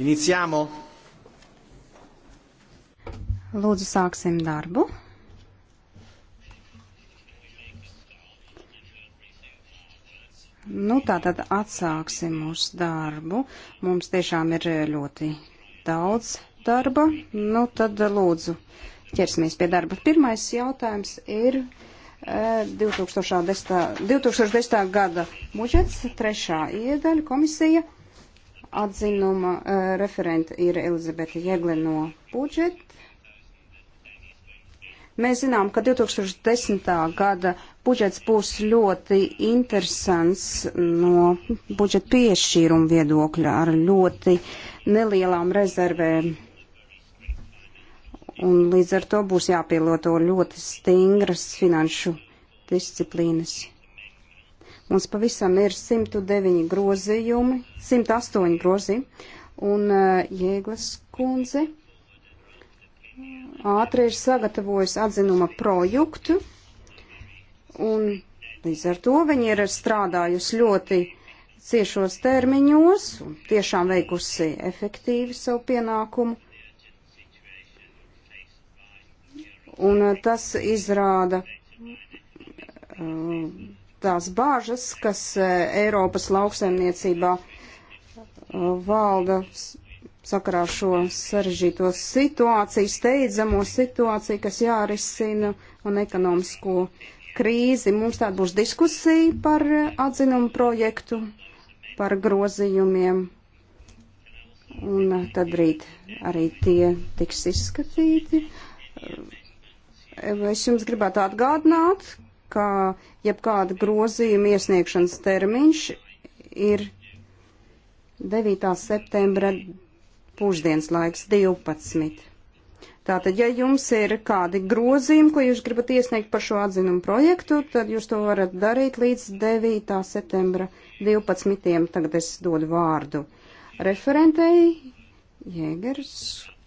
Iniciamo. Lūdzu, sāksim darbu. Nu, tātad atsāksim mūsu darbu. Mums tiešām ir ļoti daudz darba. Nu, tad lūdzu, ķersimies pie darba. Pirmais jautājums ir 2010. Eh, 2010. gada budžets, trešā iedaļa komisija atzinuma uh, referente ir Elizabete Jegle no budžeta. Mēs zinām, ka 2010. gada budžets būs ļoti interesants no budžeta piešķīruma viedokļa ar ļoti nelielām rezervēm. Un līdz ar to būs jāpieloto ļoti stingras finanšu disciplīnas. Mums pavisam ir 109 grozījumi, 108 grozījumi, un uh, Jēglas kundze ātri ir sagatavojusi atzinuma projektu, un līdz ar to viņi ir strādājusi ļoti ciešos termiņos un tiešām veikusi efektīvi savu pienākumu. Un uh, tas izrāda um, tās bāžas, kas e, Eiropas lauksaimniecībā e, valda sakarā šo sarežģīto situāciju, steidzamo situāciju, kas jārisina un ekonomisko krīzi. Mums tāda būs diskusija par e, atzinumu projektu, par grozījumiem. Un tad rīt arī tie tiks izskatīti. Es jums gribētu atgādināt, ka jebkāda grozījuma iesniegšanas termiņš ir 9. septembra pusdienas laiks 12. Tātad, ja jums ir kādi grozījumi, ko jūs gribat iesniegt par šo atzinumu projektu, tad jūs to varat darīt līdz 9. septembra 12. Tagad es dodu vārdu referentei Jēgers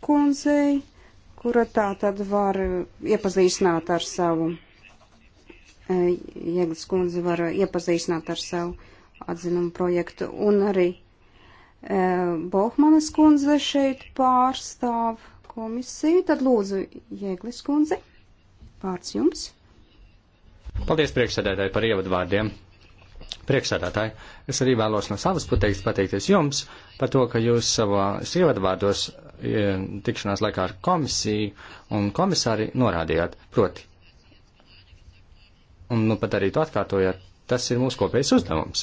kundzei, kura tā tad var iepazīstināt ar savu Jēglas э, kundze var iepazīstināt ar savu atzinumu projektu. Un arī Bohmanas э, kundze šeit pārstāv komisiju. Tad lūdzu, Jēglas kundze, vārds jums. Paldies priekšsēdētāji par ievadvārdiem. Priekšsēdētāji, es arī vēlos no savas puses pateikties jums par to, ka jūs savos ievadvārdos tikšanās laikā ar komisiju un komisāri norādījāt. Proti, un nu pat arī to atkārtojāt, tas ir mūsu kopējais uzdevums.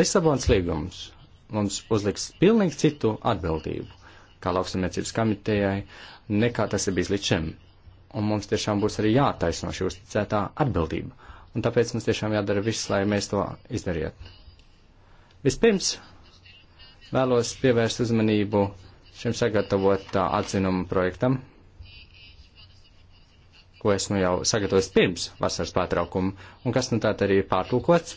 Lisabons līgums mums uzliks pilnīgi citu atbildību, kā lauksamniecības komitejai, nekā tas ir bijis līdz šim. Un mums tiešām būs arī jātaisno šī uzticētā atbildība. Un tāpēc mums tiešām jādara viss, lai mēs to izdarītu. Vispirms vēlos pievērst uzmanību šim sagatavotā atzinuma projektam, ko es nu jau sagatavoju pirms vasaras pārtraukuma, un kas nu tātad arī ir pārtulkots.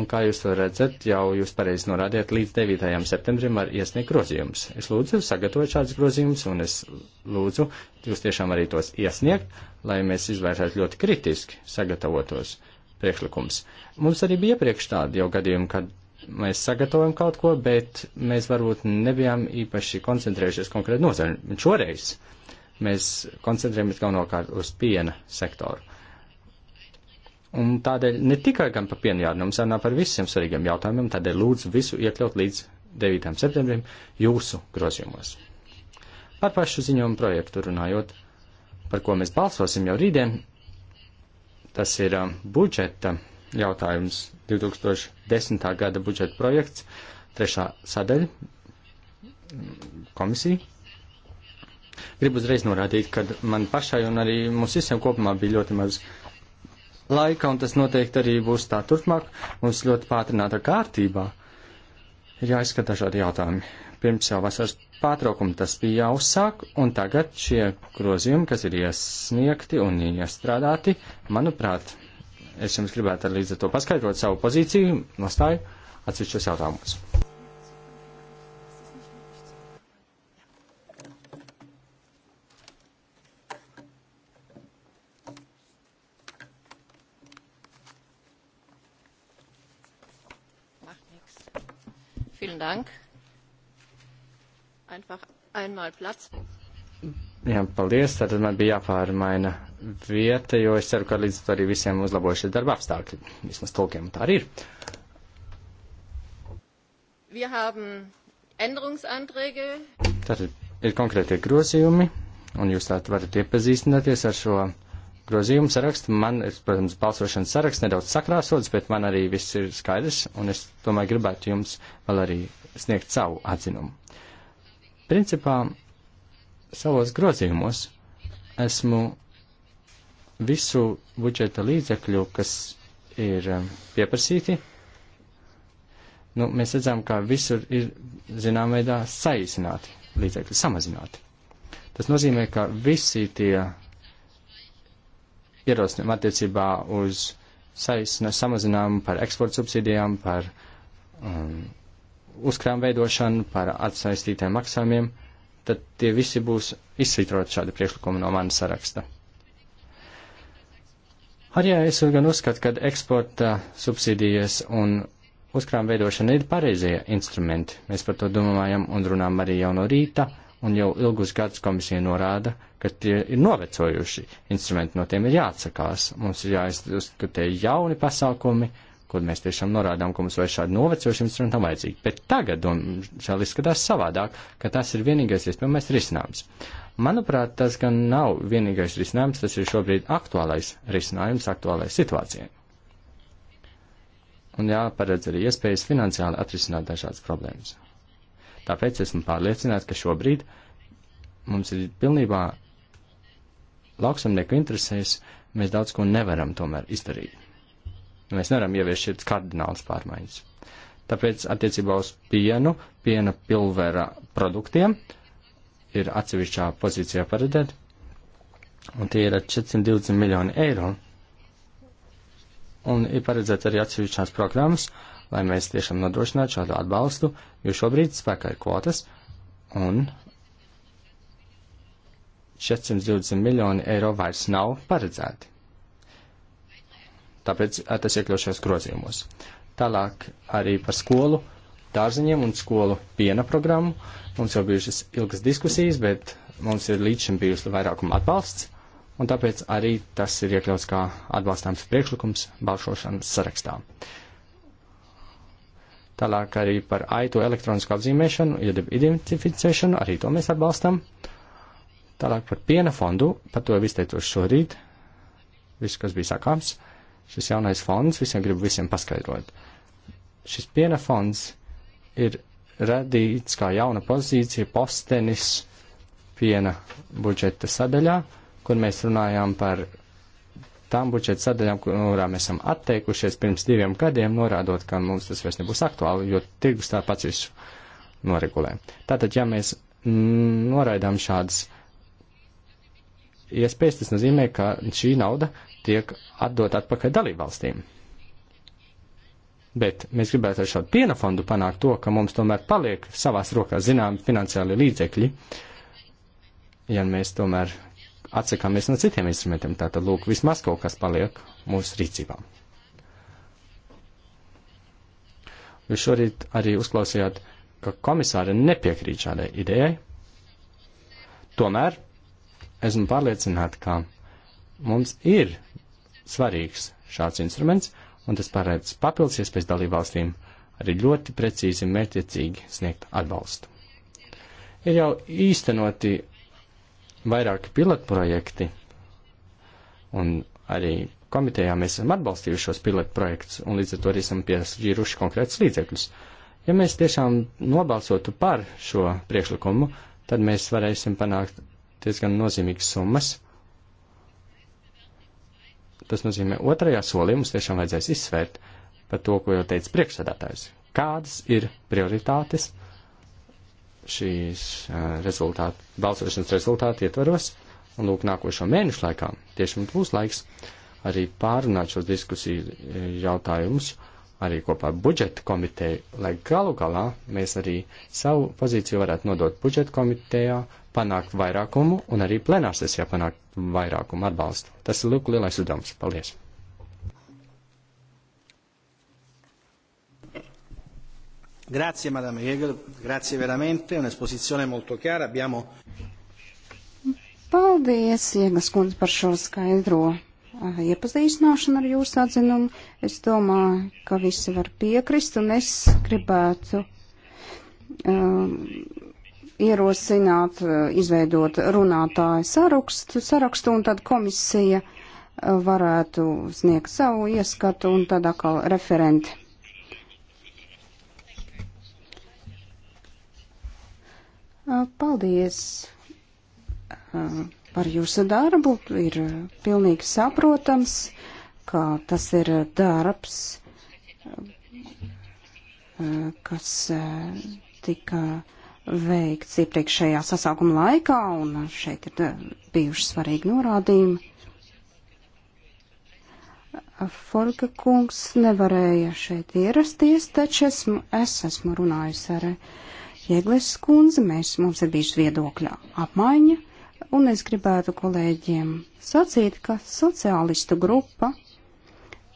Un kā jūs to redzat, jau jūs pareizi norādījat, līdz 9. septembrim var iesniegt grozījumus. Es lūdzu sagatavot šādus grozījumus, un es lūdzu jūs tiešām arī tos iesniegt, lai mēs izvērtētu ļoti kritiski sagatavotos priekšlikums. Mums arī bija iepriekš tādi jau gadījumi, kad mēs sagatavojam kaut ko, bet mēs varbūt nebijām īpaši koncentrējušies konkrēti nozaru. Šoreiz uh, mēs koncentrējamies galvenokārt uz piena sektoru. Un tādēļ ne tikai gan par pienu jārunā, mums jārunā par visiem svarīgiem jautājumiem, tādēļ lūdzu visu iekļaut līdz 9. septembrim jūsu grozījumos. Par pašu ziņojumu projektu runājot, par ko mēs balsosim jau rītdien, tas ir um, budžeta jautājums 2010. gada budžeta projekts, trešā sadaļa mm, komisija Gribu uzreiz norādīt, ka man pašai un arī mums visiem kopumā bija ļoti maz laika, un tas noteikti arī būs tā turpmāk, mums ļoti pātrināta kārtībā ir jāizskata dažādi jautājumi. Pirms jau vasaras pārtraukuma tas bija jāuzsāk, un tagad šie grozījumi, kas ir iesniegti un iestrādāti, manuprāt, es jums gribētu arī līdz ar to paskaidrot savu pozīciju, nostāju atsevišķos jautājumus. Vielen Dank. Einfach einmal Platz. Jā, paldies. Tātad man bija jāpārmaina vieta, jo es ceru, ka līdz to arī visiem uzlabojušies darba apstākļi. Vismaz tulkiem tā arī ir. Wir haben Änderungsanträge. Tātad ir konkrētie grozījumi, un jūs tātad varat iepazīstināties ar šo grozījumu sarakstu. Man ir, protams, balsošanas saraksts nedaudz sakrāsots, bet man arī viss ir skaidrs, un es tomēr gribētu jums vēl arī sniegt savu atzinumu. Principā savos grozījumos esmu visu budžeta līdzekļu, kas ir um, pieprasīti, nu, mēs redzam, ka visur ir zināmā veidā saīsināti līdzekļi, samazināti. Tas nozīmē, ka visi tie ierosinājumu attiecībā uz saistnes samazinājumu par eksporta subsīdijām, par um, uzkrām veidošanu, par atsaistītiem maksājumiem, tad tie visi būs izsvitroti šādi priekšlikumi no manas saraksta. Arī es gan uzskatu, ka eksporta subsīdijas un uzkrām veidošana ir pareizie instrumenti. Mēs par to domājam un runām arī jau no rīta un jau ilgus gadus komisija norāda, ka tie ir novecojuši instrumenti, no tiem ir jāatsakās. Mums ir jāizdiskutē jauni pasākumi, kur mēs tiešām norādām, ka mums vairs šādi novecojuši instrumenti nav vajadzīgi. Bet tagad, un šādi izskatās savādāk, ka tas ir vienīgais iespējamais risinājums. Manuprāt, tas gan nav vienīgais risinājums, tas ir šobrīd aktuālais risinājums aktuālai situācijai. Un jāparedz arī iespējas finansiāli atrisināt dažādas problēmas. Tāpēc esmu pārliecināts, ka šobrīd mums ir pilnībā lauksamnieku interesēs, mēs daudz ko nevaram tomēr izdarīt. Mēs nevaram ieviest šīs kardinālas pārmaiņas. Tāpēc attiecībā uz pienu, piena pilvera produktiem ir atsevišķā pozīcijā paredzēta, un tie ir 420 miljoni eiro. Un ir paredzēta arī atsevišķās programmas, uh, lai mēs tiešām nodrošinātu šādu atbalstu, jo šobrīd spēkā ir kvotas un 420 miljoni eiro vairs nav paredzēti. Tāpēc tas iekļaušos grozījumos. Tālāk arī par skolu, dārziņiem un skolu piena programmu. Mums jau bijušas ilgas diskusijas, bet mums ir līdz šim bijusi vairākuma atbalsts, un tāpēc arī tas ir iekļauts kā atbalstāms priekšlikums balsošanas sarakstā. Uh, Tālāk arī par aitu elektronisko apzīmēšanu, identificēšanu, arī to mēs atbalstam. Tālāk par piena fondu, par to jau izteicos šorīt, viss, kas bija sakāms. Šis jaunais fonds, visiem gribu visiem paskaidrot. Šis piena fonds ir radīts kā jauna pozīcija, postenis piena budžeta sadaļā, kur mēs runājām par tām budžeta sadaļām, kurām esam atteikušies pirms diviem gadiem, norādot, ka mums tas vairs nebūs aktuāli, jo tirgus tā pats visu noregulē. Tātad, ja mēs mm, noraidām šādas iespējas, tas nozīmē, ka šī nauda tiek atdot atpakaļ dalībvalstīm. Bet mēs gribētu ar šādu piena fondu panākt to, ka mums tomēr paliek savās rokās zinām finansiāli līdzekļi, ja mēs tomēr atsakāmies no citiem instrumentiem. Tātad, lūk, vismaz kaut kas paliek mūsu rīcībā. Jūs šorīt arī uzklausījāt, ka komisāri nepiekrīt šādai idejai. Tomēr esmu pārliecināta, ka mums ir svarīgs šāds instruments, un tas paredz papildus iespējas dalībvalstīm arī ļoti precīzi un mērķiecīgi sniegt atbalstu. Ir jau īstenoti vairāki pilotprojekti, un arī komitejā mēs esam atbalstījuši šos pilotprojektus, un līdz ar to arī esam piešķīruši konkrētus līdzekļus. Ja mēs tiešām nobalsotu par šo priekšlikumu, tad mēs varēsim panākt diezgan nozīmīgas summas. Tas nozīmē, otrajā solī mums tiešām vajadzēs izsvērt par to, ko jau teica priekšsēdētājs. Kādas ir prioritātes? šīs rezultātu, balsošanas rezultātu ietvaros. Un lūk, nākošo mēnešu laikā tieši mums būs laiks arī pārunāt šos diskusiju jautājumus arī kopā ar budžeta komiteju, lai galu galā mēs arī savu pozīciju varētu nodot budžeta komitejā, panākt vairākumu un arī plenārsesijā panākt vairākumu atbalstu. Tas ir lūk lielais uzdevums. Paldies! Grazie Madame Hegel, grazie veramente, un'esposizione molto chiara. Abbiamo... Paldies, Jēgas kundze, par šo skaidro eh, iepazīstināšanu ar jūsu atzinumu. Es domāju, ka visi var piekrist, un es gribētu um, ierosināt, eh, izveidot runātāju sarakstu, sarakstu un tad komisija varētu sniegt savu ieskatu, un tad atkal referenti Paldies par jūsu darbu. Ir pilnīgi saprotams, ka tas ir darbs, kas tika veikts iepriekšējā sasaukuma laikā, un šeit ir bijuši svarīgi norādījumi. Forga kungs nevarēja šeit ierasties, taču esmu, es esmu runājusi ar Jēgles skundze, mēs, mums ir bijuši viedokļa apmaiņa, un es gribētu kolēģiem sacīt, ka sociālistu grupa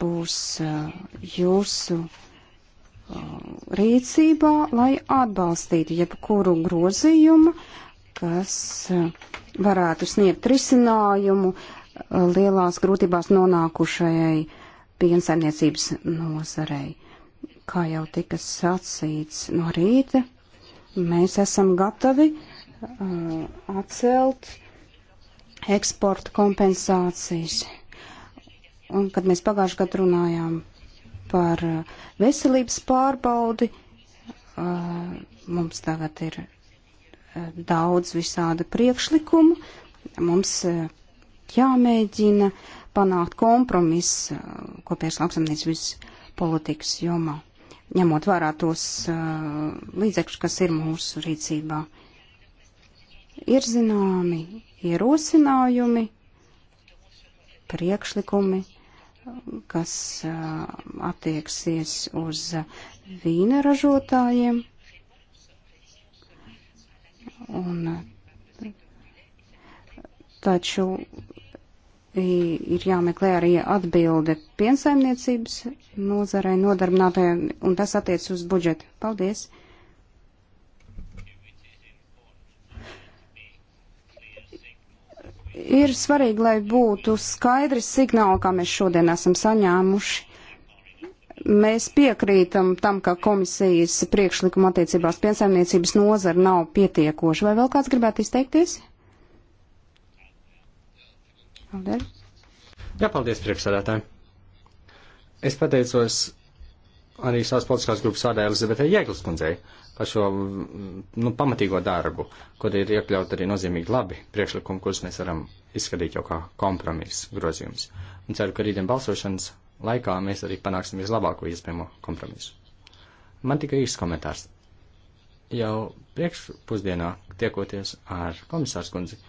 būs eh, jūsu eh, rīcībā, lai atbalstītu jebkuru grozījumu, kas eh, varētu sniegt risinājumu lielās grūtībās nonākušajai piensaimniecības nozarei. Kā jau tika sacīts no rīta, Mēs esam gatavi uh, atcelt eksporta kompensācijas. Un, kad mēs pagājušajā gadā runājām par uh, veselības pārbaudi, uh, mums tagad ir uh, daudz visādu priekšlikumu. Mums uh, jāmēģina panākt kompromisu uh, kopējās lauksamniecības politikas jomā ņemot vērā tos uh, līdzekļus, kas ir mūsu rīcībā. Ir zināmi ierosinājumi, priekšlikumi, kas uh, attieksies uz vīna ražotājiem. Un, uh, taču ir jāmeklē arī atbilde piensaimniecības nozarei nodarbinātajai, un tas attiec uz budžetu. Paldies! Ir svarīgi, lai būtu skaidrs signāli, kā mēs šodien esam saņēmuši. Mēs piekrītam tam, ka komisijas priekšlikuma attiecībās piensaimniecības nozara nav pietiekoša. Vai vēl kāds gribētu izteikties? Paldies. Jā, paldies priekšsādātājiem. Es pateicos arī savas politiskās grupas vārdā Elizabetai Jēglas kundzei par šo mm, nu, pamatīgo darbu, kur ir iekļaut arī nozīmīgi labi priekšlikumi, kurus mēs varam izskatīt jau kā kompromisu grozījums. Un ceru, ka rītdien balsošanas laikā mēs arī panāksim vislabāko iespējamo kompromisu. Man tikai īsts komentārs. Jau priekšpusdienā tiekoties ar komisārs kundzi,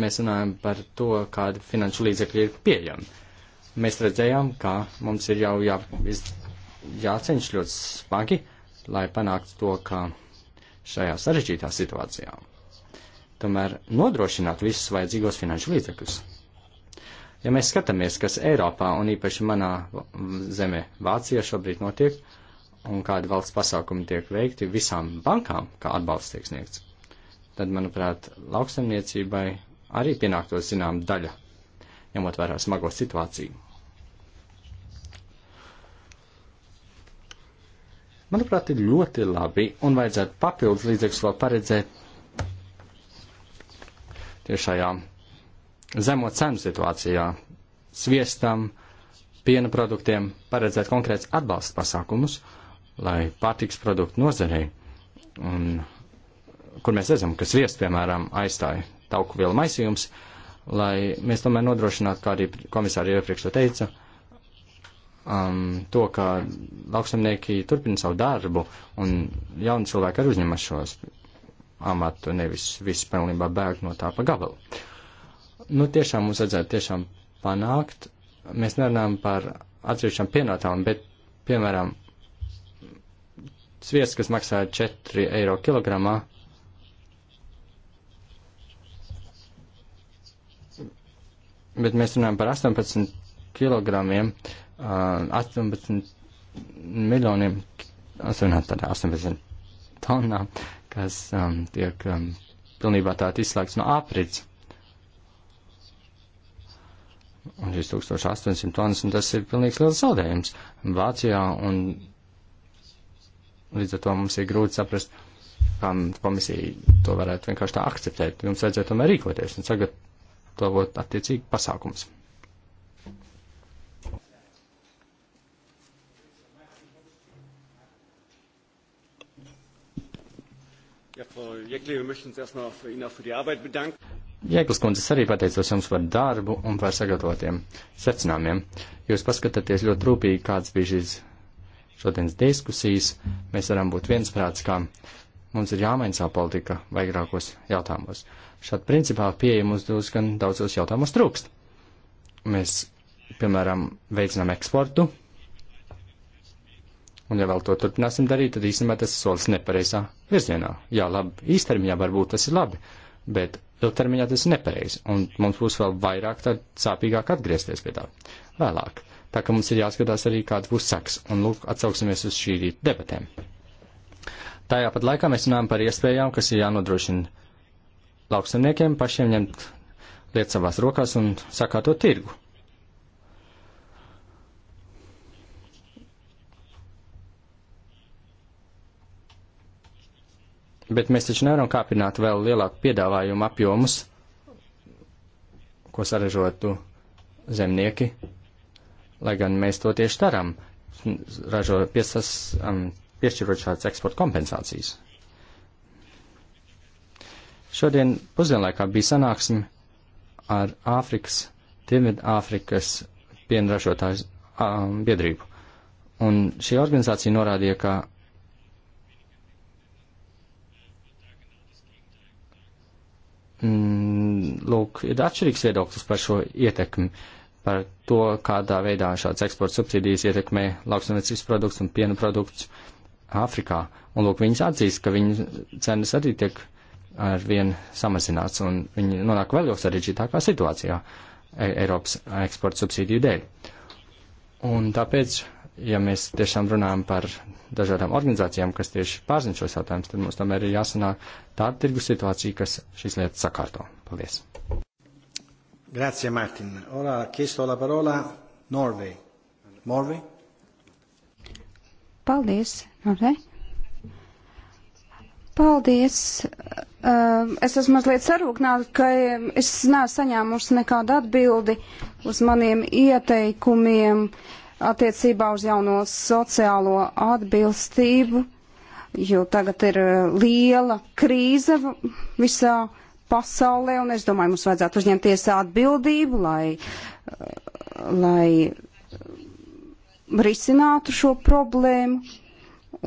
mēs runājam par to, kāda finanšu līdzekļa ir pieejama. Mēs redzējām, ka mums ir jau jā, jāceņš ļoti smagi, lai panāktu to, ka šajā sarežģītā situācijā tomēr nodrošināt visus vajadzīgos finanšu līdzekļus. Ja mēs skatāmies, kas Eiropā un īpaši manā zemē Vācijā šobrīd notiek un kādi valsts pasākumi tiek veikti visām bankām, kā atbalsts tiek sniegts, tad, manuprāt, lauksaimniecībai arī pienāktos zinām daļa, ņemot vērā smago situāciju. Manuprāt, ir ļoti labi un vajadzētu papildus līdzekļus vēl paredzēt tieši šajā zemo cenu situācijā sviestam, piena produktiem paredzēt konkrēts atbalsta pasākumus, lai pārtiks produktu nozarei, un, kur mēs redzam, ka sviests, piemēram, aizstāja tauku vielu maisījums, lai mēs tomēr nodrošinātu, kā arī komisāri iepriekš to teica, um, to, ka lauksamnieki turpina savu darbu un jauni cilvēki arī uzņemas šos amatu, nevis viss pilnībā bēg no tā pa gabalu. Nu, tiešām mums vajadzētu tiešām panākt. Mēs nerunājam par atsevišķām pienotām, bet, piemēram, sviests, kas maksā 4 eiro kilogramā, bet mēs runājam par 18 kilogramiem, 18 miljoniem, atvināt tādā 18 tonām, kas um, tiek um, pilnībā tātad izslēgts no aprits. Un šis 1800 tonnas, un tas ir pilnīgs liels zaudējums Vācijā, un līdz ar to mums ir grūti saprast, kā komisija to varētu vienkārši tā akceptēt. Jums vajadzētu tomēr rīkoties un sagat gatavot attiecīgi pasākums. Ja, Frau Jekli, wir möchten uns erstmal für Ihnen auch für die Arbeit bedanken. Jēklis kundze, es arī pateicos jums par darbu un par sagatavotiem secinājumiem. Jūs paskatāties ļoti rūpīgi, kāds bija šīs šodienas diskusijas. Mēs varam būt viensprāts, kā Mums ir jāmaina savu politika vairākos jautājumos. Šāda principāla pieeja mums diezgan daudzos jautājumos trūkst. Mēs, piemēram, veicinām eksportu, Un, ja vēl to turpināsim darīt, tad īstenībā tas ir solis nepareizā virzienā. Jā, labi, īstermiņā varbūt tas ir labi, bet ilgtermiņā tas ir nepareizi. Un mums būs vēl vairāk tad sāpīgāk atgriezties pie tā vēlāk. Tā ka mums ir jāskatās arī, kāds būs seks. Un, lūk, atsauksimies uz šī rīta debatēm. Tajā pat laikā mēs runājam par iespējām, kas ir jānodrošina lauksaimniekiem pašiem ņemt lietas savās rokās un sakārtot tirgu. Bet mēs taču nevaram kāpināt vēl lielāku piedāvājumu apjomus, ko saražotu zemnieki, lai gan mēs to tieši darām. Ražo piesas um, piešķirot šādas eksporta kompensācijas. Šodien pusdienlaikā bija sanāksme ar Āfrikas, Dienvidāfrikas pienražotājs um, biedrību. Un šī organizācija norādīja, ka mm, lūk, ir atšķirīgs viedoklis par šo ietekmi, par to, kādā veidā šāds eksporta subsīdijas ietekmē lauksaimniecības produkts un piena produkts. Uh, Āfrikā. Un lūk, viņas atzīst, ka viņu cenas arī tiek ar vien samazināts, un viņi nonāk vēl jau sarežģītākā situācijā e, Eiropas eksporta subsīdiju dēļ. Un tāpēc, ja mēs tiešām runājam par dažādām organizācijām, kas tieši pārzina šos jautājumus, tad mums tomēr ir jāsanāk tāda tirgus situācija, kas šīs lietas sakārto. Paldies! Grazie, Martin. Ora, chiesto la parola Norvei. Norvei? Paldies, Norē. Nu, Paldies. Um, es esmu mazliet sarūknāta, ka es neesmu saņēmusi nekādu atbildi uz maniem ieteikumiem attiecībā uz jauno sociālo atbilstību, jo tagad ir uh, liela krīze visā pasaulē, un es domāju, mums vajadzētu uzņemties atbildību, lai, uh, lai risinātu šo problēmu.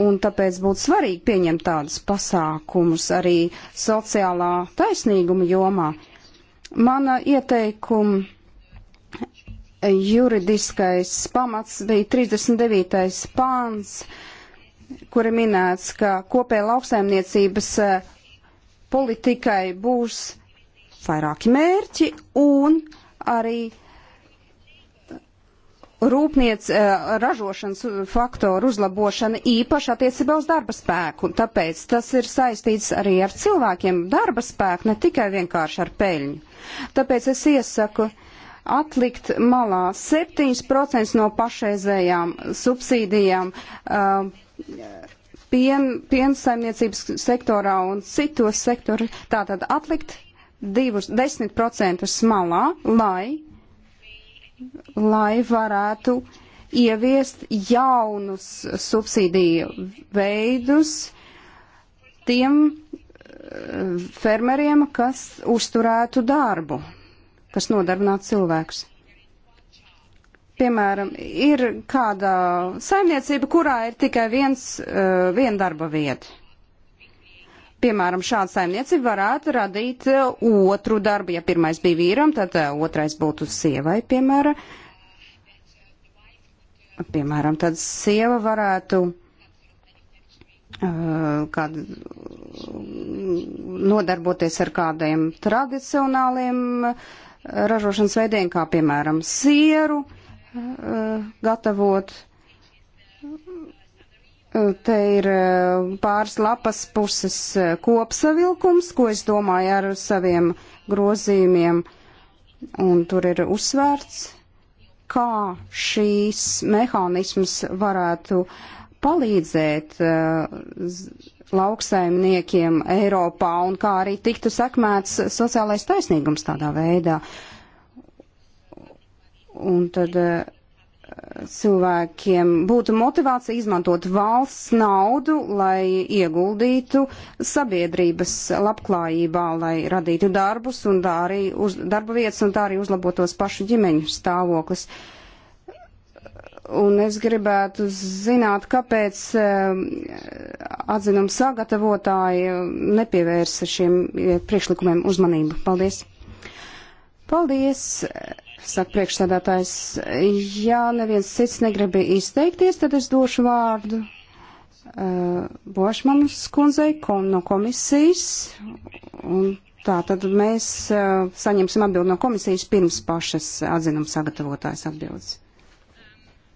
Un tāpēc būtu svarīgi pieņemt tādus pasākumus arī sociālā taisnīguma jomā. Mana ieteikuma juridiskais pamats bija 39. pāns, kur ir minēts, ka kopēja lauksaimniecības e, politikai būs vairāki mērķi un arī rūpniec eh, ražošanas faktoru uzlabošana īpaši attiecībā uz darba spēku. Tāpēc tas ir saistīts arī ar cilvēkiem darba spēku, ne tikai vienkārši ar peļņu. Tāpēc es iesaku atlikt malā 7% no pašreizējām subsīdijām eh, pien, piensaimniecības sektorā un citos sektorus. Tātad atlikt 2, 10% malā, lai lai varētu ieviest jaunus subsīdiju veidus tiem eh, fermeriem, kas uzturētu darbu, kas nodarbinātu cilvēkus. Piemēram, ir kāda saimniecība, kurā ir tikai viens, eh, viena darba vieta piemēram, šāda saimniecība varētu radīt e, otru darbu. Ja pirmais bija vīram, tad e, otrais būtu sievai, piemēram. Piemēram, tad sieva varētu e, kādu, nodarboties ar kādiem tradicionāliem ražošanas veidiem, kā piemēram sieru gatavot Te ir e, pāris lapas puses e, kopsavilkums, ko es domāju ar saviem grozījumiem, un tur ir uzsvērts, kā šīs mehānismas varētu palīdzēt e, lauksaimniekiem Eiropā un kā arī tiktu sakmēts sociālais taisnīgums tādā veidā. Un tad uh, cilvēkiem būtu motivācija izmantot valsts naudu, lai ieguldītu sabiedrības labklājībā, lai radītu darbus un tā arī uz, darba vietas un tā arī uzlabotos pašu ģimeņu stāvoklis. Un es gribētu zināt, kāpēc eh, atzinuma sagatavotāji nepievērsa šiem eh, priekšlikumiem uzmanību. Paldies! Paldies! saka priekšstādātājs, ja neviens cits negrib izteikties, tad es došu vārdu uh, Bošmanas kundzei kom, no komisijas. Un tā tad mēs uh, saņemsim atbildi no komisijas pirms pašas atzinuma sagatavotājs atbildes.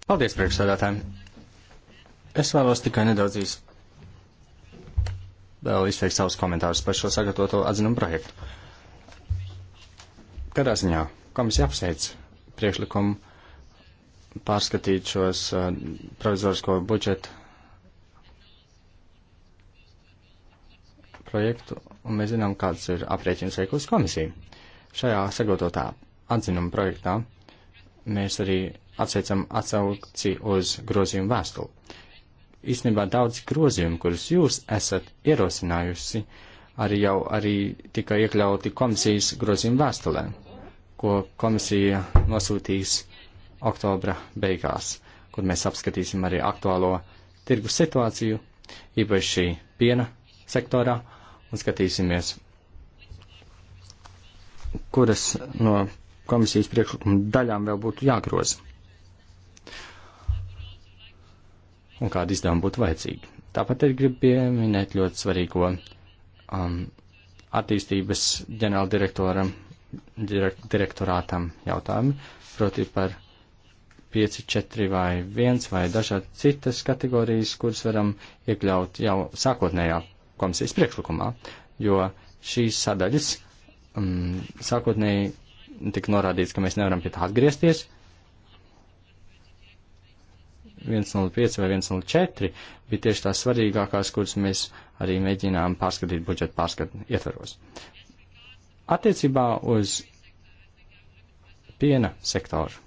Paldies priekšstādātājiem. Es vēlos tikai nedaudz iz... vēl izteikt savus komentārus par šo sagatavoto atzinumu projektu. Kādā ziņā? Komisija apsveic priekšlikumu pārskatīt šos uh, provizorisko budžetu projektu, un mēs zinām, kāds ir aprēķins veikusi komisija. Šajā sagatavotā atzinuma projektā mēs arī atseicam atsauci uz grozījumu vēstuli. Īstenībā daudz grozījumu, kurus jūs esat ierosinājusi, arī jau arī tika iekļauti komisijas grozījumu vēstulē ko komisija nosūtīs oktobra beigās, kur mēs apskatīsim arī aktuālo tirgus situāciju, īpaši piena sektorā, un skatīsimies, kuras no komisijas priekšlikuma daļām vēl būtu jāgroza. Un kāda izdevuma būtu vajadzīga. Tāpat arī gribu pieminēt ļoti svarīgo um, attīstības ģenerāldirektoram direktorātam jautājumi, proti par 5, 4 vai 1 vai dažādi citas kategorijas, kuras varam iekļaut jau sākotnējā komisijas priekšlikumā, jo šīs sadaļas um, sākotnēji tika norādīts, ka mēs nevaram pie tā atgriezties. 105 vai 104 bija tieši tās svarīgākās, kuras mēs arī mēģinām pārskatīt budžeta pārskatu ietvaros. Attiecībā uz piena sektoru.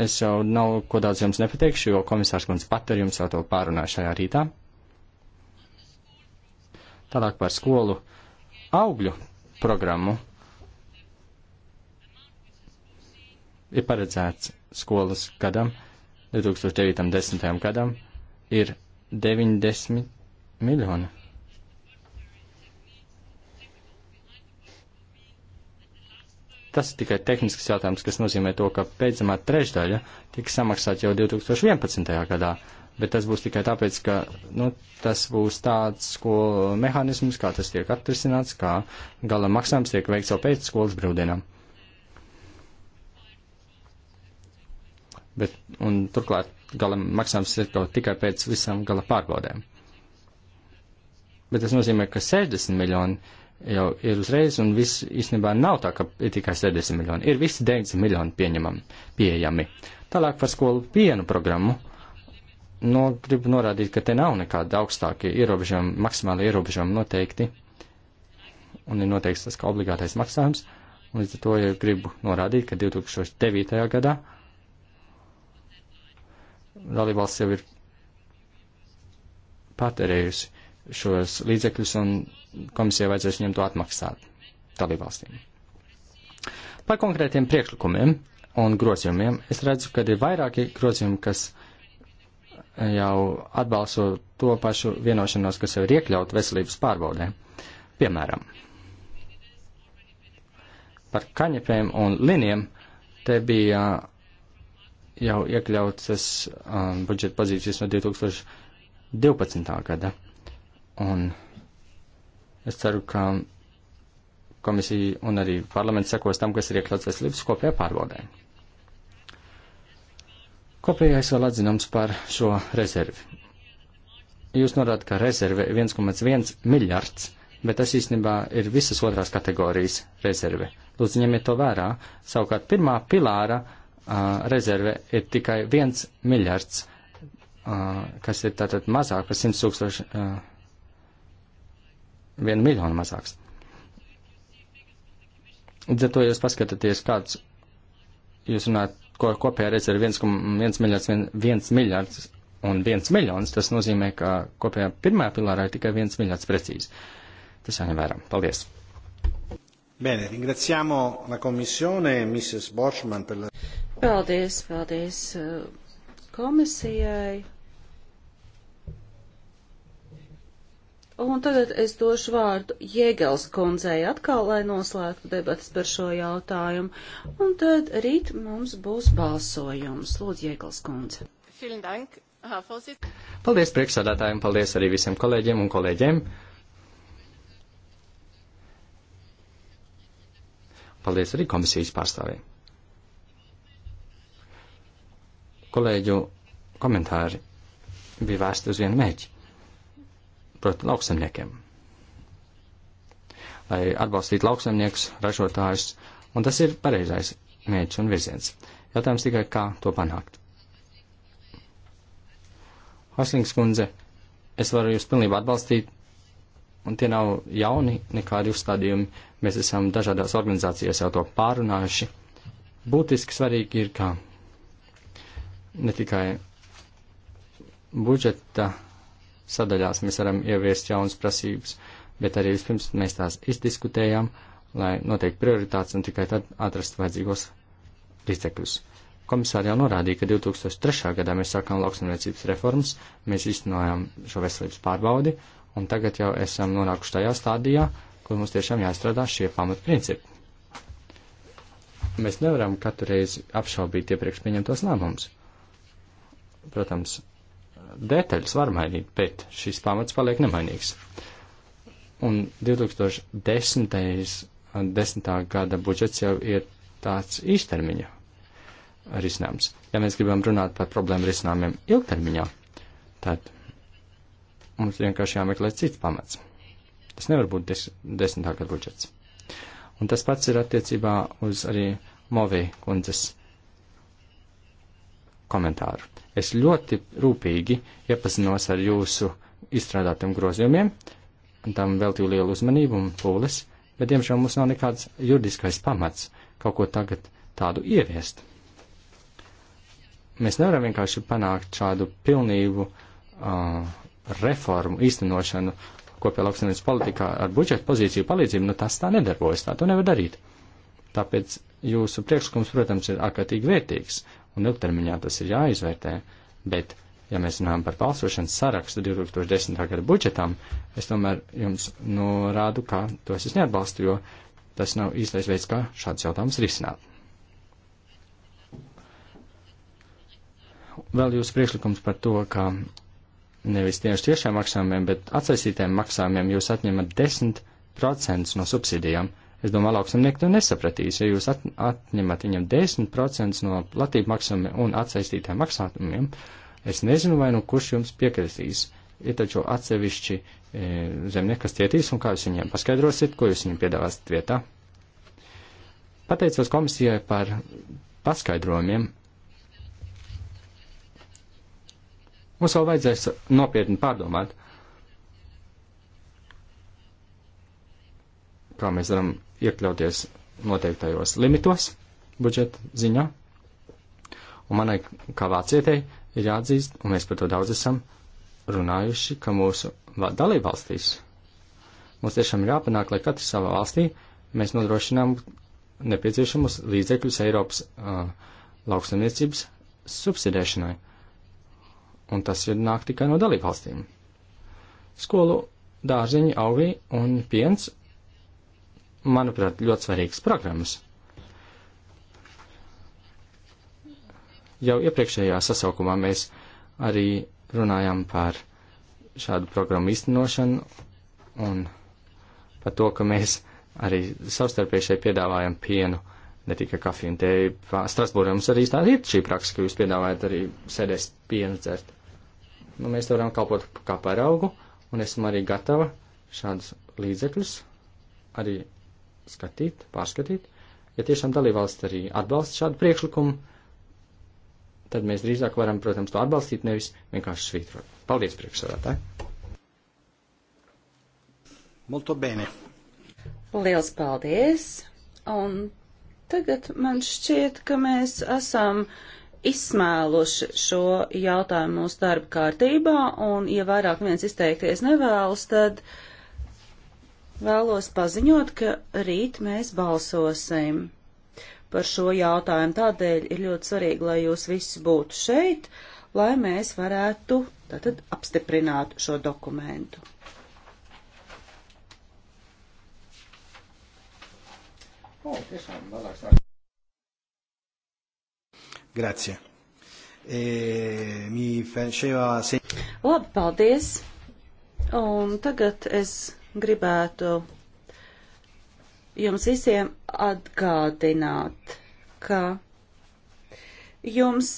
Es jau nav ko daudz jums nepateikšu, jo komisārs kundze pat ar jums jau to pārunāju šajā rītā. Tālāk par skolu augļu programmu ir paredzēts skolas gadam, 2009.10. gadam, ir 90 miljoni. Tas ir tikai tehnisks jautājums, kas nozīmē to, ka pēdējā trešdaļa tiks samaksāta jau 2011. gadā, bet tas būs tikai tāpēc, ka nu, tas būs tāds ko, mehānisms, kā tas tiek atrisināts, kā gala maksājums tiek veikts jau pēc skolas brīvdienām. Bet, un turklāt gala maksājums ir tikai pēc visām gala pārbaudēm. Bet tas nozīmē, ka 60 miljoni jau ir uzreiz, un viss īstenībā nav tā, ka ir tikai 70 miljoni. Ir visi 90 miljoni pieņemam, pieejami. Tālāk par skolu pienu programmu. No, nu, gribu norādīt, ka te nav nekāda augstākie ierobežojumi, maksimāli ierobežojumi noteikti, un ir noteikts tas kā obligātais maksājums. Līdz ar to jau gribu norādīt, ka 2009. gadā dalībvalsts jau ir patērējusi šos līdzekļus, un komisijai vajadzēs viņiem to atmaksāt dalībvalstīm. Par konkrētiem priekšlikumiem un grozījumiem es redzu, ka ir vairāki grozījumi, kas jau atbalso to pašu vienošanos, kas jau ir iekļaut veselības pārbaudē. Piemēram, par kaņepēm un liniem te bija jau iekļautas um, budžeta pozīcijas no 2012. gada. Un es ceru, ka komisija un arī parlaments sekos tam, kas ir iekļauts veselības kopējā pārbaudē. Kopējais vēl atzinums par šo rezervi. Jūs norādāt, ka rezerve 1,1 miljards, bet tas īstenībā ir visas otrās kategorijas rezerve. Lūdzu, ņemiet to vērā. Savukārt pirmā pilāra uh, rezerve ir tikai 1 miljards, uh, kas ir tātad mazāk par 100 tūkstoši uh, vienu miljonu mazāks. Līdz ar to jūs paskatāties, kāds jūs runājat, ko kopējā rezerve 1,1 miljards, 1 miljards un 1 miljons, tas nozīmē, ka kopējā pirmā pilārā ir tikai 1 miljards precīzi. Tas jāņem vērā. Paldies! Bene, ringraziamo la Commissione, Mrs. Borchman per la... Paldies, paldies uh, komisijai Un tagad es došu vārdu Jēgels kundzei atkal, lai noslēgtu debatas par šo jautājumu. Un tad rīt mums būs balsojums. Lūdzu, Jēgels kundze. Paldies priekšsādātājiem, paldies arī visiem kolēģiem un kolēģiem. Paldies arī komisijas pārstāvjiem. Kolēģu komentāri bija vērsti uz vienu mēģi proti, lauksemniekiem. Lai atbalstītu lauksemniekus, ražotājus, un tas ir pareizais mērķis un virziens. Jautājums tikai, kā to panākt. Haslings kundze, es varu jūs pilnībā atbalstīt, un tie nav jauni nekādi uzstādījumi. Mēs esam dažādās organizācijās jau to pārunājuši. Būtiski svarīgi ir, ka ne tikai budžeta sadaļās mēs varam ieviest jaunas prasības, bet arī vispirms mēs tās izdiskutējam, lai noteikti prioritātes un tikai tad atrast vajadzīgos līdzekļus. Komisāri jau norādīja, ka 2003. gadā mēs sākām lauksamniecības reformas, mēs iztenojām šo veselības pārbaudi, un tagad jau esam nonākuši tajā stādijā, kur mums tiešām jāstrādā šie pamatprincipi. Mēs nevaram katru reizi apšaubīt iepriekš pieņemtos lēmumus. Protams, detaļas var mainīt, bet šis pamats paliek nemainīgs. Un 2010. 10. gada budžets jau ir tāds īstermiņa risinājums. Ja mēs gribam runāt par problēmu risinājumiem ilgtermiņā, tad mums vienkārši jāmeklē cits pamats. Tas nevar būt des, desmitā gada budžets. Un tas pats ir attiecībā uz arī Movī kundzes komentāru. Es ļoti rūpīgi iepazinos ar jūsu izstrādātiem grozījumiem, tam veltīju lielu uzmanību un pūles, bet diemžēl mums nav nekāds juridiskais pamats kaut ko tagad tādu ieviest. Mēs nevaram vienkārši panākt šādu pilnību uh, reformu īstenošanu kopējā lauksaimniecības politikā ar budžeta pozīciju palīdzību, nu tas tā nedarbojas, tā to nevar darīt. Tāpēc jūsu priekšlikums, protams, ir ārkārtīgi vērtīgs, un ilgtermiņā tas ir jāizvērtē, bet, ja mēs runājam par balsošanas sarakstu 2010. gada budžetam, es tomēr jums norādu, ka to es neatbalstu, jo tas nav īstais veids, kā šāds jautājums risināt. Vēl jūsu priekšlikums par to, ka nevis tieši tiešām maksājumiem, bet atsaistītēm maksājumiem jūs atņemat 10% no subsīdijām. Uh, Es domāju, lauksamnieki to nesapratīs. Ja jūs at, atņemat viņam 10% no platību maksājuma un atsaistītām maksājumiem, es nezinu, vai nu kurš jums piekritīs. Ir taču atsevišķi e, zemnieki, kas cietīs, un kā jūs viņiem paskaidrosiet, ko jūs viņiem piedāvāsiet vietā. Pateicos komisijai par paskaidrojumiem. Mums vēl vajadzēs nopietni pārdomāt, kā mēs varam iekļauties noteiktajos limitos budžeta ziņā. Un manai kā vācietei ir jāatzīst, un mēs par to daudz esam runājuši, ka mūsu dalībvalstīs mums tiešām ir jāpanāk, lai katrs savā valstī mēs nodrošinām nepieciešamus līdzekļus Eiropas uh, lauksaimniecības subsidēšanai. Un tas ir nāk tikai no dalībvalstīm. Skolu dārziņi, augi un piens manuprāt, ļoti svarīgas programmas. Jau iepriekšējā sasaukumā mēs arī runājām par šādu programmu īstenošanu un par to, ka mēs arī savstarpēji šeit piedāvājam pienu, ne tikai kafiju un tēju. Strasbūrā mums arī tāda ir šī praksa, ka jūs piedāvājat arī sēdēs pienu dzert. Nu, mēs varam kalpot kā paraugu, un esam arī gatava šādus līdzekļus arī skatīt, pārskatīt. Ja tiešām dalībvalsts arī atbalsta šādu priekšlikumu, tad mēs drīzāk varam, protams, to atbalstīt, nevis vienkārši svītrot. Paldies, priekšsādātāji! Molto bene! Liels paldies! Un tagad man šķiet, ka mēs esam izsmēluši šo jautājumu mūsu darba kārtībā, un ja vairāk viens izteikties nevēlas, tad vēlos paziņot, ka rīt mēs balsosim par šo jautājumu. Tādēļ ir ļoti svarīgi, lai jūs visi būtu šeit, lai mēs varētu tātad apstiprināt šo dokumentu. Oh, tiešām, Grazie. E, mi faceva... Labi, paldies. Un tagad es gribētu jums visiem atgādināt, ka jums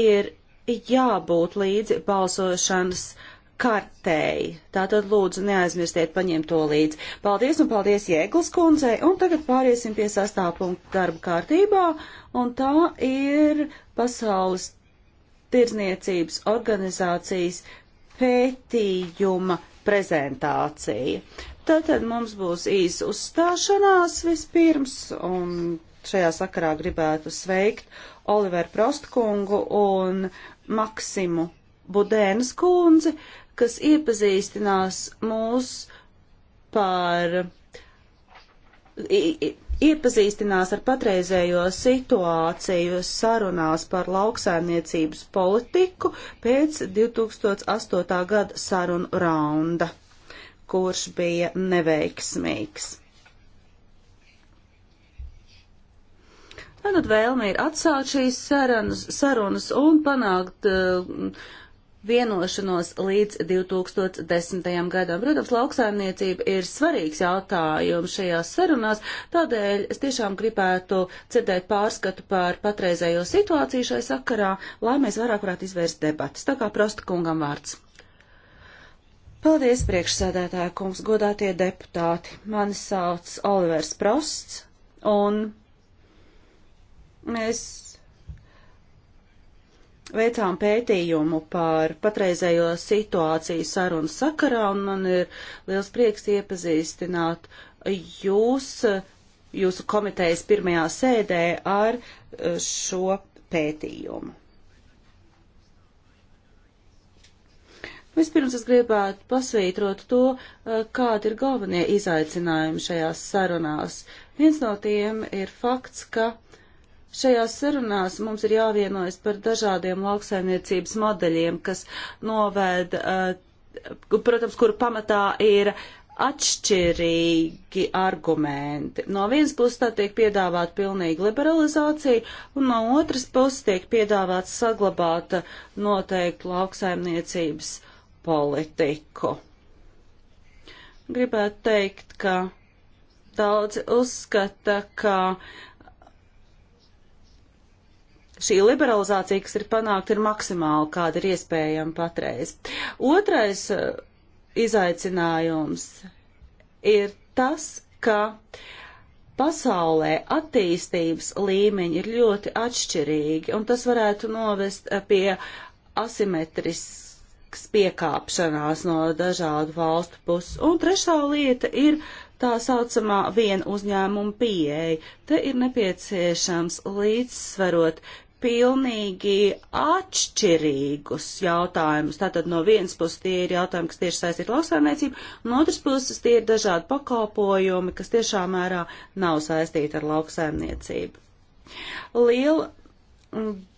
ir jābūt līdzi balsošanas kartei. Tātad lūdzu neaizmirstiet paņemt to līdzi. Paldies un paldies Jēglas kundzei. Un tagad pāriesim pie sastā punktu darba kārtībā. Un tā ir Pasaules tirzniecības organizācijas pētījuma prezentācija. Tātad mums būs īsa uzstāšanās vispirms, un šajā sakarā gribētu sveikt Oliveru Prostkungu un Maksimu Budēnas kundzi, kas iepazīstinās mūs par iepazīstinās ar patreizējo situāciju sarunās par lauksaimniecības politiku pēc 2008. gada sarunu raunda, kurš bija neveiksmīgs. Tātad vēlme ir atsākt šīs sarunas, sarunas un panākt uh, vienošanos līdz 2010. gadam. Protams, lauksaimniecība ir svarīgs jautājums šajās sarunās, tādēļ es tiešām gribētu dzirdēt pārskatu par patreizējo situāciju šai sakarā, lai mēs vairāk varētu izvērst debatas. Tā kā prosta kungam vārds. Paldies, priekšsēdētāja kungs, godātie deputāti. Mani sauc Olivers Prosts, un mēs veicām pētījumu par patreizējo situāciju sarunu sakarā, un man ir liels prieks iepazīstināt jūs, jūsu komitejas pirmajā sēdē ar eh, šo pētījumu. Vispirms es gribētu pasvītrot to, eh, kādi ir galvenie izaicinājumi šajās sarunās. Viens no tiem ir fakts, ka uh, Šajās sarunās mums ir jāvienojas par dažādiem lauksaimniecības modeļiem, kas novēda, eh, protams, kur pamatā ir atšķirīgi argumenti. No vienas puses tā tiek piedāvāta pilnīga liberalizācija, un no otras puses tiek piedāvāts saglabāt noteiktu lauksaimniecības politiku. Gribētu teikt, ka daudzi uzskata, ka uh, šī liberalizācija, kas ir panākta, ir maksimāla, kāda ir iespējama patreiz. Otrais uh, izaicinājums ir tas, ka pasaulē attīstības līmeņi ir ļoti atšķirīgi, un tas varētu novest uh, pie asimetrisks piekāpšanās no dažādu valstu puses. Un trešā lieta ir tā saucamā viena uzņēmuma pieeja. Te ir nepieciešams līdzsvarot pilnīgi atšķirīgus jautājumus. Tātad no vienas puses tie ir jautājumi, kas tieši saistīti lauksaimniecību, un otras puses tie ir dažādi pakalpojumi, kas tiešām mērā nav saistīti ar lauksaimniecību. Liela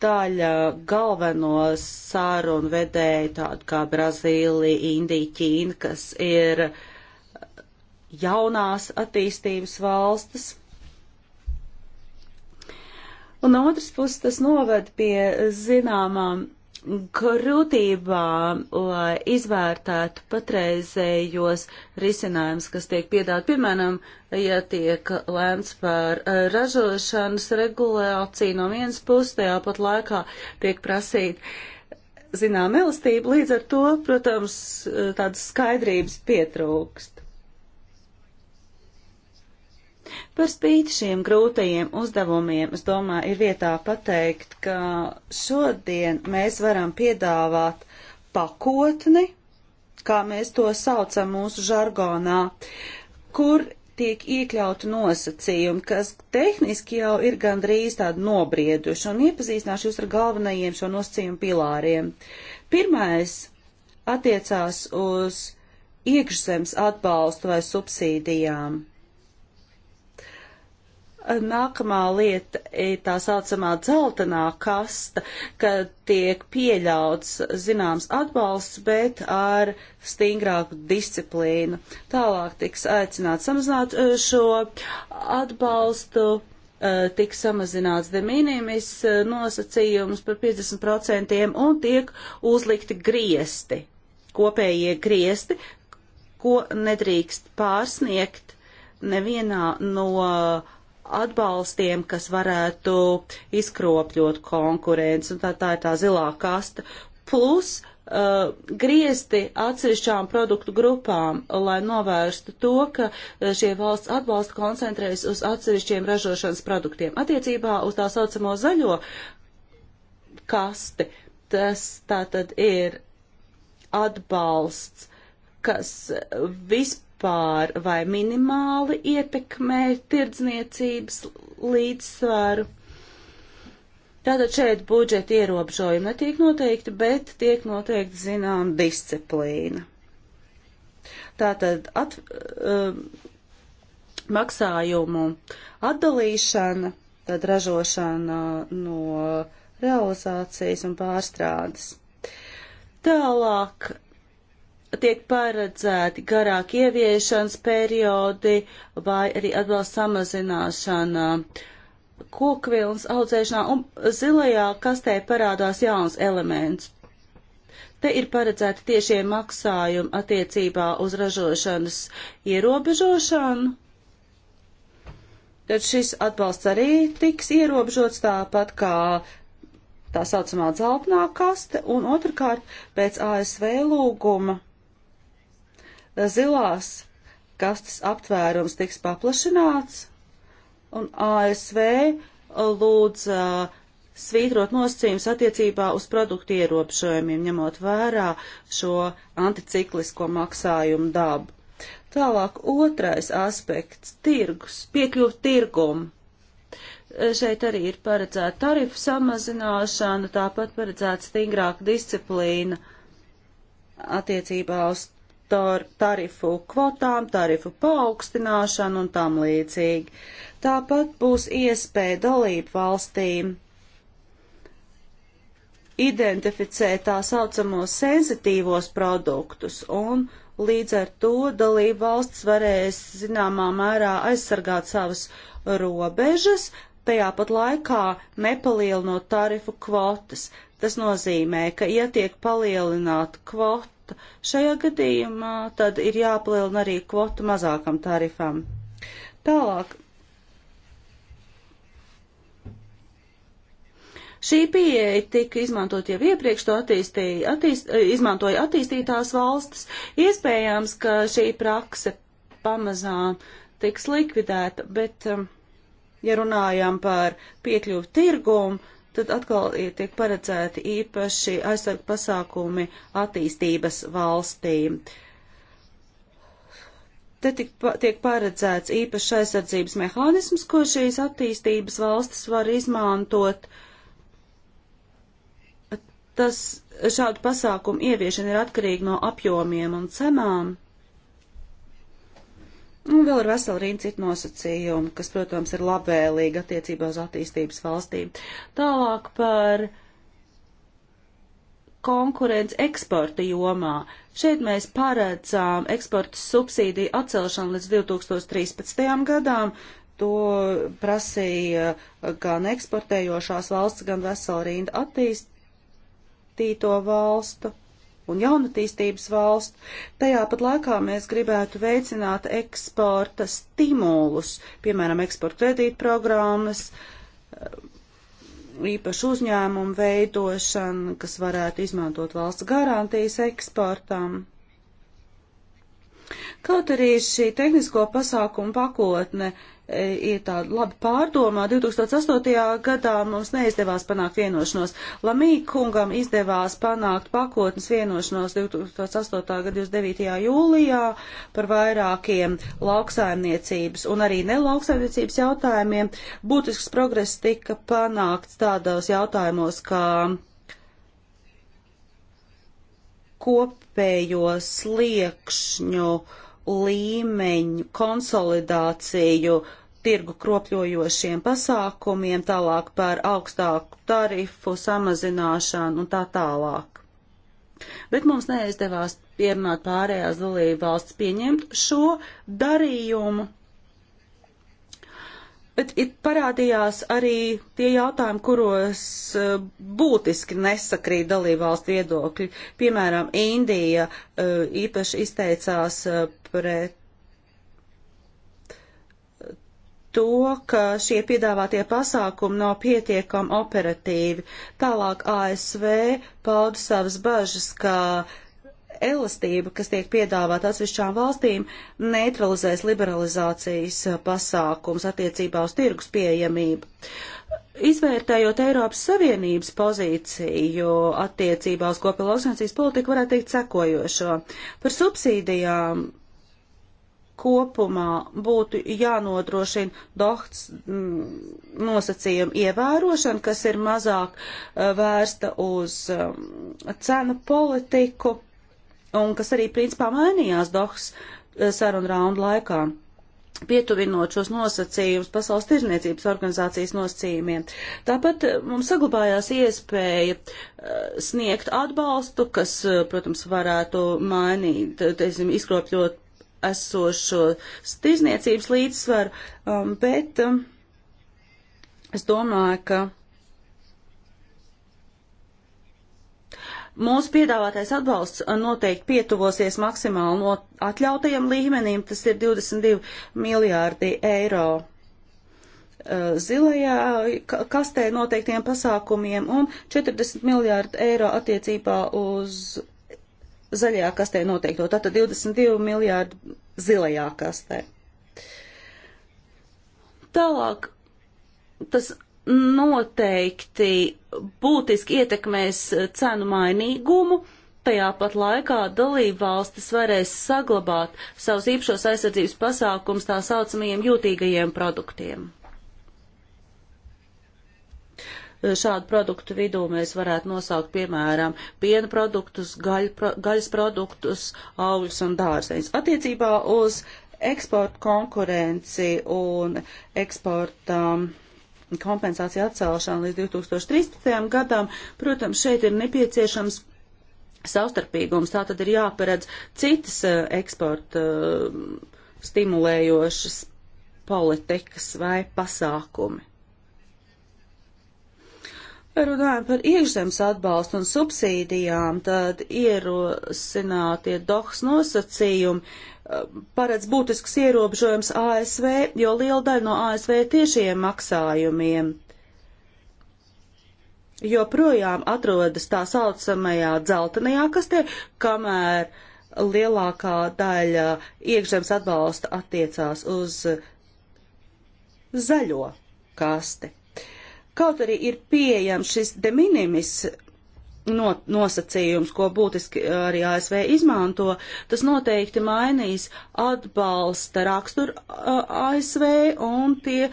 daļa galveno sarunu vedēju, tādu kā Brazīlija, Indija, Ķīna, kas ir jaunās attīstības valstis Un otrs puses tas noved pie zināmām grūtībām, lai izvērtētu patreizējos risinājumus, kas tiek piedāvāt. Piemēram, ja tiek lēmts par eh, ražošanas regulāciju no vienas puses, tajā pat laikā tiek prasīt zinām elastību, līdz ar to, protams, eh, tādas skaidrības pietrūkst. Par spīti šiem grūtajiem uzdevumiem, es domāju, ir vietā pateikt, ka šodien mēs varam piedāvāt pakotni, kā mēs to saucam mūsu žargonā, kur tiek iekļauti nosacījumi, kas tehniski jau ir gandrīz tādi nobrieduši, un iepazīstināšu jūs ar galvenajiem šo nosacījumu pilāriem. Pirmais attiecās uz iekšzemes atbalstu vai subsīdijām. Nākamā lieta ir tā saucamā dzeltenā kasta, kad tiek pieļauts zināms atbalsts, bet ar stingrāku disciplīnu. Tālāk tiks aicināts samazināt e, šo atbalstu, e, tiks samazināts de minimis e, nosacījums par 50% un tiek uzlikti griesti, kopējie griesti, ko nedrīkst pārsniegt nevienā no uh, atbalstiem, kas varētu izkropļot konkurenci, un tā, tā ir tā zilā kasta, plus uh, griezti atsevišķām produktu grupām, lai novērstu to, ka uh, šie valsts atbalsta koncentrējas uz atsevišķiem ražošanas produktiem. Attiecībā uz tā saucamo zaļo kasti, tas tātad ir atbalsts, kas vispār vispār vai minimāli ietekmē tirdzniecības līdzsvaru. Tātad šeit budžeta ierobežojumi netiek noteikti, bet tiek noteikti zinām disciplīna. Tātad at, um, maksājumu atdalīšana, tad ražošana no realizācijas un pārstrādes. Tālāk tiek paredzēti garāki ieviešanas periodi vai arī atbalsta samazināšana kokvilnas audzēšanā un zilajā kastē parādās jauns elements. Te ir paredzēti tiešie maksājumi attiecībā uz ražošanas ierobežošanu. Tad šis atbalsts arī tiks ierobežots tāpat kā tā saucamā dzeltenā kaste, un otrkārt pēc ASV lūguma zilās kastes aptvērums tiks paplašināts, un ASV lūdz uh, svītrot nosacījums attiecībā uz produktu ierobežojumiem, ņemot vērā šo anticiklisko maksājumu dabu. Tālāk otrais aspekts - tirgus, piekļuvu tirgumu. Šeit arī ir paredzēta tarifu samazināšana, tāpat paredzēta stingrāka disciplīna attiecībā uz sektoru tarifu kvotām, tarifu paaugstināšanu un tam līdzīgi. Tāpat būs iespēja dalību valstīm identificēt tā saucamos sensitīvos produktus un līdz ar to dalību valsts varēs zināmā mērā aizsargāt savas robežas, tajā pat laikā nepalielinot tarifu kvotas. Tas nozīmē, ka ja tiek palielināta kvota, kvota. Šajā gadījumā tad ir jāpalielina arī kvotu mazākam tarifam. Tālāk. Šī pieeja tika izmantot jau iepriekš, to attīstīja, attīst, izmantoja attīstītās valstis. Iespējams, ka šī prakse pamazām tiks likvidēta, bet, um, ja runājam par piekļuvu tirgumu, tad atkal tiek paredzēti īpaši aizsargu pasākumi attīstības valstīm. Te tiek paredzēts īpašs aizsardzības mehānisms, ko šīs attīstības valstis var izmantot. Tas šādu pasākumu ieviešana ir atkarīga no apjomiem un cenām. Un nu, vēl ir vesela rinda citu nosacījumu, kas, protams, ir labvēlīga attiecībā uz attīstības valstīm. Tālāk par konkurence eksporta jomā. Šeit mēs paredzām eksporta subsīdiju atcelšanu līdz 2013. gadām. To prasīja gan eksportējošās valsts, gan vesela rinda attīstīto valstu un jaunatīstības valstu. Tajā pat laikā mēs gribētu veicināt eksporta stimulus, piemēram, eksporta kredīta programmas, eh, īpašu uzņēmumu veidošanu, kas varētu izmantot valsts garantijas eksportam. Kaut arī šī tehnisko pasākumu pakotne uh, E, ir tāda labi pārdomā. 2008. gadā mums neizdevās panākt vienošanos. Lamī kungam izdevās panākt pakotnes vienošanos 2008. gada 29. jūlijā par vairākiem lauksaimniecības un arī nelauksaimniecības jautājumiem. Būtisks progress tika panākts tādos jautājumos, kā kopējo sliekšņu uh, līmeņu konsolidāciju tirgu kropļojošiem pasākumiem, tālāk par augstāku tarifu samazināšanu un tā tālāk. Bet mums neizdevās pierunāt pārējās dalību valsts pieņemt šo darījumu Bet it parādījās arī tie jautājumi, kuros eh, būtiski nesakrīt dalībvalstu viedokļi. Piemēram, Indija eh, īpaši izteicās eh, pret to, ka šie piedāvātie pasākumi nav pietiekami operatīvi. Tālāk ASV pauda savas bažas, ka uh, elastība, kas tiek piedāvāta atsevišķām valstīm, neutralizēs liberalizācijas eh, pasākums attiecībā uz tirgus pieejamību. Izvērtējot Eiropas Savienības pozīciju attiecībā uz kopējo lauksainicības politiku, varētu teikt sekojošo. Par subsīdijām kopumā būtu jānodrošina dohts mm, nosacījumu ievērošana, kas ir mazāk eh, vērsta uz eh, cenu politiku un kas arī principā mainījās Dohas eh, sarunu raundu laikā pietuvinot šos nosacījumus Pasaules tirzniecības organizācijas nosacījumiem. Tāpat eh, mums saglabājās iespēja eh, sniegt atbalstu, kas, protams, varētu mainīt, teiksim, izkropļot esošo tirzniecības līdzsvaru, um, bet um, es domāju, ka Mūsu piedāvātais atbalsts noteikti pietuvosies maksimāli no atļautajam līmenim, tas ir 22 miljārdi eiro uh, zilajā kastē noteiktiem pasākumiem un 40 miljārdi eiro attiecībā uz zaļajā kastē noteikto, tātad 22 miljārdi zilajā kastē. Tālāk tas noteikti būtiski ietekmēs cenu mainīgumu, tajā pat laikā dalība valstis varēs saglabāt savus īpašos aizsardzības pasākums tā saucamajiem jūtīgajiem produktiem. Šādu produktu vidū mēs varētu nosaukt, piemēram, piena produktus, gaļ, gaļas produktus, augļus un dārzeņus. Attiecībā uz eksporta konkurenci un eksporta um, kompensācija atcelšana līdz 2013. gadam. Protams, šeit ir nepieciešams savstarpīgums, tā tad ir jāparedz citas eh, eksporta eh, stimulējošas politikas vai pasākumi. Runājot par iekšzemes atbalstu un subsīdijām, tad ierosinātie dohs nosacījumi paredz būtisks ierobežojums ASV, jo liela daļa no ASV tiešiem maksājumiem joprojām atrodas tā saucamajā dzeltenajā kastē, kamēr lielākā daļa iekšzemes atbalsta attiecās uz zaļo kasti. Kaut arī ir pieejams šis de minimis no, nosacījums, ko būtiski arī ASV izmanto, tas noteikti mainīs atbalsta raksturu uh, ASV un tie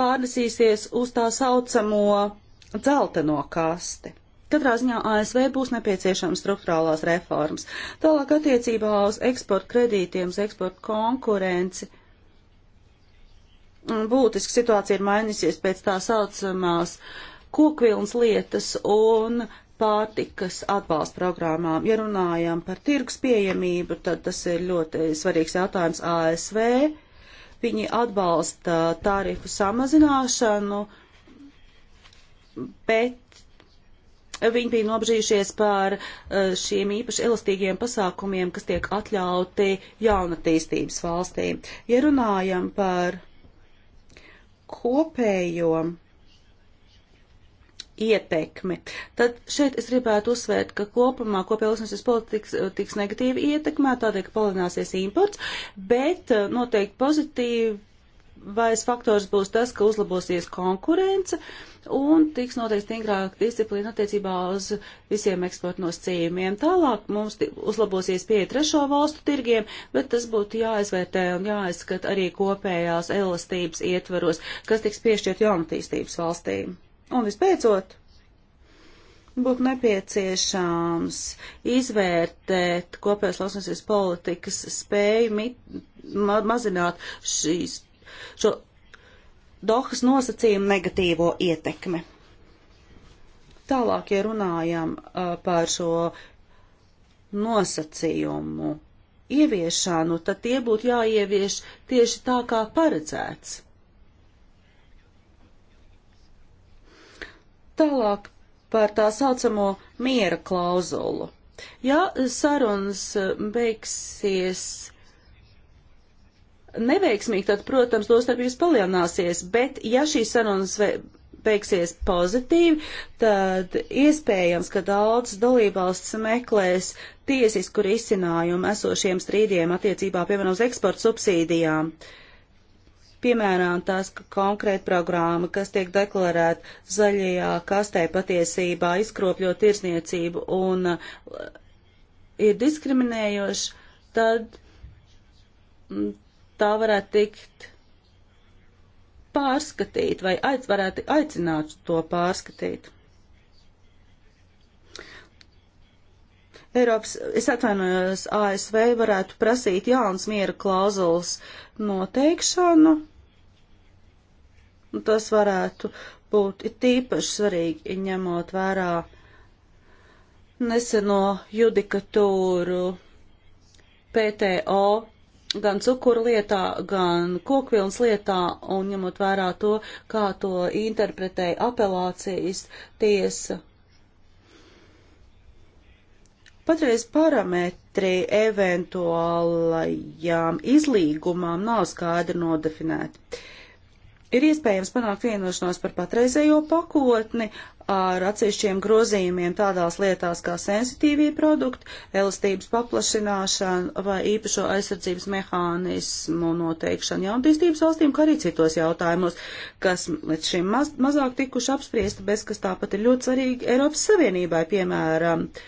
pārnesīsies uz tā saucamo dzelteno kasti. Katrā ziņā ASV būs nepieciešams struktūrālās reformas. Tālāk attiecībā uz eksporta kredītiem, uz eksporta konkurenci. Būtiski situācija ir mainīsies pēc tā saucamās uh, kokvilnas lietas un pārtikas atbalsta programmām. Ja runājam par tirgus pieejamību, tad tas ir ļoti svarīgs jautājums ASV. Viņi atbalsta tarifu samazināšanu, bet viņi bija nobrīžies par eh, šiem īpaši elastīgiem pasākumiem, kas tiek atļauti jaunatīstības valstīm. Ja runājam par kopējo ietekmi. Tad šeit es gribētu uzsvērt, ka kopumā kopējaugsnes politikas eh, tiks negatīvi ietekmē, tādēļ, ka palielināsies imports, bet eh, noteikti pozitīvais faktors būs tas, ka uzlabosies konkurence un tiks noteikti stingrāk disciplīna attiecībā uz visiem eksporta nosacījumiem. Tālāk mums uzlabosies pie trešo valstu tirgiem, bet tas būtu jāizvērtē un jāizskat arī kopējās elastības ietvaros, kas tiks piešķirt jaunatīstības valstīm. Un visbeidzot, būtu nepieciešams izvērtēt kopējās lauksaimniecības politikas spēju mit, ma mazināt šīs, šo Dohas nosacījumu negatīvo ietekmi. Tālāk, ja runājam uh, par šo nosacījumu ieviešanu, tad tie būtu jāievieš tieši tā, kā paredzēts. Tālāk par tā saucamo miera klauzulu. Ja sarunas eh, beigsies neveiksmīgi, tad, protams, dostarbības palielināsies, bet ja šīs sarunas beigsies pozitīvi, tad iespējams, ka daudz dalībvalsts meklēs tiesisku risinājumu esošiem strīdiem attiecībā, piemēram, uz eksporta subsīdijām. Uh, Piemēram, tās konkrēta programma, kas tiek deklarēta zaļajā kastē patiesībā izkropļo tirsniecību un uh, ir diskriminējoši, tad mm, tā varētu tikt pārskatīt vai aic, varētu aicināt to pārskatīt. Eiropas, es atvainojos, ASV varētu prasīt jaunas miera klauzulas noteikšanu Un tas varētu būt it īpaši svarīgi, ņemot vērā neseno judikatūru PTO gan cukuru lietā, gan kokvilnas lietā, un ņemot vērā to, kā to interpretēja apelācijas tiesa. Patreiz parametri eventuālajām izlīgumām nav skaidri nodefinēti ir iespējams panākt vienošanos par patreizējo pakotni ar atsevišķiem grozījumiem tādās lietās kā sensitīvie produkti, elastības paplašināšana vai īpašo aizsardzības mehānismu noteikšana jaunatīstības valstīm, kā arī citos jautājumos, kas līdz šim maz, mazāk tikuši apspriesti, bez kas tāpat ir ļoti svarīgi Eiropas Savienībai, piemēram, uh,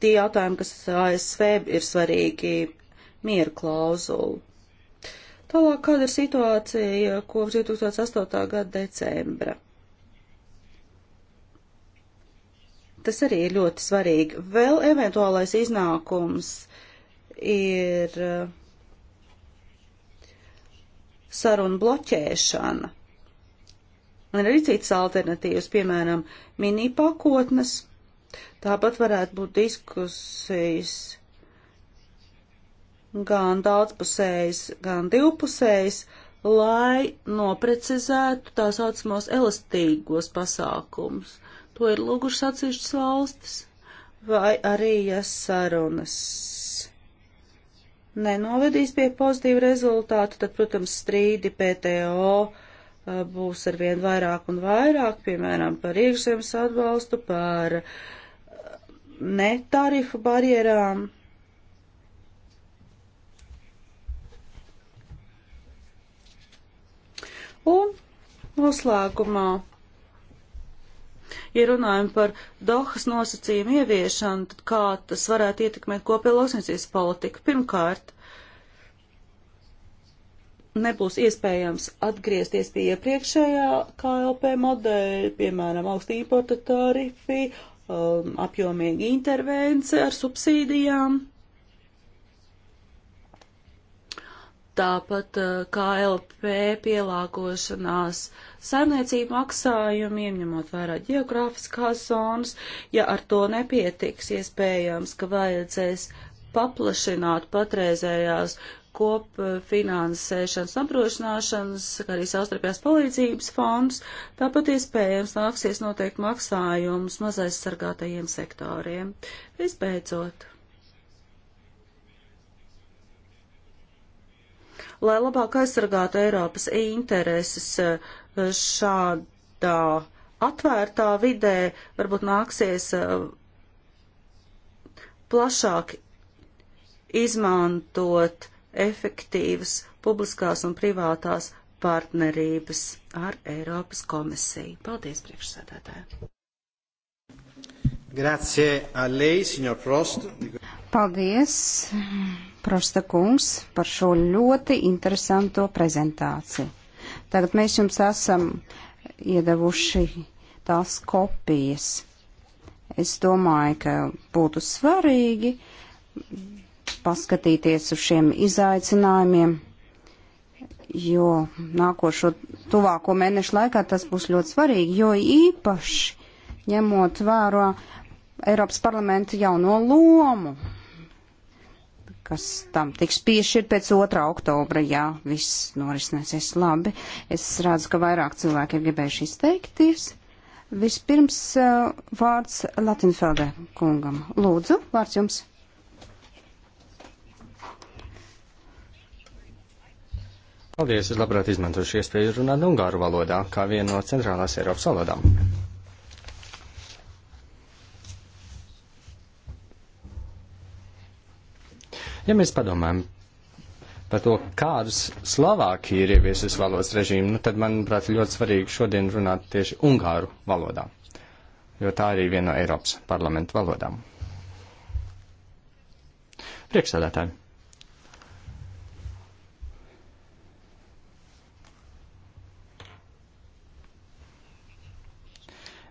tie jautājumi, kas ASV ir svarīgi, mieru klauzulu. Tālāk, kāda ir situācija kopš 2008. gada decembra? Tas arī ir ļoti svarīgi. Vēl eventuālais iznākums ir uh, saruna bloķēšana. Ir arī citas alternatīvas, piemēram, mini pakotnes, Tāpat varētu būt diskusijas gan daudzpusējas, gan divpusējas, lai noprecizētu tā saucamos elastīgos pasākumus. To ir lūgušas atsevišķas valstis, vai arī, ja sarunas nenovedīs pie pozitīva rezultāta, tad, protams, strīdi PTO eh, būs arvien vairāk un vairāk, piemēram, par iekšzemes atbalstu, par uh, netarifu barjerām. Un noslēgumā, ja runājam par Dohas nosacījumu ieviešanu, tad kā tas varētu ietekmēt kopējo lauksniecības politiku? Pirmkārt, nebūs iespējams atgriezties pie iepriekšējā KLP modeļa, piemēram, augsti importa tarifi, um, apjomīga intervence ar subsīdijām. Tāpat uh, kā LP pielāgošanās saimniecību maksājumiem, ņemot vērā geogrāfiskās zonas, ja ar to nepietiks, iespējams, ka vajadzēs paplašināt patreizējās kopfinansēšanas nodrošināšanas, kā arī savstarpējās palīdzības fondus, tāpat iespējams nāksies noteikt maksājumus mazais sargātajiem sektoriem. Visbeidzot. Lai labāk aizsargātu Eiropas intereses eh, šādā atvērtā vidē, varbūt nāksies eh, plašāk izmantot efektīvas publiskās un privātās partnerības ar Eiropas komisiju. Paldies, priekšsēdētāji! Grazie a lei, signor Prost. Paldies, Prosta kungs, par šo ļoti interesanto prezentāciju. Tagad mēs jums esam iedevuši tās kopijas. Es domāju, ka būtu svarīgi paskatīties uz šiem izaicinājumiem, jo nākošo tuvāko mēnešu laikā tas būs ļoti svarīgi, jo īpaši ņemot vērā Eiropas parlamenta jauno lomu, kas tam tiks piešķirt pēc 2. oktobra, ja viss norisināsies labi. Es redzu, ka vairāk cilvēki ir gribējuši izteikties. Vispirms eh, vārds Latinfeldē kungam. Lūdzu, vārds jums. Paldies, es labprāt izmantošu iespēju runāt ungāru valodā, kā viena no centrālās Eiropas valodām. Ja mēs padomājam par to, kādus Slovākija ir ieviesis valodas režīmu, nu tad, manuprāt, ļoti svarīgi šodien runāt tieši ungāru valodā, jo tā arī viena no Eiropas parlamentu valodām. Priekšsēdētāji!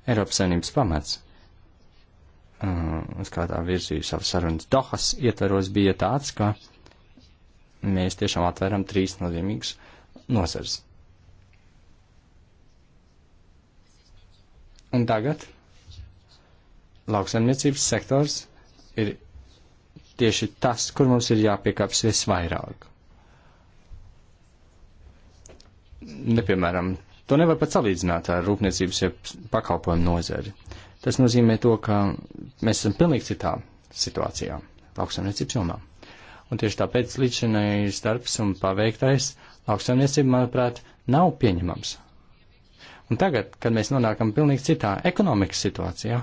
Eiropas saimnības pamats, uh, uz kā tā virzīja savas sarunas Dohas ietveros, bija tāds, ka mēs tiešām atvēram trīs nozīmīgas nozars. Un tagad lauksaimniecības sektors ir tieši tas, kur mums ir jāpiekāpsies vairāk. Nepiemēram, nu, To nevar pat salīdzināt ar rūpniecības ja pakalpojumu nozari. Tas nozīmē to, ka mēs esam pilnīgi citā situācijā, lauksaimniecības jomā. Un tieši tāpēc līdzinājums darbs un paveiktais lauksaimniecība, manuprāt, nav pieņemams. Un tagad, kad mēs nonākam pilnīgi citā ekonomikas situācijā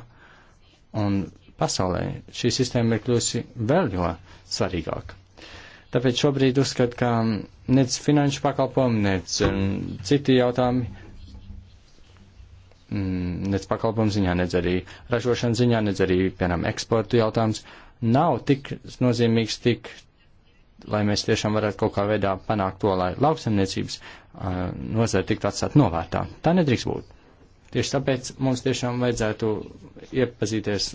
un pasaulē, šī sistēma ir kļūsi vēl jo svarīgāka. Tāpēc šobrīd uzskatu, ka nec finanšu pakalpojumi, nec um, citi jautājumi, mm, nec pakalpojumu ziņā, nec arī ražošanas ziņā, nec arī, piemēram, eksportu jautājums nav tik nozīmīgs, tik, lai mēs tiešām varētu kaut kā veidā panākt to, lai lauksemniecības uh, nozara tiktu atstāt novērtā. Tā nedrīkst būt. Tieši tāpēc mums tiešām vajadzētu iepazīties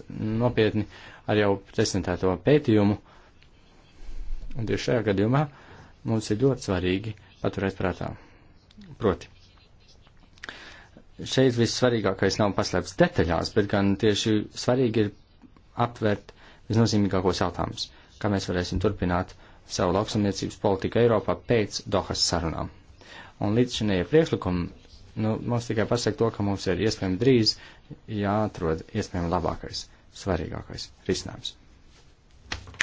nopietni ar jau prezentēto pētījumu. Uh, Un tieši šajā gadījumā mums ir ļoti svarīgi paturēt prātā. Proti. Šeit vissvarīgākais nav paslēpts detaļās, bet gan tieši svarīgi ir aptvert visnozīmīgākos jautājumus, kā mēs varēsim turpināt savu lauksamniecības politiku Eiropā pēc Dohas sarunām. Un līdz šim priekšlikumam nu, mums tikai pasaka to, ka mums ir iespējami drīz jāatrod iespējami labākais, svarīgākais risinājums.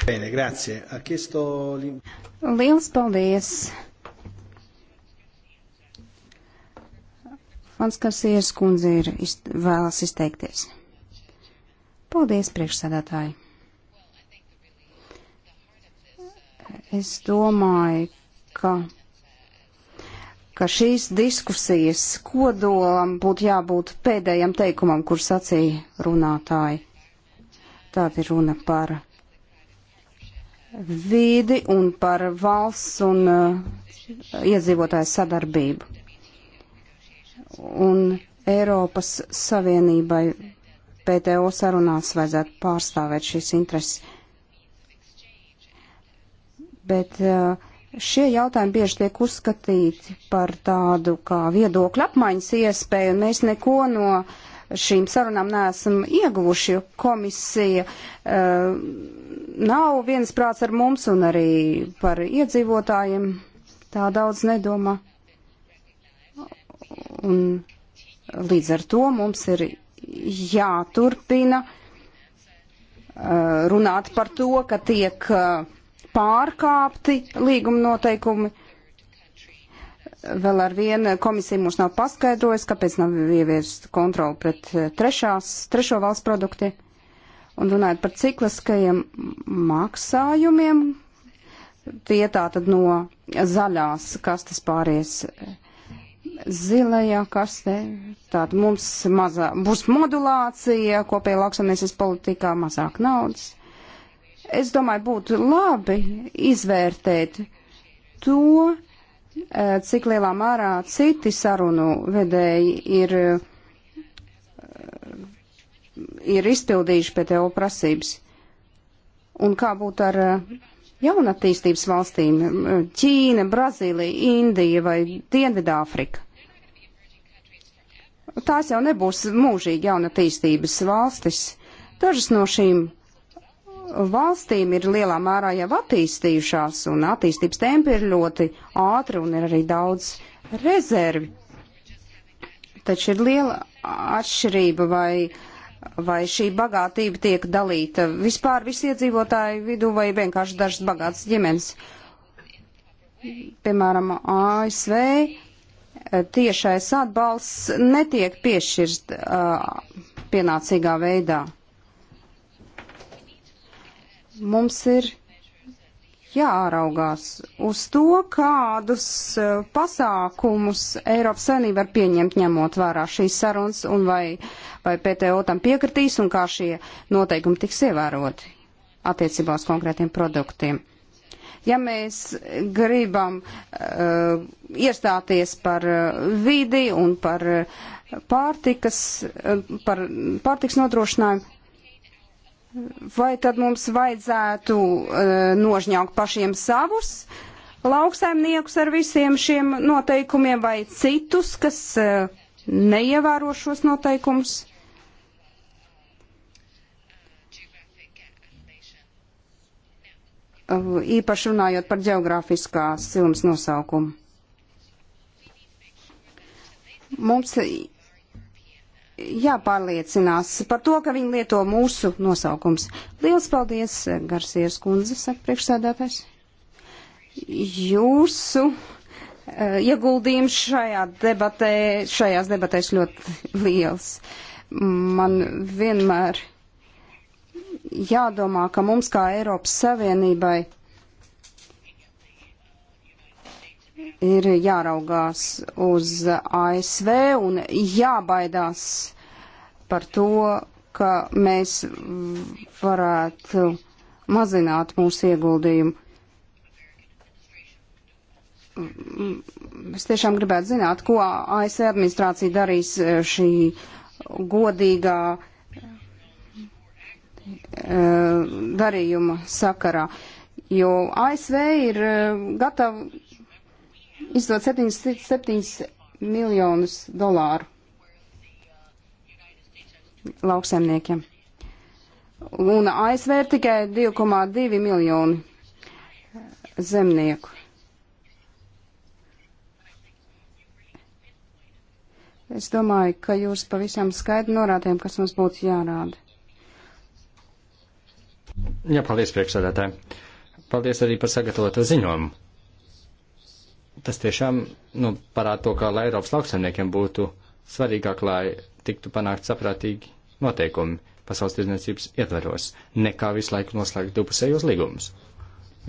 Bene, grazie. Ha chiesto... Liels paldies. Mans karsieris kundze ir iz, vēlas izteikties. Paldies, priekšsēdētāji. Es domāju, ka, ka šīs diskusijas kodolam būtu jābūt pēdējam teikumam, kur sacīja runātāji. Tāda ir runa par vīdi un par valsts un uh, iedzīvotāju sadarbību. Un Eiropas Savienībai PTO sarunās vajadzētu pārstāvēt šīs intereses. Bet uh, šie jautājumi bieži tiek uzskatīti par tādu kā viedokļu apmaiņas iespēju, un mēs neko no uh, šīm sarunām neesam ieguvuši, jo komisija uh, nav viensprāts ar mums un arī par iedzīvotājiem tā daudz nedomā. Un līdz ar to mums ir jāturpina uh, runāt par to, ka tiek uh, pārkāpti līguma noteikumi Vēl ar vienu komisiju mums nav paskaidrojusi, kāpēc nav ieviests kontroli pret eh, trešās, trešo valsts produkti. Un runājot par cikliskajiem maksājumiem, tie tā tad no zaļās kastes pāries eh, zilajā kastē. Tātad mums mazā, būs modulācija, kopēja lauksamniecības politikā mazāk naudas. Es domāju, būtu labi izvērtēt to, Eh, cik lielā mērā citi sarunu vedēji ir, eh, ir izpildījuši PTO prasības. Un kā būtu ar eh, jaunatīstības valstīm - Ķīna, Brazīlija, Indija vai Dienvidāfrika? Tās jau nebūs mūžīgi jaunatīstības valstis. Dažas no šīm valstīm ir lielā mērā jau attīstījušās, un attīstības tempi ir ļoti ātri, un ir arī daudz rezervi. Taču ir liela atšķirība, vai, vai šī bagātība tiek dalīta vispār visi iedzīvotāji vidū, vai vienkārši dažas bagātas ģimenes. Piemēram, ASV tiešais atbalsts netiek piešķirst uh, pienācīgā veidā mums ir jāraugās uz to, kādus eh, pasākumus Eiropas Savienība var pieņemt, ņemot vērā šīs sarunas, un vai, vai PTO tam piekritīs, un kā šie noteikumi tiks ievēroti attiecībā uz konkrētiem produktiem. Ja mēs gribam uh, iestāties par uh, vidi un par uh, pārtikas, uh, par pārtikas nodrošinājumu, Vai tad mums vajadzētu uh, nožņaukt pašiem savus lauksaimniekus ar visiem šiem noteikumiem vai citus, kas uh, neievēro šos noteikumus? E, īpaši runājot par geogrāfiskās silums nosaukumu. Mums jāpārliecinās par to, ka viņi lieto mūsu nosaukums. Liels paldies, Garsies kundze, saka priekšsēdētājs. Jūsu eh, ieguldījums šajā debatē, šajās debatēs ļoti liels. Man vienmēr jādomā, ka mums kā Eiropas Savienībai ir jāraugās uz ASV un jābaidās par to, ka mēs varētu mazināt mūsu ieguldījumu. Es tiešām gribētu zināt, ko ASV administrācija darīs e, šī godīgā e, darījuma sakarā, jo ASV ir e, gatava izdod 7, 7 miljonus dolāru lauksaimniekiem. Un ASV ir tikai 2,2 miljoni zemnieku. Es domāju, ka jūs pavisam skaidri norādījām, kas mums būtu jārāda. Jā, paldies priekšsēdētāji. Paldies arī par sagatavotu ziņojumu tas tiešām nu, parāda to, kā lai Eiropas lauksaimniekiem būtu svarīgāk, lai tiktu panākt saprātīgi noteikumi pasaules tirdzniecības ietveros, nekā visu laiku noslēgt divpusējos līgumus.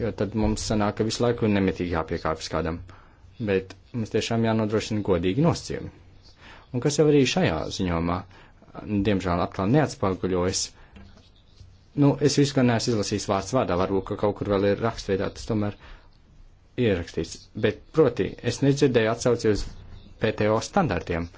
Jo tad mums sanāk, ka visu laiku nemitīgi jāpiekāpjas kādam, bet mums tiešām jānodrošina godīgi nosacījumi. Un kas jau arī šajā ziņomā, diemžēl, atkal neatspoguļojas, nu, es visu gan neesmu izlasījis vārds vārdā, varbūt, ka kaut kur vēl ir rakstveidā, tas tomēr. Uh, ierakstīts, bet, proti, es nedzirdēju atsauci uz PTO standartiem.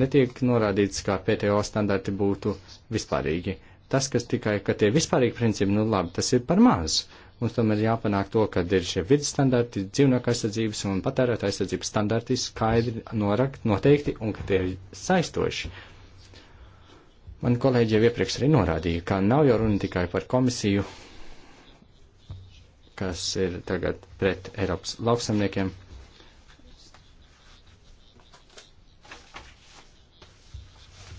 Netiek norādīts, kā PTO standarti būtu vispārīgi. Tas, kas tikai, ka tie vispārīgi principi, nu labi, tas ir par mazu. Mums tomēr jāpanāk to, ka ir šie vidas standarti, dzīvnieku aizsardzības un patērētāju aizsardzības standarti skaidri norakt, noteikti un ka tie ir saistoši. Man kolēģi jau iepriekš arī norādīja, ka nav jau runa tikai par komisiju kas ir tagad pret Eiropas lauksamniekiem.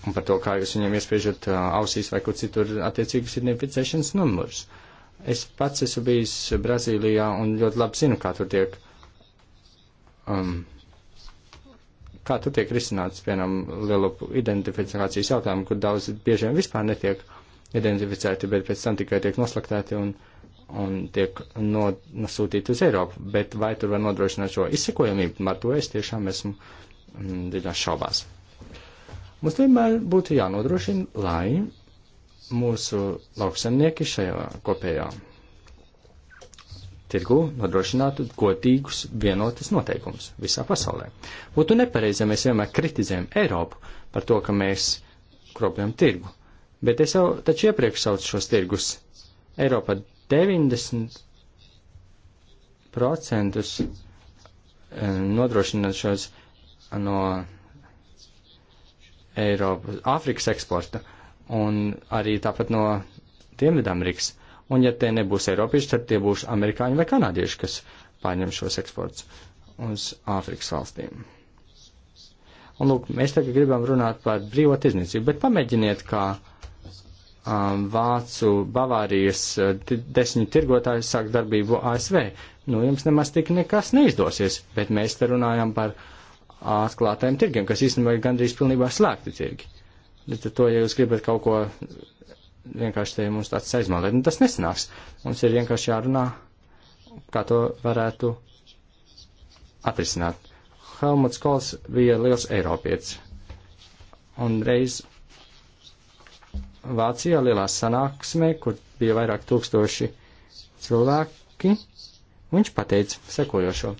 Un par to, kā jūs viņam iespiežat uh, ausīs vai kur citur attiecīgas identificēšanas numurus. Es pats esmu bijis Brazīlijā un ļoti labi zinu, kā tur tiek, um, kā tur tiek risināts, piemēram, lielu identifikācijas jautājumu, kur daudz bieži vien vispār netiek identificēti, bet pēc tam tikai tiek noslaktēti un uh, un tiek nosūtīti uz Eiropu, bet vai tur var nodrošināt šo izsekojamību, par to es tiešām esmu mm, dziļās šaubās. Mums vienmēr būtu jānodrošina, lai mūsu lauksaimnieki šajā kopējā tirgu nodrošinātu godīgus vienotus noteikumus visā pasaulē. Būtu nepareizi, ja mēs vienmēr kritizējam Eiropu par to, ka mēs kropļam tirgu. Bet es jau taču iepriekš saucu šos tirgus Eiropa 90% eh, nodrošina šos eh, no Eiropas, Āfrikas eksporta un arī tāpat no Dienvidamerikas. Un ja te nebūs Eiropieši, tad tie būs amerikāņi vai kanādieši, kas pārņem šos eksports uz Āfrikas valstīm. Un lūk, mēs tagad gribam runāt par brīvo tirzniecību, bet pamēģiniet, kā. Ka um, Vācu Bavārijas uh, desmit tirgotājus sāk darbību ASV. Nu, jums nemaz tik nekas neizdosies, bet mēs te runājam par atklātājiem tirgiem, kas īstenībā ir gandrīz pilnībā slēgti tirgi. Bet to, ja jūs gribat kaut ko vienkārši te mums tāds aizmalēt, nu tas nesanāks. Mums ir vienkārši jārunā, kā to varētu atrisināt. Helmuts Kols bija liels Eiropietis. Un reiz Vācijā lielā sanāksmē, kur bija vairāk tūkstoši cilvēki, viņš pateica sekojošo.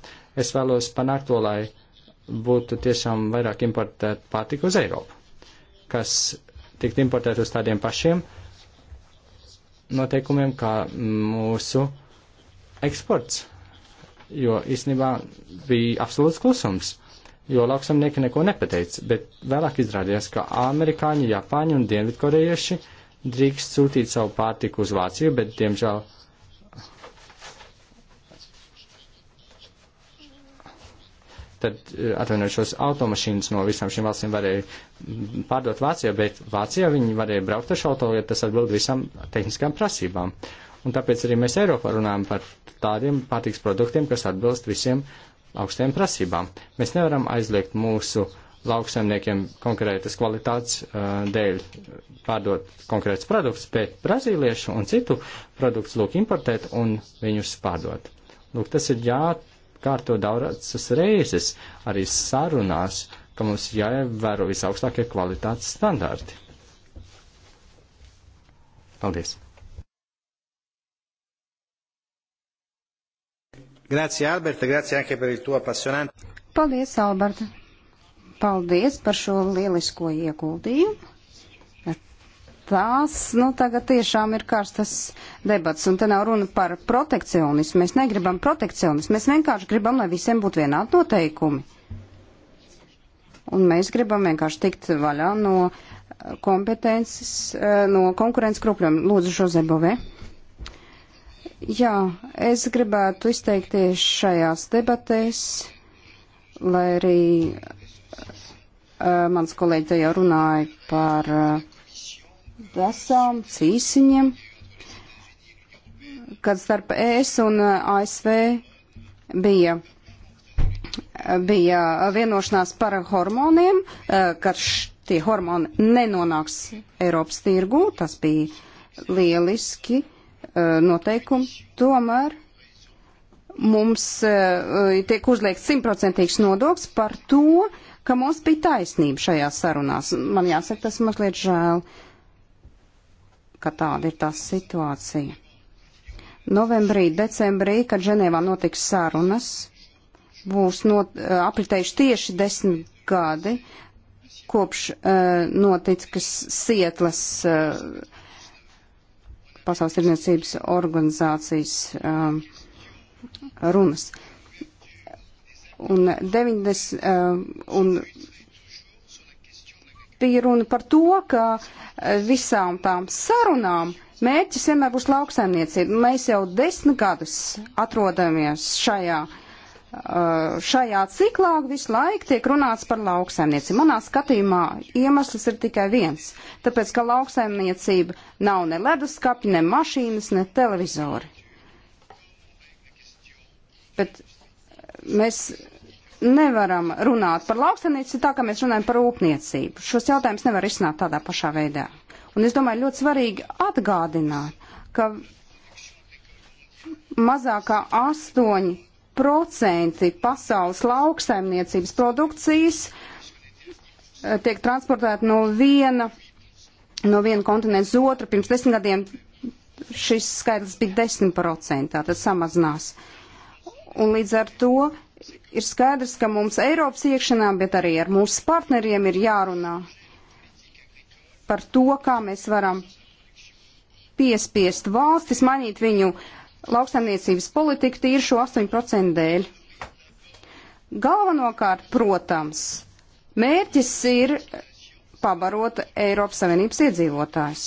Es vēlos panākt to, lai būtu tiešām vairāk importēt pārtika uz Eiropu, kas tikt importēt uz tādiem pašiem noteikumiem kā mūsu eksports, jo īstenībā bija absolūts klusums jo lauksamnieki neko nepateica, bet vēlāk izrādījās, ka amerikāņi, japāņi un dienvidkorejieši drīkst sūtīt savu pārtiku uz Vāciju, bet, diemžēl, tad eh, atvainojušos automašīnas no visām šīm valstīm varēja pārdot Vācijā, bet Vācijā viņi varēja braukt ar šo auto, ja tas atbild visām tehniskām prasībām. Un tāpēc arī mēs Eiropā runājam par tādiem pārtiks produktiem, kas atbilst visiem uh, augstajām prasībām. Mēs nevaram aizliegt mūsu lauksaimniekiem konkrētas kvalitātes uh, dēļ pārdot konkrēts produkts, bet brazīliešu un citu produktus lūk importēt un viņus pārdot. Lūk, tas ir jākārto daudzas reizes arī sarunās, ka mums jāievēro visaugstākie kvalitātes standarti. Paldies! Grazie, Alberta, grazie anche per il tuo appassionante. Paldies, Alberta. Paldies par šo lielisko ieguldījumu. Tās, nu, tagad tiešām ir karstas debats, un te nav runa par protekcionismu. Mēs negribam protekcionismu, mēs vienkārši gribam, lai visiem būtu vienādi noteikumi. Un mēs gribam vienkārši tikt vaļā no kompetences, eh, no konkurences krupļiem. Lūdzu, Žozebovē. Jā, es gribētu izteikties šajās debatēs, lai arī uh, mans kolēģis te jau runāja par uh, eh, dasām, cīsiņiem, kad starp ES un eh, ASV bija bija vienošanās par hormoniem, ka tie hormoni nenonāks Eiropas tirgū. Tas bija lieliski. Uh, Eh, noteikumi, tomēr mums eh, tiek uzliekts simtprocentīgs nodoklis par to, ka mums bija taisnība šajās sarunās. Man jāsaka, tas mazliet žēl, ka tāda ir tā situācija. Novembrī, decembrī, kad Ženēvā notiks sarunas, būs not, eh, apritējuši tieši desmit gadi kopš uh, noticis Sietlas uh, Pasaules tirdzniecības organizācijas um, runas. Un, 90, um, un bija runa par to, ka uh, visām tām sarunām mērķis vienmēr būs lauksaimniecība. Mēs jau desmit gadus atrodamies šajā uh, Uh, šajā ciklā visu laiku tiek runāts par lauksaimniecību. Manā skatījumā iemesls ir tikai viens - tāpēc, ka lauksaimniecība nav ne leduskapi, ne mašīnas, ne televizori. Bet mēs nevaram runāt par lauksaimniecību tā, kā mēs runājam par rūpniecību. Šos jautājumus nevar izsnākt tādā pašā veidā. Un es domāju, ļoti svarīgi atgādināt, ka mazākā astoņi procenti pasaules lauksaimniecības produkcijas eh, tiek transportēti no viena, no viena kontinenta uz otru. Pirms desmit gadiem šis skaitlis bija 10%, tātad samazinās. Un līdz ar to ir skaidrs, ka mums Eiropas iekšienā, bet arī ar mūsu partneriem ir jārunā par to, kā mēs varam piespiest valstis mainīt viņu uh, lauksaimniecības politika tīri šo 8% dēļ. Galvenokārt, protams, mērķis ir pabarot Eiropas Savienības iedzīvotājs.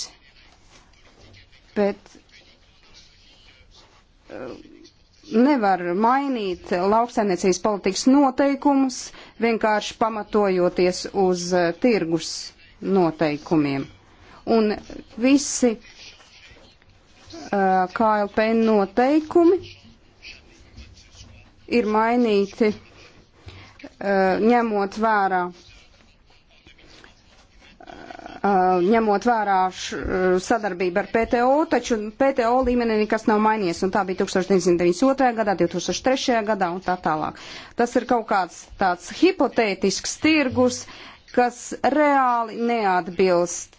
Bet eh, nevar mainīt lauksaimniecības politikas noteikumus, vienkārši pamatojoties uz eh, tirgus noteikumiem. Un visi Eh, KLP noteikumi ir mainīti eh, ņemot vērā eh, ņemot vērā sadarbību ar PTO, taču PTO līmenī nekas nav mainījies, un tā bija 1992. gadā, 2003. gadā un tā tālāk. Tas ir kaut kāds tāds hipotētisks tirgus, kas reāli neatbilst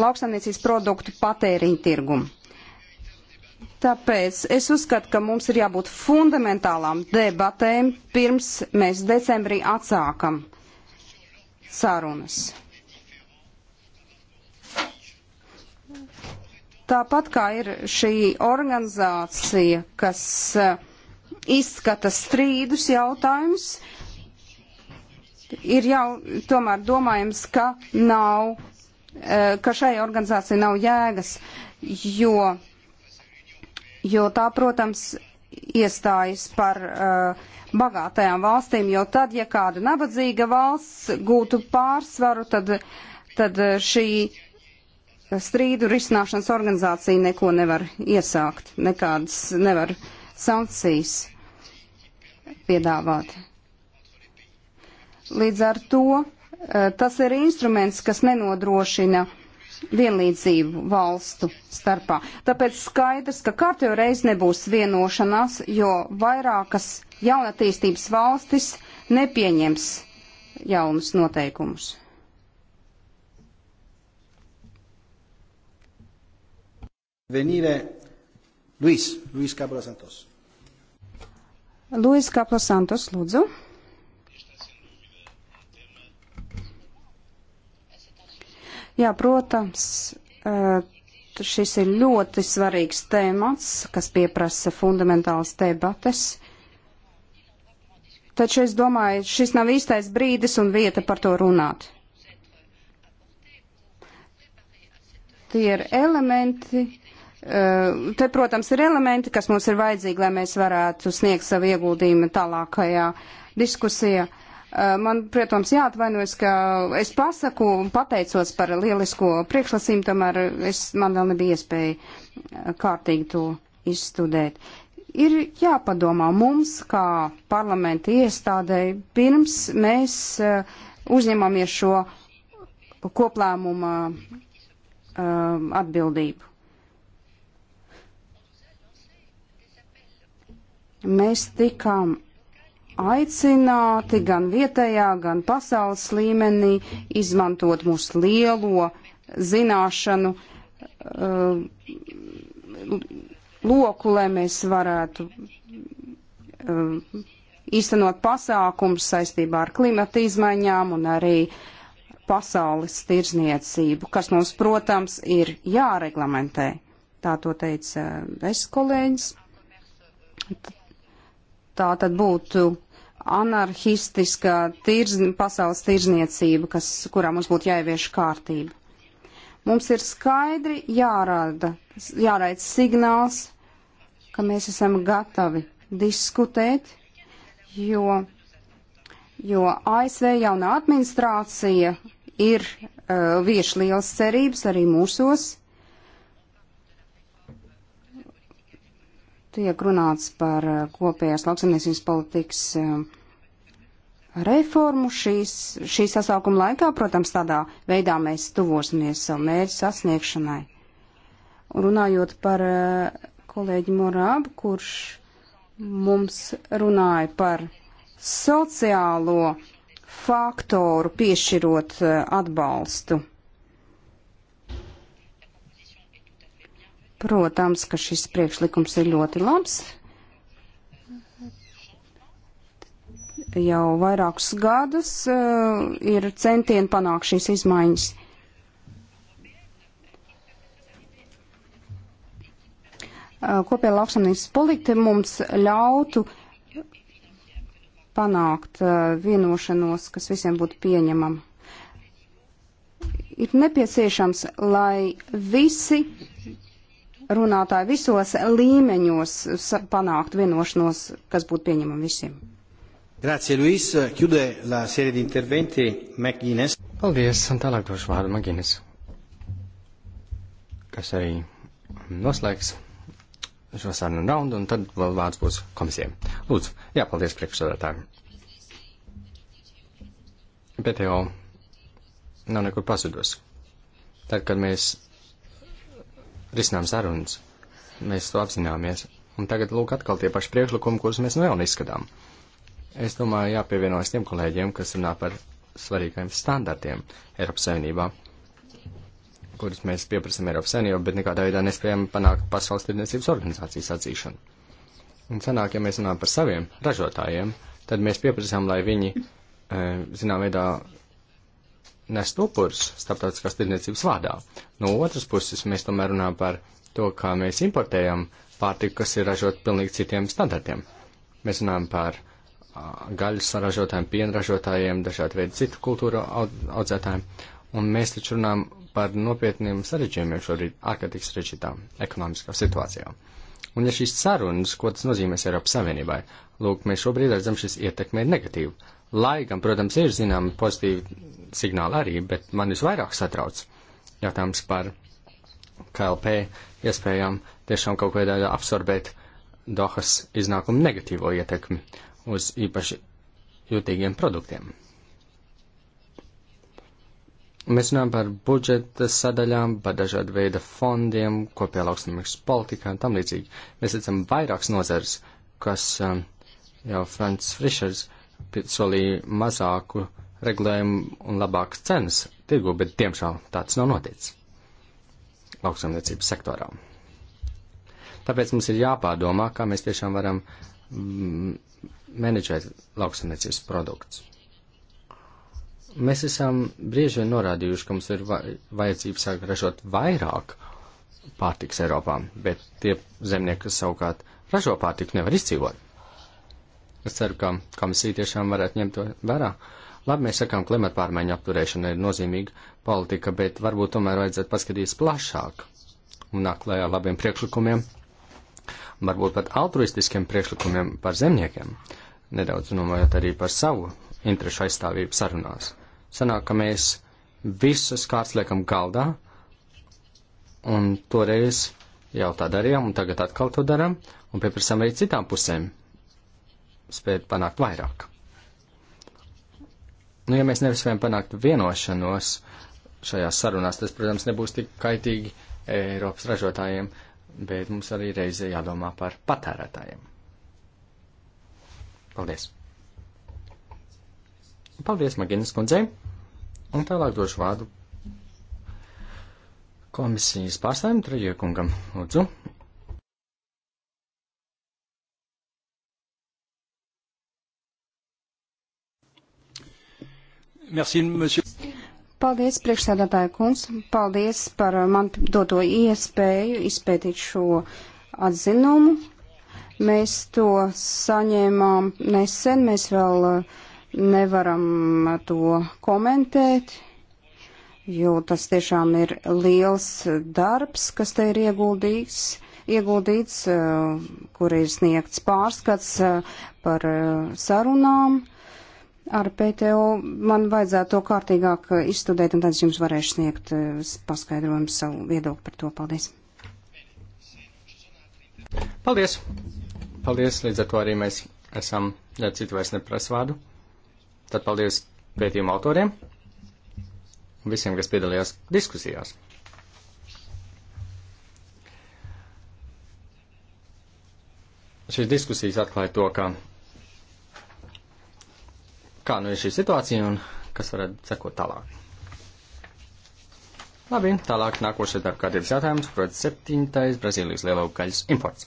lauksaimniecības produktu patēriņu tirgumu. Tāpēc es uzskatu, ka mums ir jābūt fundamentālām debatēm, pirms mēs decembrī atsākam sarunas. Tāpat kā ir šī organizācija, kas eh, izskata strīdus jautājumus, ir jau tomēr domājams, ka nav, eh, ka šai organizācijai nav jēgas, jo jo tā, protams, iestājas par uh, bagātajām valstīm, jo tad, ja kāda nabadzīga valsts gūtu pārsvaru, tad, tad uh, šī strīdu risināšanas organizācija neko nevar iesākt, nekādas nevar sankcijas piedāvāt. Līdz ar to uh, tas ir instruments, kas nenodrošina uh, vienlīdzību valstu starpā. Tāpēc skaidrs, ka kārtējo reizi nebūs vienošanās, jo vairākas jaunatīstības valstis nepieņems jaunus noteikumus. Venire Luis, Luis Capra Santos. Luis Capra Santos, lūdzu. Jā, protams, šis ir ļoti svarīgs tēmats, kas pieprasa fundamentāls debates. Taču es domāju, šis nav īstais brīdis un vieta par to runāt. Tie ir elementi, te, protams, ir elementi, kas mums ir vajadzīgi, lai mēs varētu sniegt savu ieguldījumu tālākajā diskusijā. Eh, man, protams, jāatvainojas, ka es pasaku un pateicos par lielisko priekšlasījumu, tomēr es, man vēl nebija iespēja eh, kārtīgi to izstudēt. Ir jāpadomā mums, kā parlamenta iestādēji, pirms mēs eh, uzņemamies šo koplēmuma atbildību. Mēs tikām aicināti gan vietējā, gan pasaules līmenī izmantot mūsu lielo zināšanu uh, loku, lai mēs varētu uh, īstenot pasākums saistībā ar klimata izmaiņām un arī pasaules tirzniecību, kas mums, protams, ir jāreglamentē. Tā to teica uh, es kolēģis. Tā tad būtu anarhistiska tirzn, pasaules tirzniecība, kas, kurā mums būtu jāievieš kārtība. Mums ir skaidri jārāda, jāraida signāls, ka mēs esam gatavi diskutēt, jo, jo ASV jaunā administrācija ir uh, vieš liels cerības arī mūsos tiek runāts par eh, kopējās lauksaimniecības politikas eh, reformu šīs, šī sasaukuma laikā, protams, tādā veidā mēs tuvosimies savu mērķu sasniegšanai. Runājot par eh, kolēģi Morābu, kurš mums runāja par sociālo faktoru piešķirot atbalstu Protams, ka šis priekšlikums ir ļoti labs. Jau vairākus gadus uh, ir centieni panākt šīs izmaiņas. Uh, Kopējā lauksamnīcas politika mums ļautu panākt uh, vienošanos, kas visiem būtu pieņemama. Ir nepieciešams, lai visi runātāji visos līmeņos panākt vienošanos, kas būtu pieņemama visiem. Grazie, Luis. Chiude la serie di interventi McGuinness. Paldies, un tālāk došu vārdu McGuinness, kas arī noslēgs šo sarunu raundu, un tad vēl vārds būs komisijai. Lūdzu, jā, paldies priekšsādātājiem. PTO nav nekur pazudus. Tad, kad mēs risinām sarunas. Mēs to apzināmies. Un tagad lūk atkal tie paši priekšlikumi, kurus mēs nu vēl neizskatām. Es domāju, jāpievienojas tiem kolēģiem, kas runā par svarīgiem standartiem Eiropas Savienībā, kurus mēs pieprasām Eiropas Savienībā, bet nekādā veidā nespējam panākt pasaules tirdzniecības organizācijas atzīšanu. Un sanāk, ja mēs runājam par saviem ražotājiem, tad mēs pieprasām, lai viņi, eh, zinām, veidā nest upurus starptautiskās tirdzniecības vārdā. No otras puses, mēs tomēr runājam par to, kā mēs importējam pārtiku, kas ir ražot pilnīgi citiem standartiem. Mēs runājam par gaļas ražotājiem, pienražotājiem, dažādu veidu citu kultūru audzētājiem, un mēs taču runājam par nopietniem sarežģījumiem šorīt ārkārtīgi sarežģītā ekonomiskā situācijā. Un ja šīs sarunas, ko tas nozīmēs Eiropas Savienībai, lūk, mēs šobrīd redzam, šis ietekme ir negatīva Lai gan, protams, ir zināmi pozitīvi signāli arī, bet man visvairāk satrauc jautājums par KLP iespējām tiešām kaut kādā veidā absorbēt Dohas iznākumu negatīvo ietekmi uz īpaši jūtīgiem produktiem. Mēs runājam par budžeta sadaļām, par dažādu veidu fondiem, kopējā lauksimnieks politikā un tam līdzīgi. Mēs redzam vairākas nozares, kas um, jau Frants Frišers uh, solīja mazāku regulējumu un labākas cenas tirgu, bet diemžēl tāds nav noticis lauksaimniecības sektorā. Tāpēc mums ir jāpārdomā, kā mēs tiešām varam mm, menedžēt lauksaimniecības produktus. Mēs esam bieži vien norādījuši, ka mums ir vajadzības sāk ražot vairāk pārtiks Eiropā, bet tie zemnieki, kas savukārt ražo pārtiku, nevar izdzīvot. Es ceru, ka komisija tiešām varētu ņemt to vērā. Labi, mēs sakām, klimata pārmaiņu apturēšana ir nozīmīga politika, bet varbūt tomēr vajadzētu paskatīties plašāk un nāk klajā labiem priekšlikumiem, varbūt pat altruistiskiem priekšlikumiem par zemniekiem, nedaudz domājot arī par savu interešu aizstāvību sarunās. Sanāk, ka mēs visas kārtas liekam galdā, un toreiz jau tā darījām, un tagad atkal to darām, un pieprasām arī citām pusēm spēt panākt vairāk. Nu, ja mēs nevaram panākt vienošanos šajās sarunās, tas, protams, nebūs tik kaitīgi Eiropas ražotājiem, bet mums arī reizē jādomā par patērētājiem. Paldies! Paldies, Maginas kundzei! Un tālāk došu vārdu komisijas pārstāvim Trajokungam. Lūdzu! Merci, monsieur. Paldies, priekšsēdētāja kungs. Paldies par uh, man doto iespēju izpētīt šo atzinumu. Mēs to saņēmām nesen, mēs vēl uh, nevaram uh, to komentēt, jo tas tiešām ir liels darbs, kas te ir ieguldīts, ieguldīts kur ir sniegts pārskats par sarunām ar PTO man vajadzētu to kārtīgāk izstudēt, un tad es jums varēšu sniegt eh, paskaidrojumu savu viedokli par to. Paldies! Paldies! Paldies! Līdz ar to arī mēs esam, ja citu vairs neprasa vārdu. Tad paldies pētījuma autoriem un visiem, kas piedalījās diskusijās. Šīs diskusijas atklāja to, ka kā nu ir šī situācija un kas varētu sekot tālāk. Labi, tālāk nākošais darba kārtības jautājums, protams, septītais Brazīlijas lielaugaļas imports.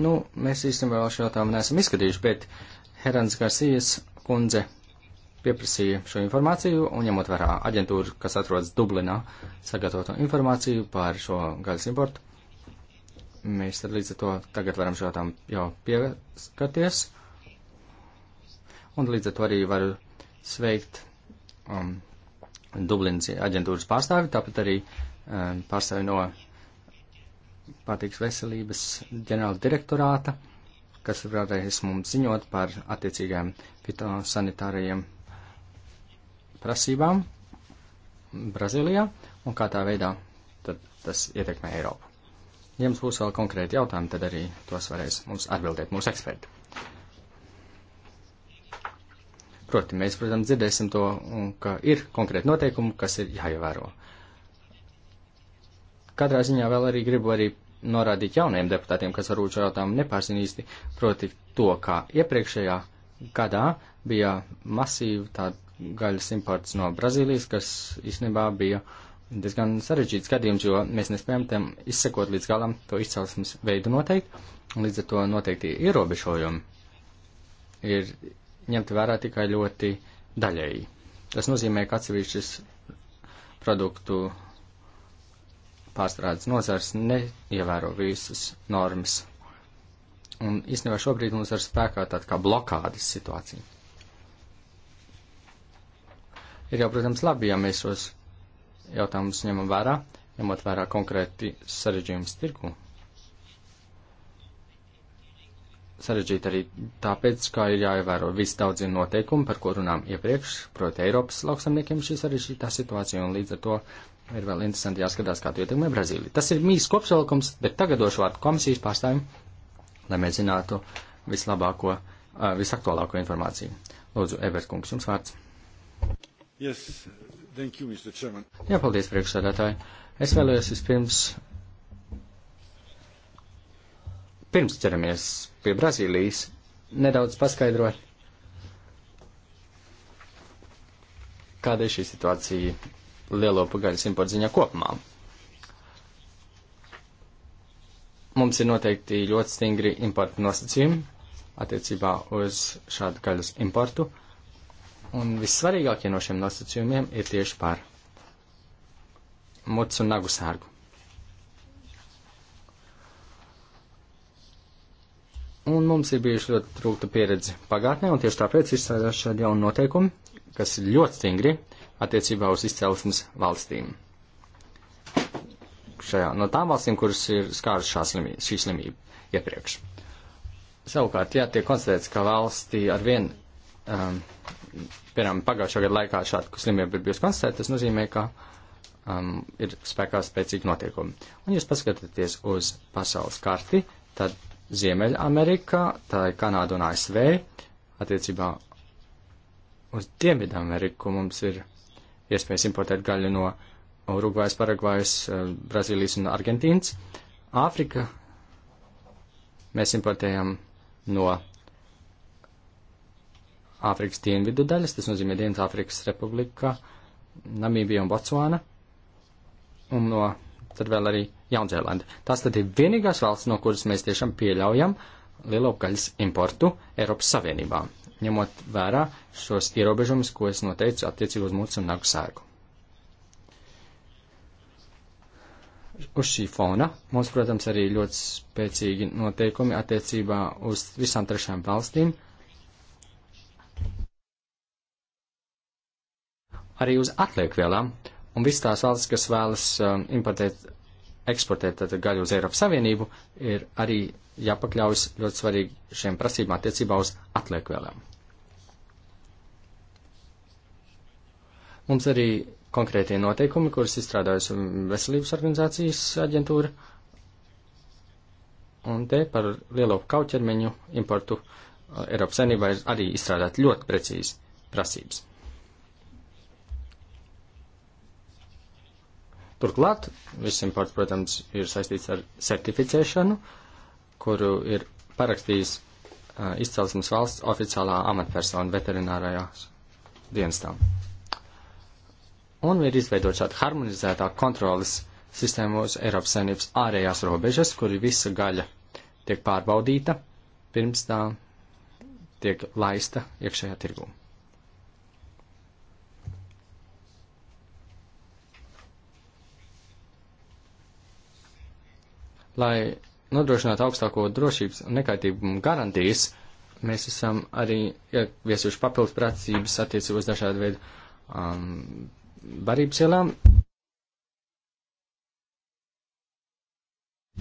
Nu, mēs īstenībā vēl šo jautājumu neesam izskatījuši, bet Herans Garcijas kundze pieprasīja šo informāciju un ņemot vērā aģentūru, kas atrodas Dublinā, sagatavoto informāciju par šo gaļas importu. Mēs tad līdz ar to tagad varam šo tām jau pieskaties. Un līdz ar to arī varu sveikt um, Dublinas aģentūras pārstāvi, tāpat arī um, pārstāvi no pārtīks veselības ģenerāla direktorāta, kas varēs mums ziņot par attiecīgajiem fitosanitārajiem prasībām Brazīlijā un kā tā veidā tas ietekmē Eiropu. Ja jums būs vēl konkrēti jautājumi, tad arī tos varēs mums atbildēt mūsu eksperti. Proti, mēs, protams, dzirdēsim to, ka ir konkrēti noteikumi, kas ir jāievēro. Katrā ziņā vēl arī gribu arī norādīt jaunajiem deputātiem, kas varbūt šo jautājumu nepārzina īsti, proti to, kā iepriekšējā gadā bija masīva tāda gaļas imports no Brazīlijas, kas īstenībā bija diezgan sarežģīts gadījums, jo mēs nespējam tam izsekot līdz galam to izcelsmes veidu noteikt, līdz ar to noteikti ierobežojumi ir ņemti vērā tikai ļoti daļēji. Tas nozīmē, ka atsevišķas produktu pārstrādes nozars neievēro visas normas. Un īstenībā šobrīd mums ir spēkā tāda kā blokādes situācija. Ir jau, protams, labi, ja mēs šos jautājumus ņemam vērā, ņemot vērā konkrēti sarežģījumus tirku. Sarežģīt arī tāpēc, kā ir jāievēro visi daudzie noteikumi, par ko runām iepriekš, proti Eiropas lauksamniekiem šī sarežģītā situācija, un līdz ar to ir vēl interesanti jāskatās, kā to ietekmē Brazīlija. Tas ir mīs kopsavilkums, bet tagad došu vārdu komisijas pārstāvim, lai mēs zinātu vislabāko, eh, visaktuālāko informāciju. Lūdzu, Everkungs, jums vārds. Yes, thank you, Mr. Chairman. Jā, paldies, priekšsēdētāji. Es vēlējos vispirms, pirms ķeramies pie Brazīlijas, nedaudz paskaidrot, kāda ir šī situācija lielo pagaļas importu ziņā kopumā. Mums ir noteikti ļoti stingri importu nosacījumi attiecībā uz šādu gaļas importu. Uh, Un vissvarīgākie no šiem nosacījumiem ir tieši par mucu un nagu sārgu. Un mums ir bijuši ļoti trūkta pieredze pagātnē, un tieši tāpēc izstrādās šādi jauni noteikumi, kas ir ļoti stingri attiecībā uz izcelsmes valstīm. Šajā, no tām valstīm, kuras ir skārušās šī slimība iepriekš. Savukārt, ja tiek konstatēts, ka valstī ar vien um, piemēram, pagājušā gada laikā šāda slimība ir bijusi konstatēta, tas nozīmē, ka um, ir spēkā spēcīgi notiekumi. Un jūs paskatāties uz pasaules karti, tad Ziemeļamerikā, tā ir Kanāda un ASV, attiecībā uz Dienvidameriku mums ir iespējas importēt gaļu no Urugvajas, Paragvajas, uh, Brazīlijas un Argentīnas. Āfrika mēs importējam no Āfrikas dienvidu daļas, tas nozīmē Dienvidāfrikas republika, Namībija un Botsvāna, un no tad vēl arī Jaunzēlanda. Tās tad ir vienīgās valsts, no kuras mēs tiešām pieļaujam lielopgaļas importu Eiropas Savienībā, ņemot vērā šos ierobežumus, ko es noteicu attiecīgi uz mūsu un nagu sēgu. uz šī fona mums, protams, arī ļoti spēcīgi noteikumi attiecībā uz visām trešām valstīm, arī uz atliekvielām, un visas tās valsts, kas vēlas um, importēt, eksportēt tad, gaļu uz Eiropas Savienību, ir arī jāpakļaujas ļoti svarīgi šiem prasībām attiecībā uz atliekvielām. Mums arī konkrētie noteikumi, kurus izstrādājas veselības organizācijas aģentūra, un te par lielo kauķermeņu importu uh, Eiropas Savienībā ir arī izstrādāt ļoti precīzi prasības. Turklāt viss imports, protams, ir saistīts ar certificēšanu, kuru ir parakstījis uh, izcelsmes valsts oficiālā amatpersona veterinārajās dienestām. Un ir izveidot šādu harmonizētā kontrolas sistēmu uz Eiropas saimnības ārējās robežas, kur visa gaļa tiek pārbaudīta pirms tā tiek laista iekšējā tirgū. lai nodrošinātu augstāko drošības un nekaitīgumu garantijas, mēs esam arī ieviesuši papildus prasības attiecībā uz dažādu veidu um, barības ielām.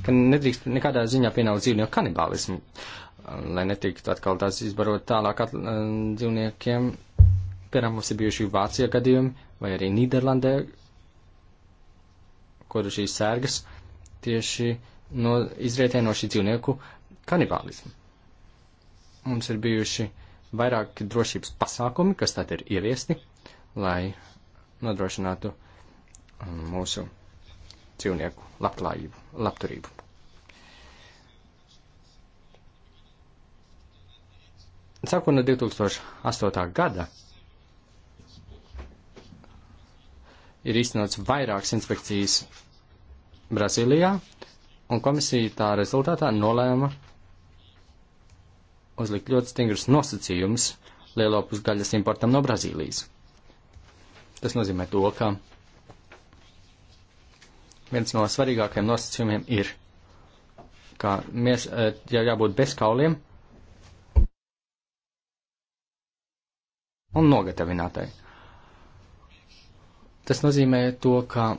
Ka nedrīkst nekādā ziņā pienākt dzīvnieku kanibālismu, um, lai netiktu atkal tās izbarot tālāk at, um, dzīvniekiem. Piemēram, mums ir bijuši Vācijā gadījumi vai arī Nīderlandē, kur šīs sērgas tieši uh, no, izrietē no šī dzīvnieku kanibālisma. Mums ir bijuši vairāki drošības pasākumi, kas tad ir ieviesti, lai nodrošinātu um, mūsu dzīvnieku labklājību, labturību. Sākot no 2008. gada ir īstenots vairākas inspekcijas Brazīlijā, un komisija tā rezultātā nolēma uzlikt ļoti stingrus nosacījumus lielopus gaļas importam no Brazīlijas. Tas nozīmē to, ka viens no svarīgākajiem nosacījumiem ir, ka mēs e, jau jābūt bez kauliem un nogatavinātai. Tas nozīmē to, ka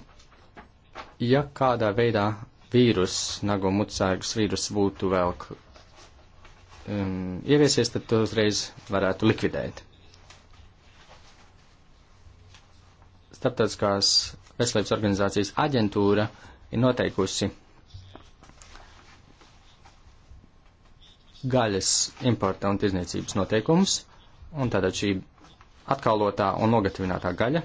ja kādā veidā vīrus, nago mucēgas vīrus būtu vēl um, ieviesies, tad to uzreiz varētu likvidēt. Starptautiskās veselības organizācijas aģentūra ir noteikusi gaļas importa un tirzniecības noteikumus, un tātad šī atkalotā un nogatavinātā gaļa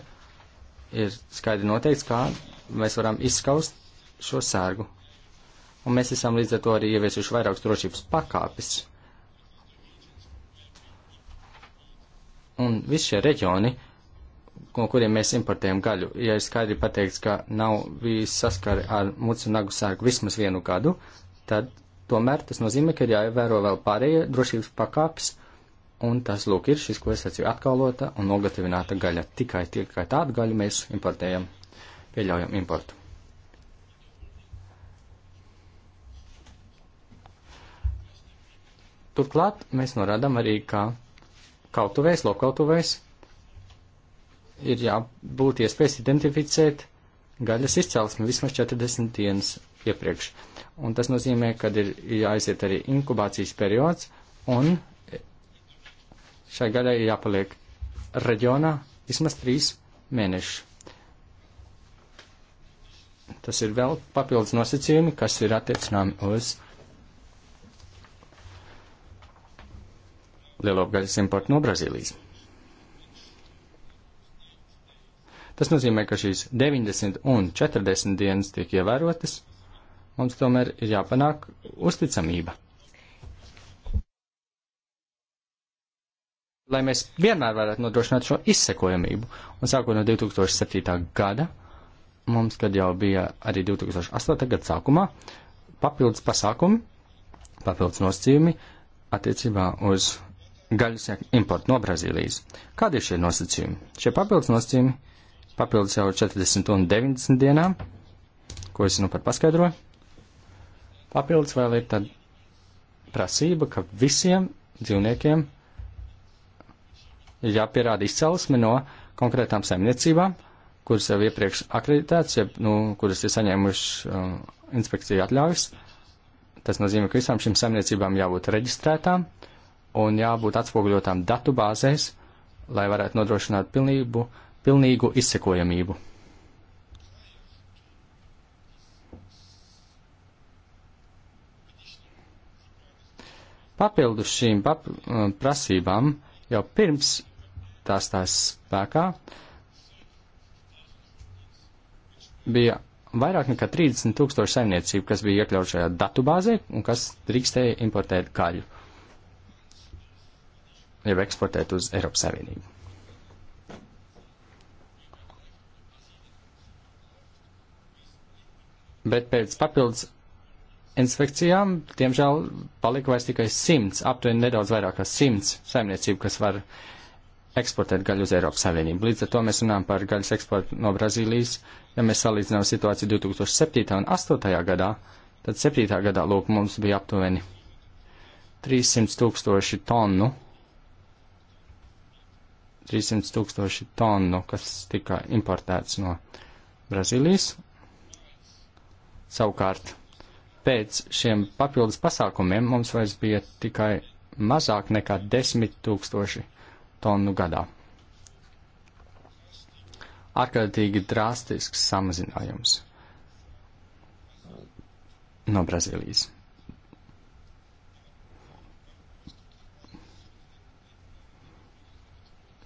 ir skaidri noteikts, kā mēs varam izskaust šo sērgu. Un mēs esam līdz ar to arī ieviesuši vairākas drošības pakāpes. Un visi šie reģioni, no kuriem mēs importējam gaļu, ja ir skaidri pateikts, ka nav bijis saskari ar mucu nagu sērgu vismaz vienu gadu, tad tomēr tas nozīmē, ka ir jāievēro vēl pārējie drošības pakāpes. Un tas, lūk, ir šis, ko es teicu, atkalota un nogatavināta gaļa. Tikai, tikai tādu gaļu mēs importējam, pieļaujam importu. Turklāt mēs norādām arī, ka kautuvēs, lokautuvēs ir jābūt iespējas identificēt gaļas izcelsmi vismaz 40 dienas iepriekš. Un tas nozīmē, ka ir jāaiziet arī inkubācijas periods, un šai gaļai ir jāpaliek reģionā vismaz 3 mēnešus. Tas ir vēl papildus nosacījumi, kas ir attiecināmi uz lielopgaļas importu no Brazīlijas. Tas nozīmē, ka šīs 90 un 40 dienas tiek ievērotas, mums tomēr ir jāpanāk uzticamība. Lai mēs vienmēr varētu nodrošināt šo izsekojamību, un sākot no 2007. gada, mums, kad jau bija arī 2008. gada sākumā, papildus pasākumi, papildus nosacījumi attiecībā uz gaļas importu no Brazīlijas. Kādi ir šie nosacījumi? Šie papildus nosacījumi papildus jau 40 un 90 dienām, ko es nu pat paskaidroju. Papildus vēl ir tad prasība, ka visiem dzīvniekiem ir jāpierāda izcelsme no konkrētām saimniecībām, kuras jau iepriekš akreditētas, jeb, nu, kuras ir saņēmušas uh, inspekciju atļaujas. Tas nozīmē, ka visām šīm saimniecībām jābūt reģistrētām. Uh, un jābūt atspoguļotām datu bāzēs, lai varētu nodrošināt pilnību, pilnīgu izsekojamību. Papildus šīm pap uh, prasībām jau pirms tās tās spēkā bija vairāk nekā 30 tūkstoši saimniecību, kas bija iekļaut šajā datubāzē un kas drīkstēja importēt kaļu. Uh, jau eksportēt uz Eiropas Savienību. Bet pēc papildus inspekcijām, diemžēl, palika vairs tikai simts, aptuveni nedaudz vairāk kā simts saimniecību, kas var eksportēt gaļu uz Eiropas Savienību. Līdz ar to mēs runājam par gaļas eksportu no Brazīlijas. Ja mēs salīdzinām situāciju 2007. un 2008. gadā, tad 7. gadā, lūk, mums bija aptuveni 300 tūkstoši tonu 300 tūkstoši tonu, kas tika importēts no Brazīlijas. Savukārt, pēc šiem papildus pasākumiem mums vairs bija tikai mazāk nekā 10 tūkstoši tonu gadā. Ārkārtīgi drastisks samazinājums no Brazīlijas.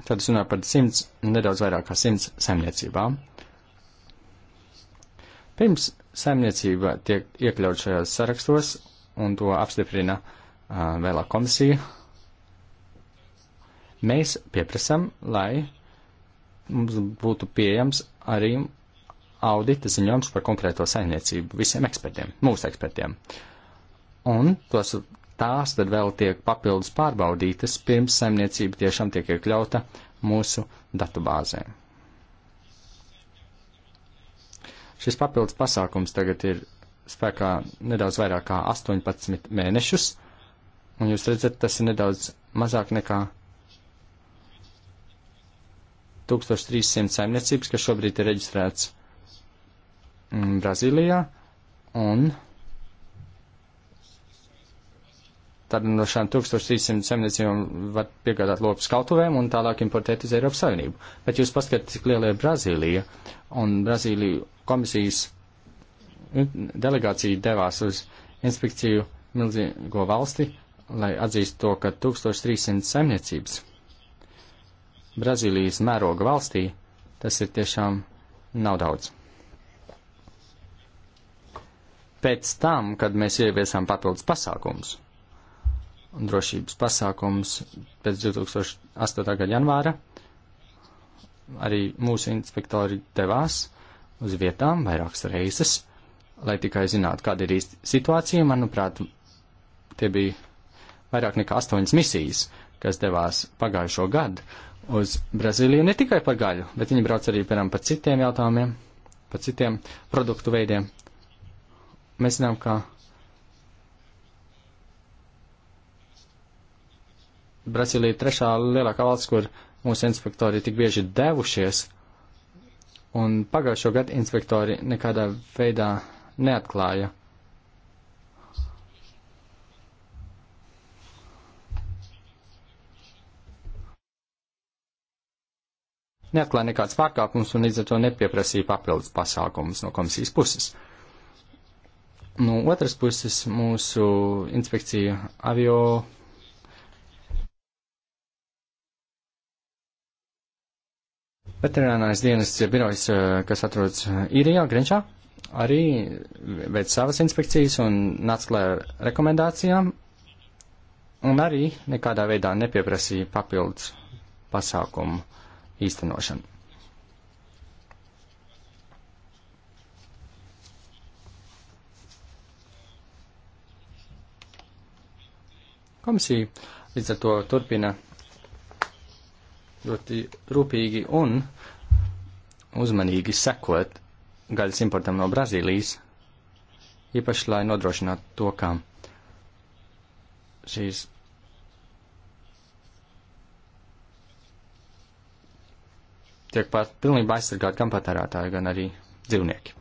Tad es runāju par simts, nedaudz vairāk kā simts saimniecībām. Pirms saimniecība tiek iekļaut šajos sarakstos un to apstiprina uh, vēlāk komisija, mēs pieprasam, lai mums būtu pieejams arī audita ziņojums par konkrēto saimniecību visiem ekspertiem, mūsu ekspertiem. Un tos tās tad vēl tiek papildus pārbaudītas, pirms saimniecība tiešām tiek iekļauta mūsu datubāzē. Šis papildus pasākums tagad ir spēkā nedaudz vairāk kā 18 mēnešus, un jūs redzat, tas ir nedaudz mazāk nekā 1300 saimniecības, kas šobrīd ir reģistrēts mm, Brazīlijā, un Tad no šām 1300 saimniecībām var piegādāt lopus kautuvēm un tālāk importēt uz Eiropas Savienību. Bet jūs paskatāt, cik liela ir Brazīlija, un Brazīlija komisijas delegācija devās uz inspekciju milzīgo valsti, lai atzīst to, ka 1300 saimniecības Brazīlijas mēroga valstī tas ir tiešām nav daudz. Pēc tam, kad mēs ieviesām papildus pasākumus, un drošības pasākums pēc 2008. gada janvāra. Arī mūsu inspektori devās uz vietām vairākas reizes, lai tikai zinātu, kāda ir īsti situācija. Manuprāt, tie bija vairāk nekā astoņas misijas, kas devās pagājušo gadu uz Brazīliju ne tikai par gaļu, bet viņi brauc arī, piemēram, par citiem jautājumiem, par citiem produktu veidiem. Mēs zinām, ka Brazīlija ir trešā lielākā valsts, kur mūsu inspektori tik bieži devušies, un pagājušo gadu inspektori nekādā veidā neatklāja. Neatklāja nekāds pārkāpums un līdz ar to nepieprasīja papildus pasākumus no komisijas puses. No otras puses, mūsu inspekcija avio Veterinārais dienas birojs, eh, kas atrodas Īrijā, eh, Grenčā, arī veic savas inspekcijas un nāca klāt ar rekomendācijām, un arī nekādā veidā nepieprasīja papildus pasākumu īstenošanu. Komisija līdz ar to turpina ļoti rūpīgi un uzmanīgi sekot gaļas importam no Brazīlijas, īpaši lai nodrošinātu to, ka šīs tiek pat pilnībā aizsargāti gan patērētāji, gan arī dzīvnieki.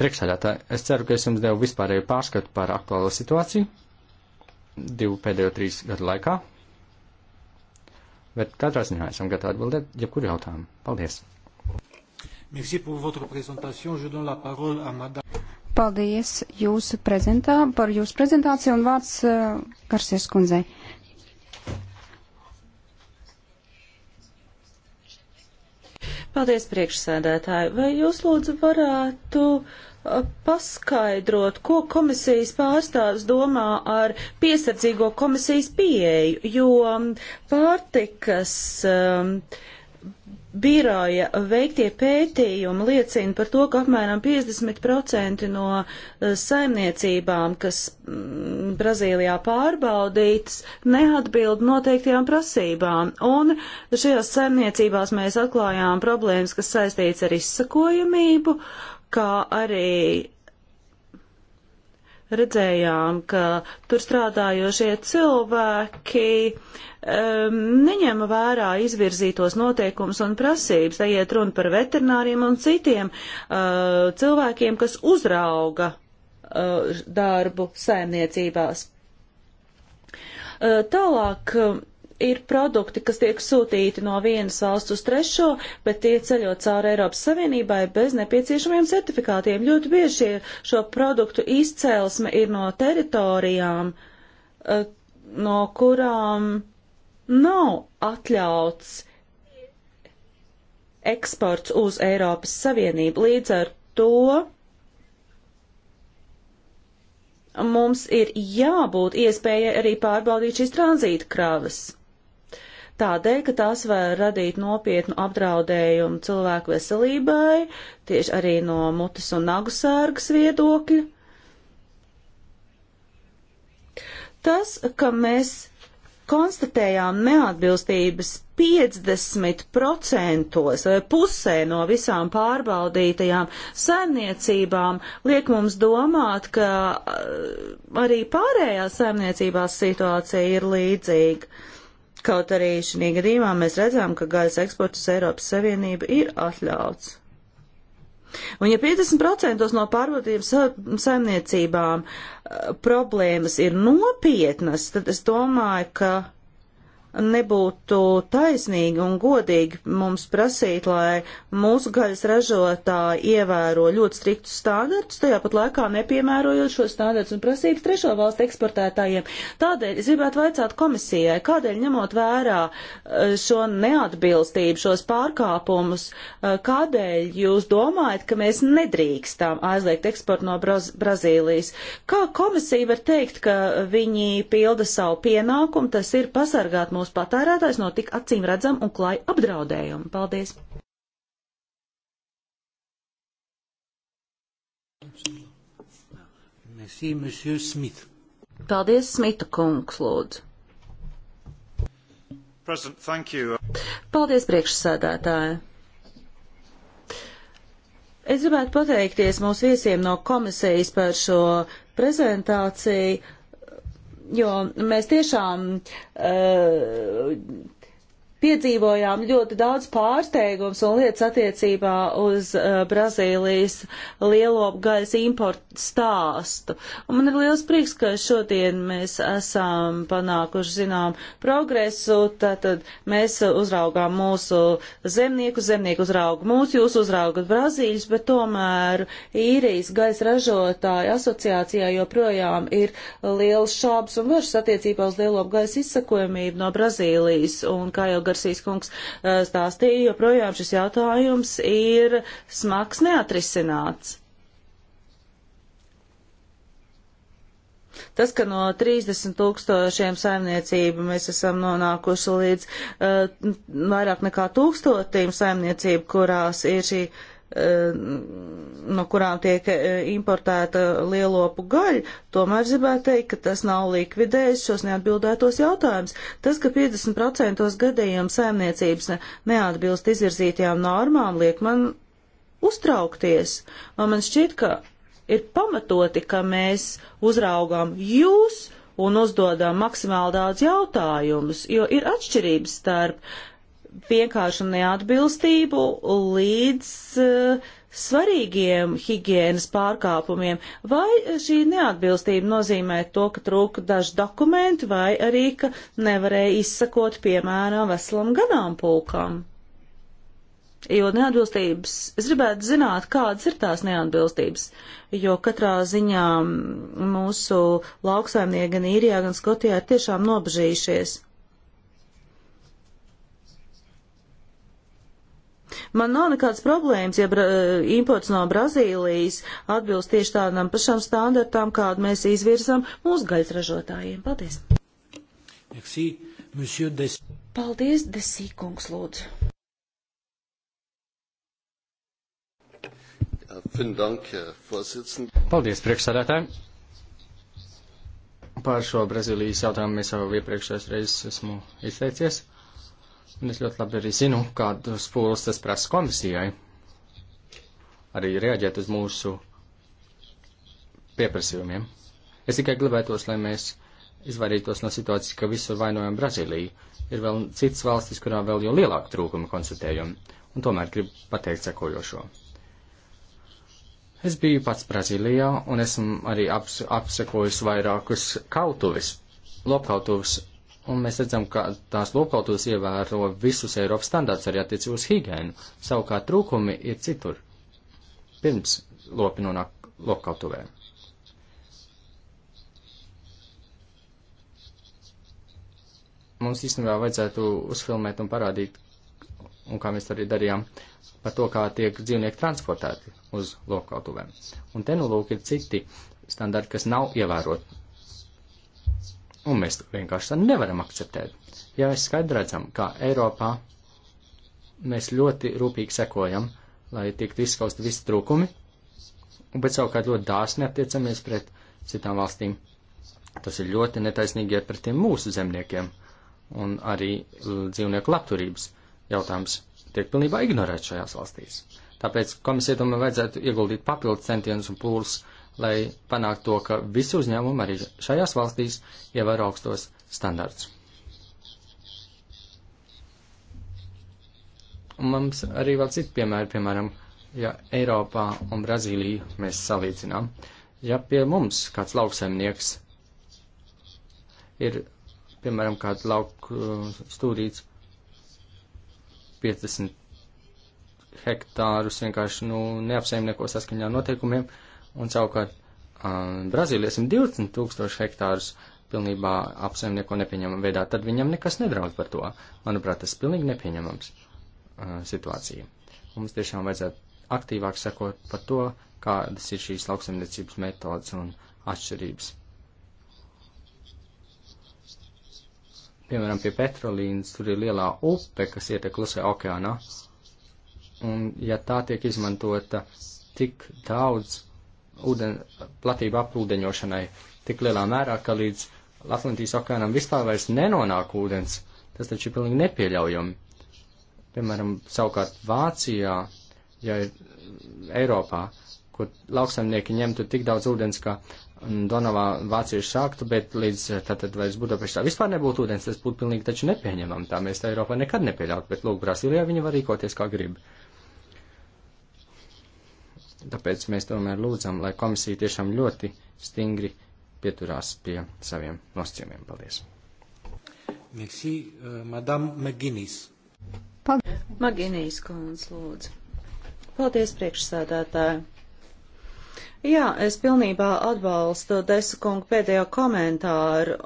Priekšsēdētāji, es ceru, ka es jums devu vispārēju pārskatu par aktuālo situāciju divu pēdējo trīs gadu laikā. Bet katrā ziņā esam gatavi atbildēt jebkuru ja jautājumu. Paldies! Merci pour votre présentation. Je donne la parole à madame. Paldies jūsu prezentā, par jūsu prezentāciju un vārds uh, eh, Karsies kundzei. Paldies, priekšsēdētāji. Vai jūs lūdzu varētu uh, paskaidrot, ko komisijas pārstāvs domā ar piesardzīgo komisijas pieeju, jo um, pārtikas um, uh, biroja veiktie pētījumi liecina par to, ka apmēram 50% no eh, saimniecībām, kas mm, Brazīlijā pārbaudītas, neatbild noteiktajām prasībām. Un šajās saimniecībās mēs atklājām problēmas, kas saistīts ar izsakojamību, kā arī redzējām, ka tur strādājošie cilvēki um, neņem vērā izvirzītos noteikumus un prasības. Tā iet runa par veterināriem un citiem uh, cilvēkiem, kas uzrauga uh, darbu saimniecībās. Uh, tālāk. Uh, ir produkti, kas tiek sūtīti no vienas valsts uz trešo, bet tie ceļot cauri Eiropas Savienībai bez nepieciešamiem certifikātiem. Ļoti bieži šo produktu izcelsme ir no teritorijām, eh, no kurām nav atļauts eksports uz Eiropas Savienību. Līdz ar to mums ir jābūt iespējai arī pārbaudīt šīs tranzīta kravas tādēļ, ka tās var radīt nopietnu apdraudējumu cilvēku veselībai, tieši arī no mutes un nagu sērgas viedokļa. Tas, ka mēs konstatējām neatbilstības 50% vai pusē no visām pārbaudītajām saimniecībām, liek mums domāt, ka uh, arī pārējās saimniecībās situācija ir līdzīga. Kaut arī šī gadījumā mēs redzam, ka gaļas eksports uz Eiropas Savienību ir atļauts. Un ja 50% no pārvaldības saimniecībām eh, problēmas ir nopietnas, tad es domāju, ka nebūtu taisnīgi un godīgi mums prasīt, lai mūsu gaļas ražotāji ievēro ļoti striktus standartus, tajā pat laikā nepiemērojot šo standartus un prasības trešo valstu eksportētājiem. Tādēļ es gribētu vaicāt komisijai, kādēļ ņemot vērā eh, šo neatbilstību, šos pārkāpumus, eh, kādēļ jūs domājat, ka mēs nedrīkstām aizliegt eksportu no Braz Brazīlijas? Kā komisija var teikt, ka viņi pilda savu pienākumu, tas ir pasargāt mūsu mūsu patērētājs no tik acīm redzam un klāj apdraudējumu. Paldies! Merci, monsieur Smith. Paldies, Smita kungs, lūdzu. Paldies, priekšsēdētāji. Es gribētu pateikties mūsu viesiem no komisijas par šo prezentāciju jo mēs tiešām uh, piedzīvojām ļoti daudz pārsteigums un lietas attiecībā uz uh, Brazīlijas lielopgaļas importu stāstu. Un man ir liels prieks, ka šodien mēs esam panākuši, zinām, progresu, tātad mēs uzraugām mūsu zemnieku, zemnieku uzraugu mūsu, jūs uzraugat Brazīļus, bet tomēr īrijas gaisa ražotāja asociācijā joprojām ir liels šāps un varšas attiecībā uz lielopgaļas izsakojamību no Brazīlijas. Un, kā jau Garcijas kungs eh, stāstīja, joprojām šis jautājums ir smags neatrisināts. Tas, ka no 30 tūkstošiem saimniecību mēs esam nonākuši līdz uh, vairāk nekā tūkstotīm saimniecību, kurās ir šī uh, Eh, no kurām tiek eh, importēta lielopu gaļa, tomēr gribētu teikt, ka tas nav likvidējis šos neatbildētos jautājumus. Tas, ka 50% gadījumu saimniecības neatbilst izvirzītajām normām, liek man uztraukties. Un man šķiet, ka ir pamatoti, ka mēs uzraugām jūs un uzdodām maksimāli daudz jautājumus, jo ir atšķirības starp uh, vienkārši neatbilstību līdz uh, svarīgiem higienas pārkāpumiem, vai šī neatbilstība nozīmē to, ka trūka daži dokumenti, vai arī, ka nevarēja izsakot, piemēram, veselam ganāmpulkam. Jo neatbilstības, es gribētu zināt, kādas ir tās neatbilstības, jo katrā ziņā mūsu lauksaimnieki gan īrijā, gan Skotijā ir tiešām nobežījušies. Man nav nekādas problēmas, ja eh, imports no Brazīlijas atbilst tieši tādam pašam standartam, kādu mēs izvirzam mūsu gaļas ražotājiem. Paldies! Merci, monsieur Des. Paldies, Desīkungs, lūdzu. Paldies, priekšsādātāji! Par šo Brazīlijas jautājumu es jau iepriekšējais reizes esmu izteicies. Un es ļoti labi arī zinu, kādus pūles tas prasa komisijai. Arī reaģēt uz mūsu pieprasījumiem. Es tikai gribētos, lai mēs izvairītos no situācijas, ka visur vainojam Brazīliju. Ir vēl citas valstis, kurā vēl jau lielāka trūkuma konstatējumi. Un tomēr gribu pateikt sekojošo. Es biju pats Brazīlijā un esmu arī aps, apsekojis vairākus kautuvis, lopkautuvis Un mēs redzam, ka tās lokautos ievēro visus Eiropas standārts arī attiecībā uz higienu. Savukārt trūkumi ir citur. Pirms lopi nonāk lokautuvē. Mums īstenībā vajadzētu uzfilmēt un parādīt, un kā mēs arī darījām, par to, kā tiek dzīvnieki transportēti uz lokautuvēm. Un te nu lūk ir citi standarti, kas nav ievēroti. Un mēs vienkārši tā nevaram akceptēt. Ja es skaidri redzam, kā Eiropā mēs ļoti rūpīgi sekojam, lai tiktu izskaust visi trūkumi, un pēc savukārt ļoti dāsni attiecamies pret citām valstīm. Tas ir ļoti netaisnīgi iet pret tiem mūsu zemniekiem, un arī dzīvnieku labturības jautājums tiek pilnībā ignorēts šajās valstīs. Tāpēc komisija tomēr vajadzētu ieguldīt papildu centienus un pūles lai panāktu to, ka visi uzņēmumi arī šajās valstīs ievēro augstos standarts. Un mums arī vēl citi piemēri, piemēram, ja Eiropā un Brazīliju mēs salīdzinām, ja pie mums kāds lauksaimnieks ir, piemēram, kāds lauku uh, stūrīts 50 hektārus vienkārši nu, neapsaimnieko saskaņā noteikumiem, un savukārt um, Brazīlija 120 tūkstoši hektārus pilnībā apsaimnieko nepieņemam veidā, tad viņam nekas nedraud par to. Manuprāt, tas ir pilnīgi nepieņemams uh, situācija. Mums tiešām vajadzētu aktīvāk sekot par to, kādas ir šīs lauksaimniecības metodas un atšķirības. Piemēram, pie petrolīnas tur ir lielā upe, kas ietek klusē okeānā. Un ja tā tiek izmantota tik daudz ūden, platību aplūdeņošanai tik lielā mērā, ka līdz Atlantijas okeānam vispār vairs nenonāk ūdens. Tas taču ir pilnīgi nepieļaujami. Piemēram, savukārt Vācijā, ja ir mm, Eiropā, kur lauksaimnieki ņemtu tik daudz ūdens, ka mm, Donavā vācieši sāktu, bet līdz tātad vairs Budapeštā vispār nebūtu ūdens, tas būtu pilnīgi taču nepieņemam. Tā mēs tā Eiropā nekad nepieļautu, bet lūk, Brazīlijā viņi var rīkoties kā grib. Uh, Tāpēc mēs tomēr lūdzam, lai komisija tiešām ļoti stingri pieturās pie saviem nosacījumiem. Paldies! Merci, uh, Madame Maginis. Paldies, Maginis, kundze, lūdzu. Paldies, priekšsādātāji. Jā, es pilnībā atbalstu Desu kungu pēdējo komentāru.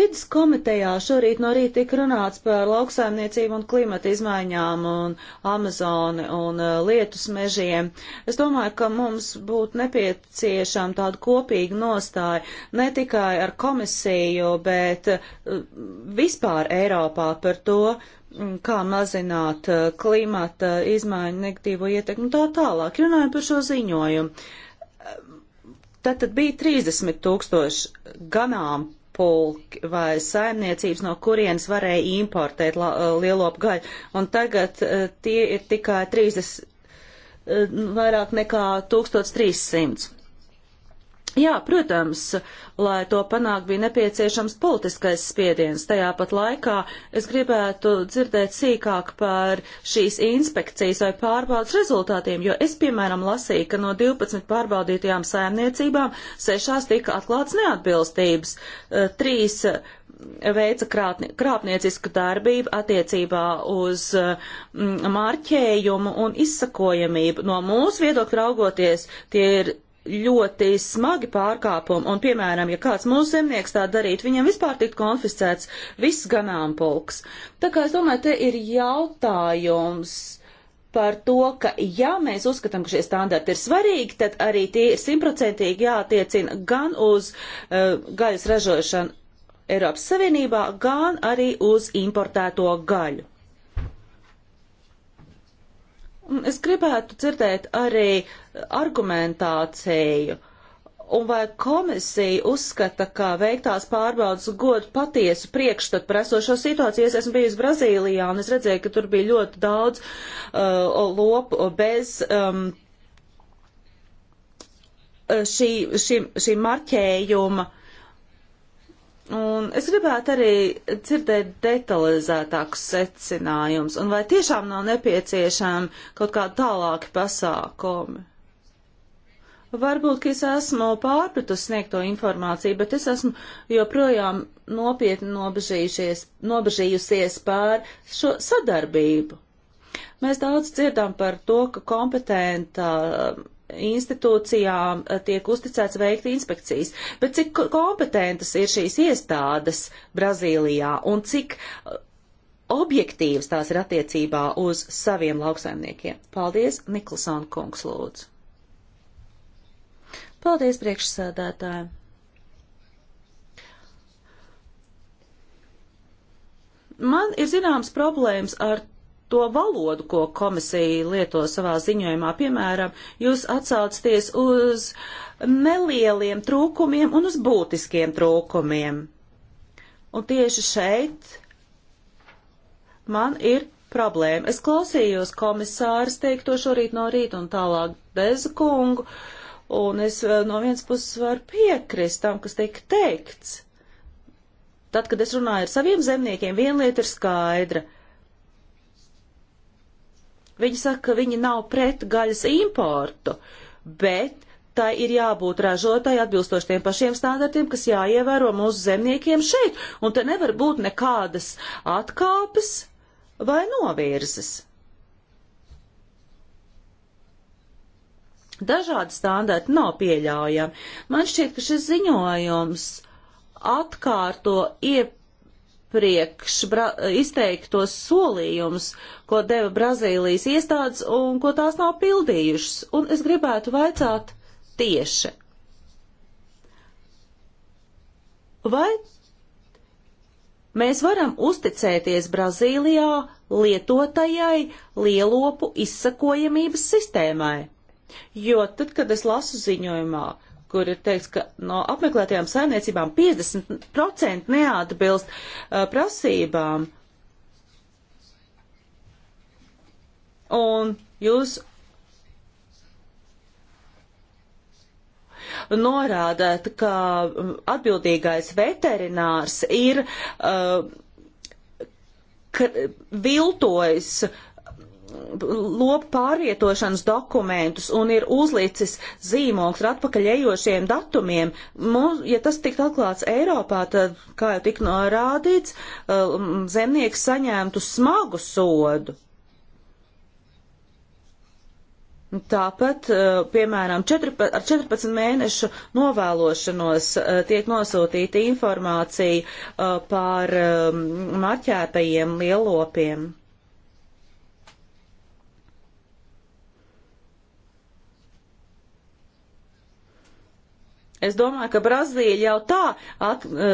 Vides komitejā šorīt no rīta tika runāts par lauksaimniecību un klimata izmaiņām un Amazoni un uh, lietus mežiem. Es domāju, ka mums būtu nepieciešama tāda kopīga nostāja ne tikai ar komisiju, bet uh, vispār Eiropā par to, mm, kā mazināt uh, klimata izmaiņu negatīvo ietekmi tā tālāk. Runājot par šo ziņojumu. Tad, tad bija 30 tūkstoši ganāmpulki vai saimniecības, no kurienes varēja importēt eh, lielopu gaļu, un tagad eh, tie ir tikai 30, eh, vairāk nekā 1300. Jā, protams, lai to panākt bija nepieciešams politiskais spiediens. Tajā pat laikā es gribētu dzirdēt sīkāk par šīs inspekcijas vai pārbaudas rezultātiem, jo es, piemēram, lasīju, ka no 12 pārbaudītajām saimniecībām sešās tika atklāts neatbilstības. E, trīs veica krāpni, krāpniecisku darbību attiecībā uz mm, marķējumu un izsakojamību. No mūsu viedokļa raugoties, tie ir ļoti smagi pārkāpumi, un, piemēram, ja kāds mūsu zemnieks tā darītu, viņam vispār tiktu konfiscēts viss ganāmpulks. Tā kā es domāju, te ir jautājums par to, ka ja mēs uzskatām, ka šie standarti ir svarīgi, tad arī tie ir simtprocentīgi jātiecina gan uz uh, gaļas ražošanu Eiropas Savienībā, gan arī uz importēto gaļu. Es gribētu dzirdēt arī argumentāciju. Un vai komisija uzskata, ka veiktās pārbaudas god patiesu priekšstatu presošo situāciju? Es esmu bijusi Brazīlijā un es redzēju, ka tur bija ļoti daudz uh, lopu bez um, uh, šī, šī, šī marķējuma. Uh, Un es gribētu arī dzirdēt detalizētākus secinājumus, un vai tiešām nav nepieciešami kaut kādi tālāki pasākumi. Varbūt, ka es esmu pārpratus sniegto informāciju, bet es esmu joprojām nopietni nobežījusies pār šo sadarbību. Mēs daudz dzirdam par to, ka kompetenta institūcijām eh, tiek uzticēts veikt inspekcijas, bet cik kompetentas ir šīs iestādes Brazīlijā un cik eh, objektīvas tās ir attiecībā uz saviem lauksaimniekiem. Paldies, Niklsona kungs lūdzu. Paldies, priekšsēdētāji. Man ir zināms problēmas ar to valodu, ko komisija lieto savā ziņojumā. Piemēram, jūs atsaucaties uz nelieliem trūkumiem un uz būtiskiem trūkumiem. Un tieši šeit man ir problēma. Es klausījos komisāras teikto šorīt no rīta un tālāk bez kungu, un es eh, no vienas puses varu piekrist tam, kas tiek teikts. Tad, kad es runāju ar saviem zemniekiem, viena lieta ir skaidra. Viņi saka, ka viņi nav pret gaļas importu, bet tā ir jābūt ražotāji atbilstoši tiem pašiem standartiem, kas jāievēro mūsu zemniekiem šeit, un te nevar būt nekādas atkāpes vai novirzes. Dažādi standarti nav pieļaujami. Man šķiet, ka šis ziņojums atkārto iepriekš iepriekš bra, izteiktos solījumus, ko deva Brazīlijas iestādes un ko tās nav pildījušas. Un es gribētu vaicāt tieši. Vai mēs varam uzticēties Brazīlijā lietotajai lielopu izsakojamības sistēmai? Jo tad, kad es lasu ziņojumā, kur ir teiks, ka no apmeklētajām saimniecībām 50% neatbilst uh, prasībām. Un jūs norādāt, ka atbildīgais veterinārs ir uh, viltojis uh, lopu pārvietošanas dokumentus un ir uzlicis zīmogs ar atpakaļejošiem datumiem, mums, ja tas tiktu atklāts Eiropā, tad, kā jau tik norādīts, um, zemnieks saņemtu smagu sodu. Tāpat, uh, piemēram, 14, ar 14 mēnešu novēlošanos uh, tiek nosūtīta informācija uh, par um, marķētajiem lielopiem. Es domāju, ka Brazīlija jau tā at, e,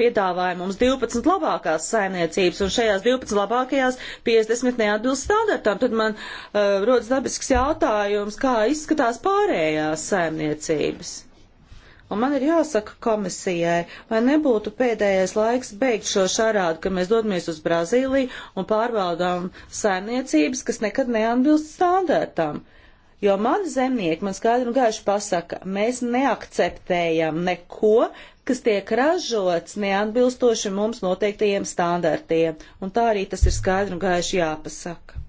piedāvāja mums 12 labākās saimniecības, un šajās 12 labākajās 50 neatbilst standartam. Tad man uh, rodas dabisks jautājums, kā izskatās pārējās saimniecības. Un man ir jāsaka komisijai, vai nebūtu pēdējais laiks beigt šo šarādu, ka mēs dodamies uz Brazīliju un pārbaudām saimniecības, kas nekad neatbilst standartam. Jo mani zemnieki man skaidri un gaiši pasaka, mēs neakceptējam neko, kas tiek ražots neatbilstoši mums noteiktajiem standartiem. Un tā arī tas ir skaidri un gaiši jāpasaka.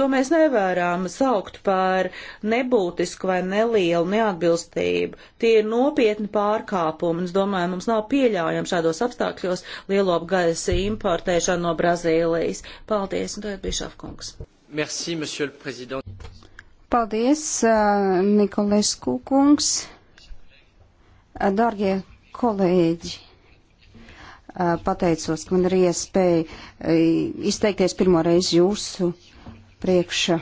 To mēs nevarām saukt par nebūtisku vai nelielu neatbilstību. Tie ir nopietni pārkāpumi. Es domāju, mums nav pieļaujami šādos apstākļos lielo apgaļas importēšanu no Brazīlijas. Paldies, un tagad bija Šafkungs. Merci, monsieur le président. Paldies, uh, Nikolēsku kungs. Uh, Dargie kolēģi, uh, pateicos, ka man ir iespēja izteikties pirmoreiz jūsu priekšā.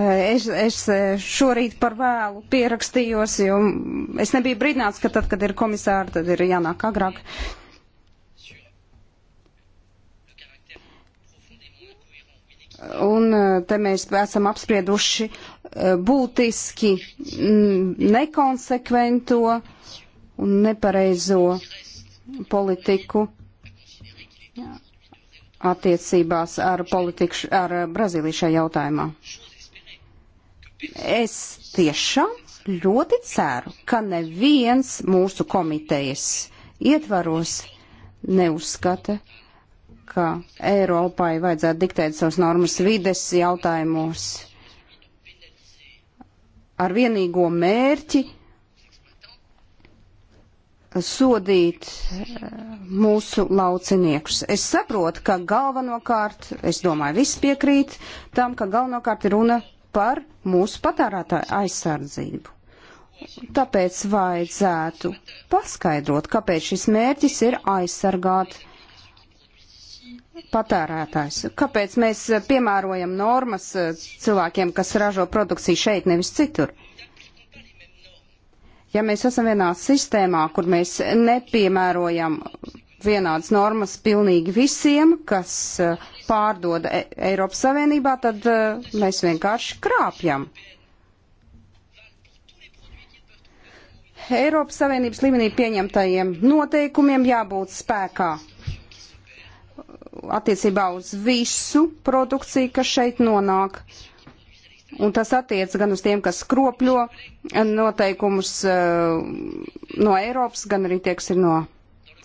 Es, es šorīt par vēlu pierakstījos, jo es nebiju brīdināts, ka tad, kad ir komisāri, tad ir jānāk agrāk. Un e, te mēs esam apsprieduši e, būtiski nekonsekvento un nepareizo politiku attiecībās ar, politiku, ar Brazīliju šajā jautājumā. Es tiešām ļoti ceru, ka neviens mūsu komitejas ietvaros neuzskata, ka Eiropai vajadzētu diktēt savus normas vides jautājumos ar vienīgo mērķi sodīt eh, mūsu lauciniekus. Es saprotu, ka galvenokārt, es domāju, viss piekrīt tam, ka galvenokārt ir runa par mūsu patērētāju aizsardzību. Tāpēc vajadzētu paskaidrot, kāpēc šis mērķis ir aizsargāt patērētājs. Kāpēc mēs eh, piemērojam normas eh, cilvēkiem, kas ražo produkciju šeit, nevis citur? Ja mēs esam vienā sistēmā, kur mēs nepiemērojam vienādas normas pilnīgi visiem, kas eh, pārdod e Eiropas Savienībā, tad mēs vienkārši krāpjam. Eiropas Savienības līmenī pieņemtajiem noteikumiem jābūt spēkā attiecībā uz visu produkciju, kas šeit nonāk. Un tas attiec gan uz tiem, kas skropļo noteikumus eh, no Eiropas, gan arī tie, kas ir no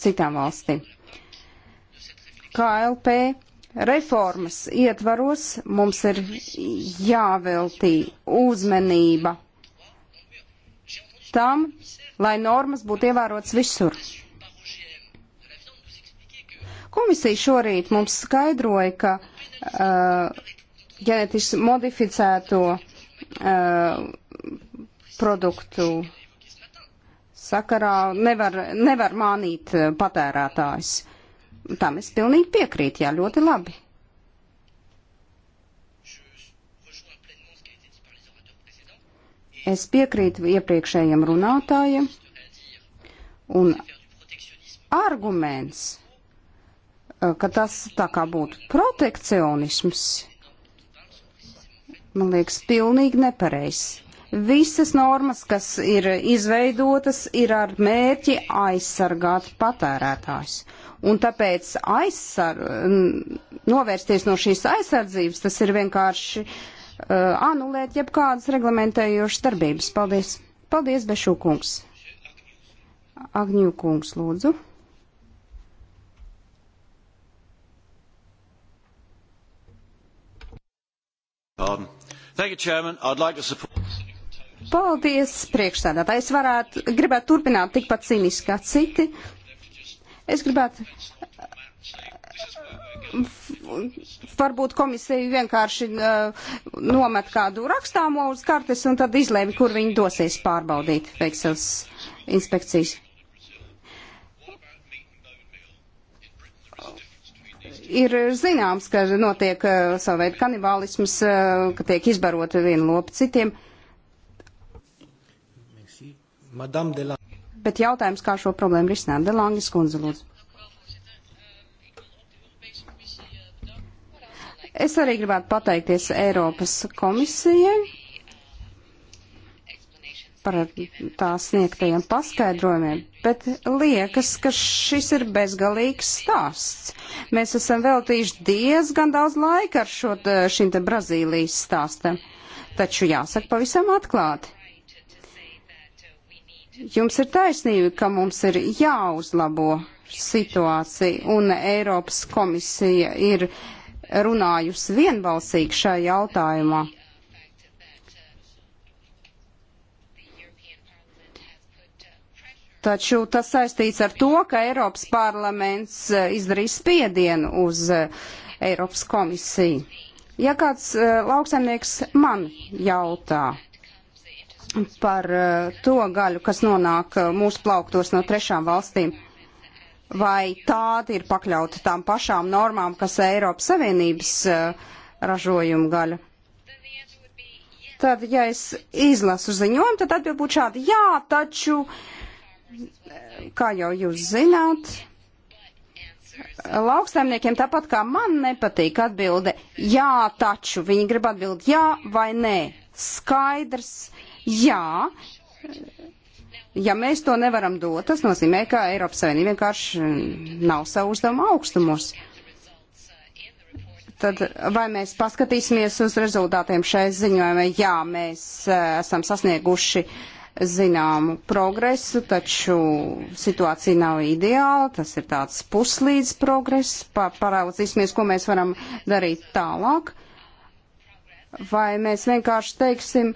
citām valstīm. KLP reformas ietvaros mums ir jāveltī uzmanība tam, lai normas būtu ievērotas visur. Komisija šorīt mums skaidroja, ka uh, ģenetiski modificēto uh, produktu sakarā nevar, nevar mānīt uh, patērētājs. Tam es pilnīgi piekrītu, jā, ļoti labi. Es piekrītu iepriekšējiem runātājiem, un arguments Eh, ka tas tā kā būtu protekcionisms, man liekas, pilnīgi nepareizs. Visas normas, kas ir izveidotas, ir ar mērķi aizsargāt patērētājs. Un tāpēc aizsar, novērsties no šīs aizsardzības, tas ir vienkārši uh, anulēt jebkādas reglamentējošas darbības. Paldies! Paldies, Bešūkungs! Agņūkungs, lūdzu! pardon. Thank you, Chairman. I'd like to support... Paldies, priekšsēdētāji. Es varētu, gribētu turpināt tikpat cīniski kā citi. Es gribētu varbūt komisija vienkārši uh, nomet kādu rakstāmo uz kartes un tad izlēma, kur viņi dosies pārbaudīt veiksels inspekcijas. ir zināms, ka notiek uh, savu veidu kanibālisms, uh, ka tiek izbarota viena lopa citiem. Bet jautājums, kā šo problēmu risināt? Delangis kundze, lūdzu. Es arī gribētu pateikties Eiropas komisijai par tās sniegtajiem paskaidrojumiem, bet liekas, ka šis ir bezgalīgs stāsts. Mēs esam veltījuši diezgan daudz laika ar šo, šim te Brazīlijas stāstam, taču jāsaka pavisam atklāti. Jums ir taisnība, ka mums ir jāuzlabo situācija, un Eiropas komisija ir runājusi vienbalsīgi šajā jautājumā Taču tas saistīts ar to, ka Eiropas parlaments e, izdarīs spiedienu uz e, Eiropas komisiju. Ja kāds e, lauksaimnieks man jautā par to gaļu, kas nonāk mūsu plauktos no trešām valstīm, vai tādi ir pakļauti tām pašām normām, kas Eiropas Savienības ražojumu gaļu, tad, ja es izlasu ziņojumu, tad atbild būtu šādi. Jā, taču kā jau jūs zināt, lauksaimniekiem tāpat kā man nepatīk atbilde jā, taču viņi grib atbild jā vai nē. Skaidrs jā. Ja mēs to nevaram dot, tas nozīmē, ka Eiropas Savienība vienkārši nav savu uzdevumu augstumos. Tad vai mēs paskatīsimies uz rezultātiem šai ziņojumai? Jā, mēs uh, esam sasnieguši uh, zināmu progresu, taču situācija nav ideāla, tas ir tāds puslīdz progress, pa, paraudzīsimies, ko mēs varam darīt tālāk, vai mēs vienkārši teiksim,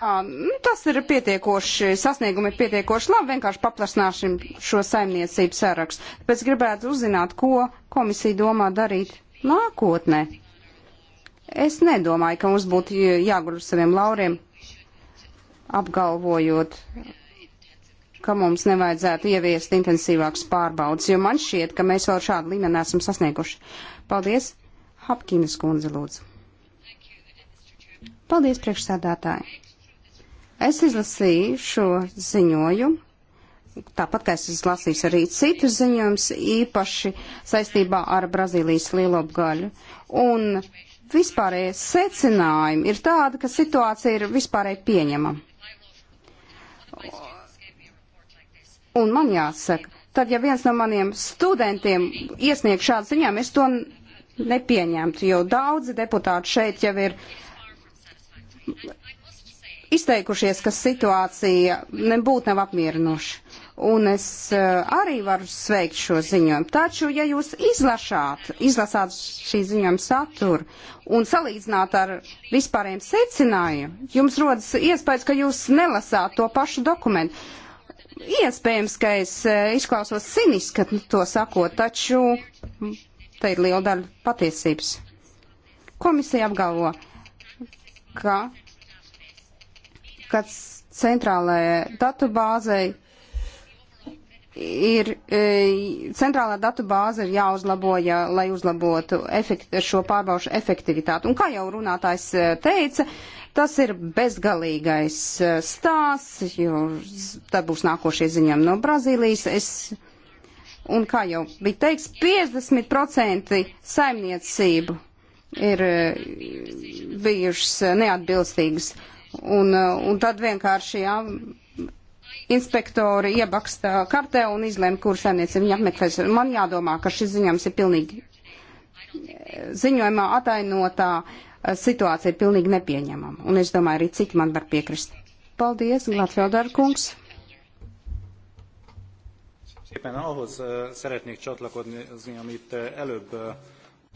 À, nu, tas ir pietiekoši, sasniegumi ir pietiekoši labi, vienkārši paplasnāšam šo saimniecību sarakstu. Pēc gribētu uzzināt, ko komisija domā darīt nākotnē. Es nedomāju, ka mums būtu jāguļ uz saviem lauriem apgalvojot, ka mums nevajadzētu ieviest intensīvākas pārbaudas, jo man šķiet, ka mēs vēl šādu līmeni esam sasnieguši. Paldies, Hapkinas kundze, lūdzu. Paldies, priekšsādātāji. Es izlasīju šo ziņojumu tāpat kā es lasīju arī citus ziņojumus, īpaši saistībā ar Brazīlijas lielopgaļu. Un vispārējie secinājumi ir tādi, ka situācija ir vispārēji pieņemama. Un man jāsaka, tad ja viens no maniem studentiem iesniegtu šādu ziņām, es to nepieņemtu, jo daudzi deputāti šeit jau ir izteikušies, ka situācija nebūtu nav apmierinoša un es eh, arī varu sveikt šo ziņojumu. Taču, ja jūs izlašāt, izlasāt šī ziņojuma saturu un salīdzināt ar vispārējiem secinājumu, jums rodas iespējas, ka jūs nelasāt to pašu dokumentu. Iespējams, ka es eh, izklausos ciniski, nu, to sakot, taču te ir liela daļa patiesības. Komisija apgalvo, ka, ka centrālajai datubāzei ir e, centrālā datu bāze ir jāuzlaboja, lai uzlabotu efekt, šo pārbaušu efektivitāti. Un kā jau runātājs e, teica, tas ir bezgalīgais e, stāsts, jo tad būs nākošie ziņām no Brazīlijas. Es, un kā jau bija teiks, 50% saimniecību ir bijušas neatbilstīgas. Un, un tad vienkārši jā, inspektori iebaksta uh, kartē un izlēma, kur saimniecība viņa apmeklēs. Man jādomā, ka šis ziņojums ir pilnīgi ziņojumā atainotā uh, situācija ir pilnīgi nepieņemama. Un es domāju, arī citi man var piekrist. Paldies, Glatfeldar kungs. Éppen ahhoz uh, szeretnék csatlakozni, amit előbb.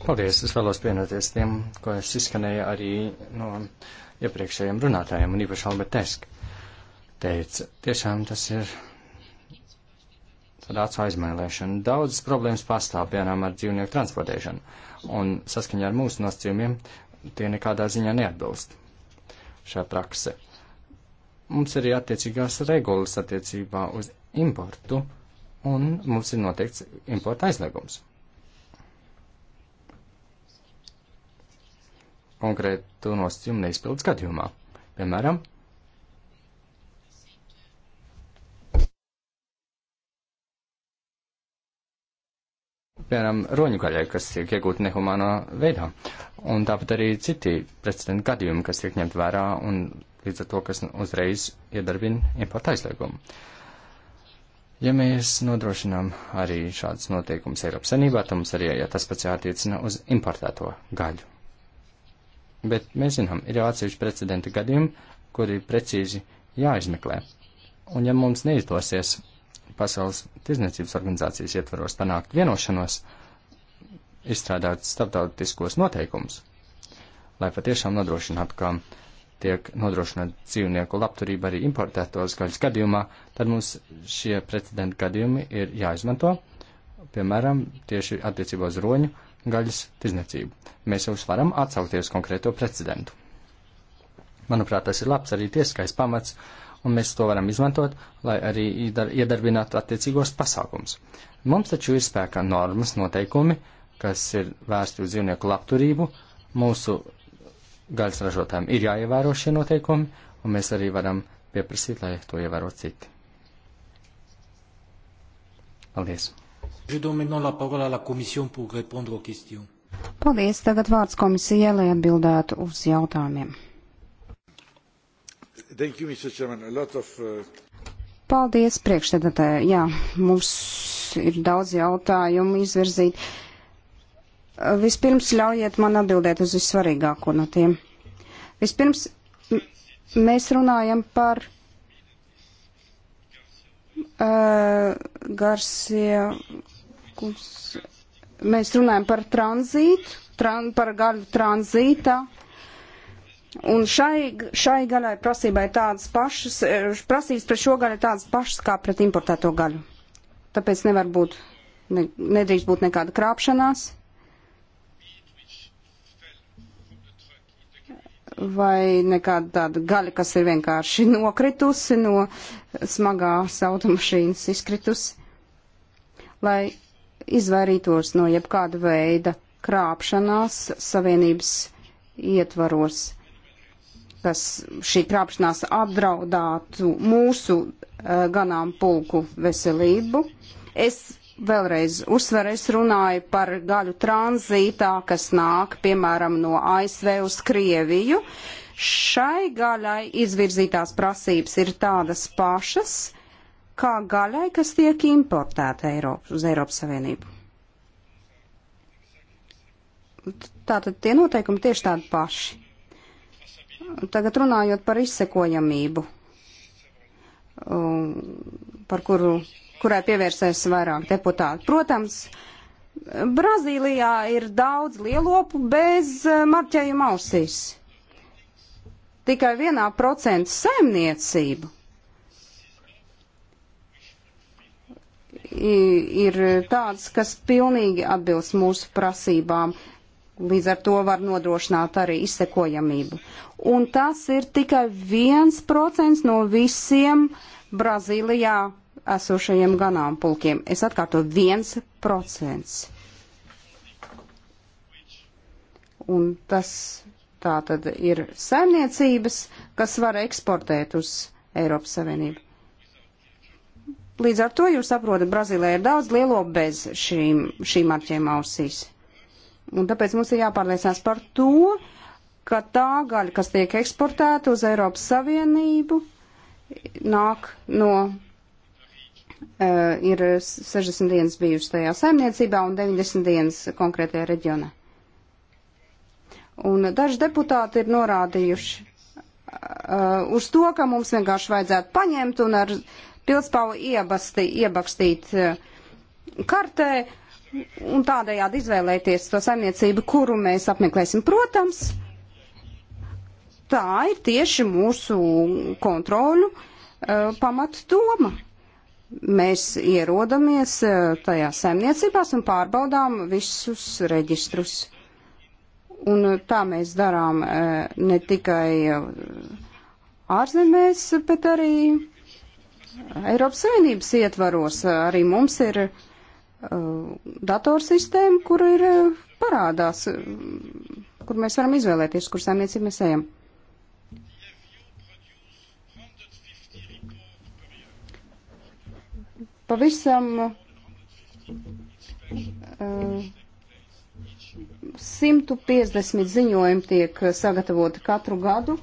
Paldies, es vēlos pievienoties tiem, ko es izskanēju arī no iepriekšējiem runātājiem, un īpaši Albert Tesk teica, tiešām tas ir tāda acu aizmēlēšana. Daudzas problēmas pastāv, piemēram, ar dzīvnieku transportēšanu, un saskaņā ar mūsu nosacījumiem tie nekādā ziņā neatbilst šā prakse. Mums ir attiecīgās regulas attiecībā uz importu, un mums ir noteikts importa aizliegums. Konkrētu nosacījumu neizpildes gadījumā. Piemēram, piemēram, roņugaļai, kas tiek iegūta nehumānā veidā. Un tāpat arī citi precedenti gadījumi, kas tiek ņemt vērā un līdz ar to, kas uzreiz iedarbina importa aizliegumu. Ja mēs nodrošinām arī šādas noteikumas Eiropas Sanībā, tad mums arī ja tas pats jātiecina uz importēto gaļu. Bet mēs zinām, ir jau atsevišķi precedenti gadījumi, kuri precīzi jāizmeklē. Un ja mums neizdosies Pasaules tirzniecības organizācijas ietvaros panākt vienošanos, izstrādāt starptautiskos noteikumus, lai patiešām nodrošinātu, ka tiek nodrošināta dzīvnieku labturība arī importētos gaļas gadījumā, tad mums šie precedenta gadījumi ir jāizmanto, piemēram, tieši attiecībā uz roņu gaļas tirzniecību. Mēs jau varam atsaukties konkrēto precedentu. Manuprāt, tas ir labs arī tieskais pamats, uh, un mēs to varam izmantot, lai arī iedarbinātu attiecīgos pasākums. Mums taču ir spēkā normas, noteikumi, kas ir vērsti uz dzīvnieku labturību, mūsu gaļas ražotājiem ir jāievēro šie noteikumi, un mēs arī varam pieprasīt, lai to ievēro citi. Paldies! Paldies! Tagad vārds komisijai, lai atbildētu uz jautājumiem. You, of, uh... Paldies, priekšstādātāji. Jā, mums ir daudz jautājumu izvirzīt. Uh, vispirms ļaujiet man atbildēt uz vissvarīgāko no tiem. Vispirms mēs runājam par uh, Garsie. Mēs runājam par tranzītu, tran, par gaļu tranzīta Un šai, šai gaļai prasībai tādas pašas, e, prasības pret šo gaļu tādas pašas kā pret importēto gaļu. Tāpēc nevar būt, ne, nedrīkst būt nekāda krāpšanās. Vai nekāda tāda gaļa, kas ir vienkārši nokritusi no smagās automašīnas, izkritusi. Lai izvairītos no jebkāda veida krāpšanās savienības ietvaros kas šī krāpšanās apdraudātu mūsu eh, ganāmpulku veselību. Es vēlreiz uzsveru, es runāju par gaļu tranzītā, kas nāk, piemēram, no ASV uz Krieviju. Šai gaļai izvirzītās prasības ir tādas pašas, kā gaļai, kas tiek importēta Eiropas, uz Eiropas Savienību. Tātad tie noteikumi tieši tādi paši. Tagad runājot par izsekojamību, um, par kuru, kurai pievērsēs vairāk deputāti. Protams, Brazīlijā ir daudz lielopu bez eh, marķējuma ausīs. Tikai vienā procentu saimniecību ir tādas, kas pilnīgi atbilst mūsu prasībām. Uh, Līdz ar to var nodrošināt arī izsekojamību. Un tas ir tikai viens procents no visiem Brazīlijā esošajiem ganāmpulkiem. Es atkārtoju, viens procents. Un tas tā tad ir saimniecības, kas var eksportēt uz Eiropas Savienību. Līdz ar to jūs saprotat, Brazīlijā ir daudz lielo bez šīm, šīm marķiem ausīs. Un tāpēc mums ir jāpārliecinās par to, ka tā gaļa, kas tiek eksportēta uz Eiropas Savienību, nāk no, uh, ir 60 dienas bijusi tajā saimniecībā un 90 dienas konkrētajā reģionā. Un daži deputāti ir norādījuši uh, uz to, ka mums vienkārši vajadzētu paņemt un ar pilspāvu iebasti, iebakstīt uh, kartē un tādējādi izvēlēties to saimniecību, kuru mēs apmeklēsim. Protams, tā ir tieši mūsu kontroļu uh, eh, pamatu doma. Mēs ierodamies uh, tajā saimniecībās un pārbaudām visus reģistrus. Un uh, tā mēs darām ne tikai ārzemēs, bet arī Eiropas Savienības ietvaros. Arī mums ir uh, Uh, datorsistēmu, kur ir uh, parādās, uh, kur mēs varam izvēlēties, kur saimniecību mēs ejam. Pavisam uh, 150 ziņojumi tiek sagatavoti katru gadu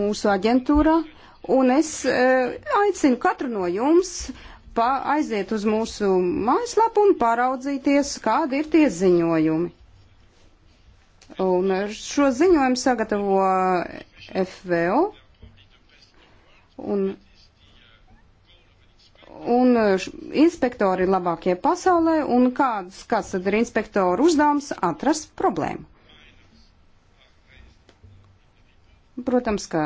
mūsu aģentūrā, un es uh, aicinu katru no jums uh, pa, aiziet uz mūsu mājaslapu un paraudzīties, kādi ir tie ziņojumi. Un šo ziņojumu sagatavo FVO. Un, un inspektori ir labākie pasaulē, un kāds, kāds tad ir inspektoru uzdevums atrast problēmu. Protams, ka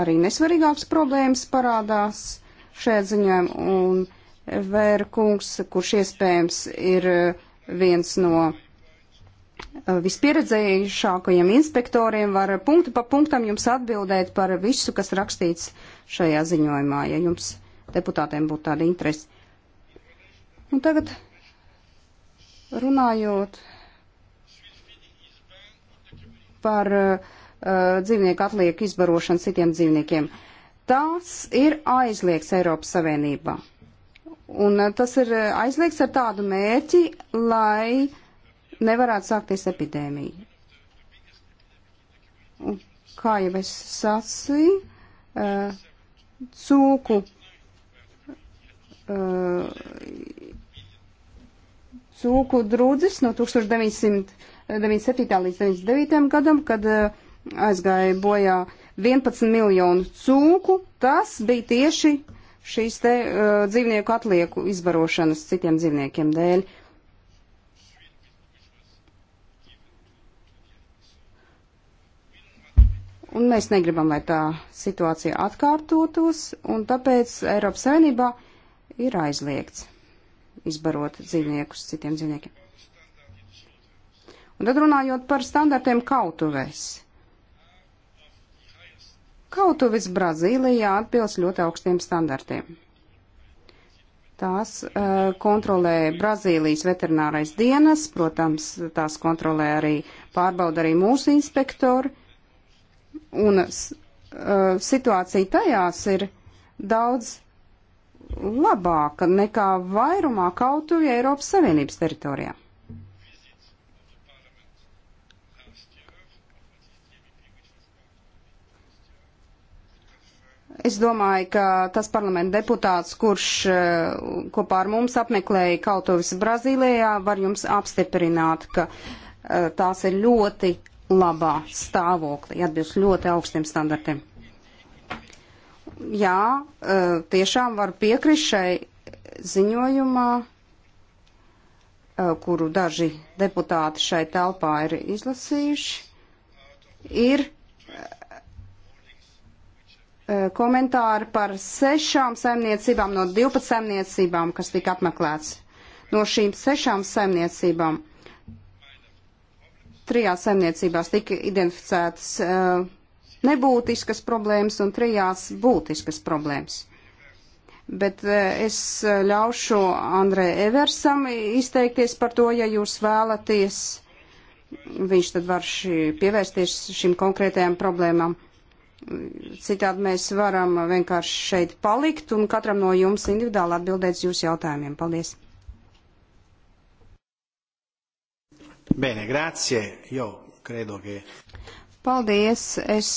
arī nesvarīgākas problēmas parādās šajā ziņojumā, un Vērkungs, kurš iespējams ir eh, viens no eh, vispieredzējušākajiem inspektoriem, var punktu pa punktam jums atbildēt par visu, kas rakstīts šajā ziņojumā, ja jums deputātiem būtu tāda interese. Un tagad runājot par uh, dzīvnieku atlieku izbarošanu citiem dzīvniekiem. Uh, tās ir aizliegts Eiropas Savienībā. Un eh, tas ir eh, aizliegts ar tādu mērķi, lai nevarētu sākties epidēmija. Un, kā jau es sacīju, eh, cūku, cūku drūdzis no 1997. līdz 1999. gadam, kad aizgāja bojā uh, 11 miljonu cūku, tas bija tieši šīs te uh, dzīvnieku atlieku izbarošanas citiem dzīvniekiem dēļ. Un mēs negribam, lai tā situācija atkārtotos, un tāpēc Eiropas Savienībā ir aizliegts izbarot dzīvniekus citiem dzīvniekiem. Un tad runājot par standartiem kautuvēs. Kautuvis Brazīlijā atbilst ļoti augstiem standartiem. Tās uh, kontrolē Brazīlijas veterinārais dienas, protams, tās kontrolē arī pārbauda arī mūsu inspektori. Un uh, situācija tajās ir daudz labāka nekā vairumā kautuvi Eiropas Savienības teritorijā. Es domāju, ka tas parlamenta deputāts, kurš eh, kopā ar mums apmeklēja Kautovis Brazīlijā, var jums apstiprināt, ka eh, tās ir ļoti labā stāvoklī, atbilst ļoti augstiem standartiem. Jā, eh, tiešām var piekrist šai ziņojumā, kuru daži deputāti šai telpā ir izlasījuši, ir Eh, komentāri par sešām saimniecībām no 12 saimniecībām, kas tika apmeklēts. No šīm sešām saimniecībām trijās saimniecībās tika identificētas uh, nebūtiskas problēmas un trijās būtiskas problēmas. Bet uh, es ļaušu Andrē Eversam izteikties par to, ja jūs vēlaties. Viņš tad var šī, pievērsties šīm konkrētajām problēmām. Citādi mēs varam vienkārši šeit palikt un katram no jums individuāli atbildēt jūsu jautājumiem. Paldies! Bene, grazie. Jo, credo che... Paldies! Es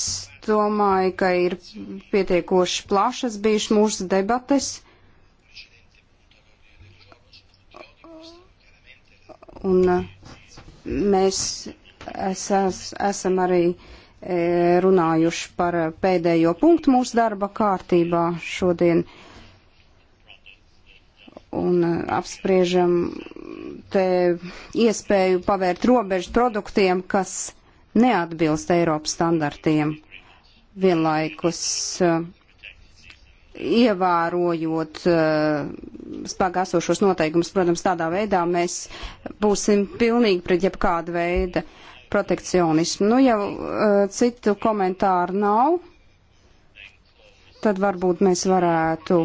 domāju, ka ir pietiekoši plašas bijušas mūsu debates. Un uh, mēs es, es, esam arī E, runājuši par pēdējo punktu mūsu darba kārtībā šodien un apspriežam te iespēju pavērt robežu produktiem, kas neatbilst Eiropas standartiem vienlaikus e, ievērojot e, spēkā esošos noteikumus, protams, tādā veidā mēs būsim pilnīgi pret jebkādu veidu uh, protekcionismu. Nu, ja uh, citu komentāru nav, tad varbūt mēs varētu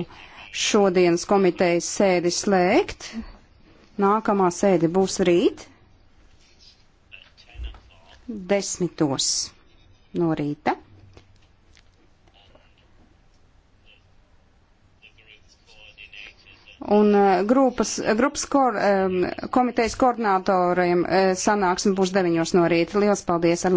šodienas komitejas sēdi slēgt. Nākamā sēde būs rīt, desmitos no rīta. Un e, grupas, e, grupas kor, e, komitejas koordinātoriem sanāksme būs 9 no rīta. Lielas paldies!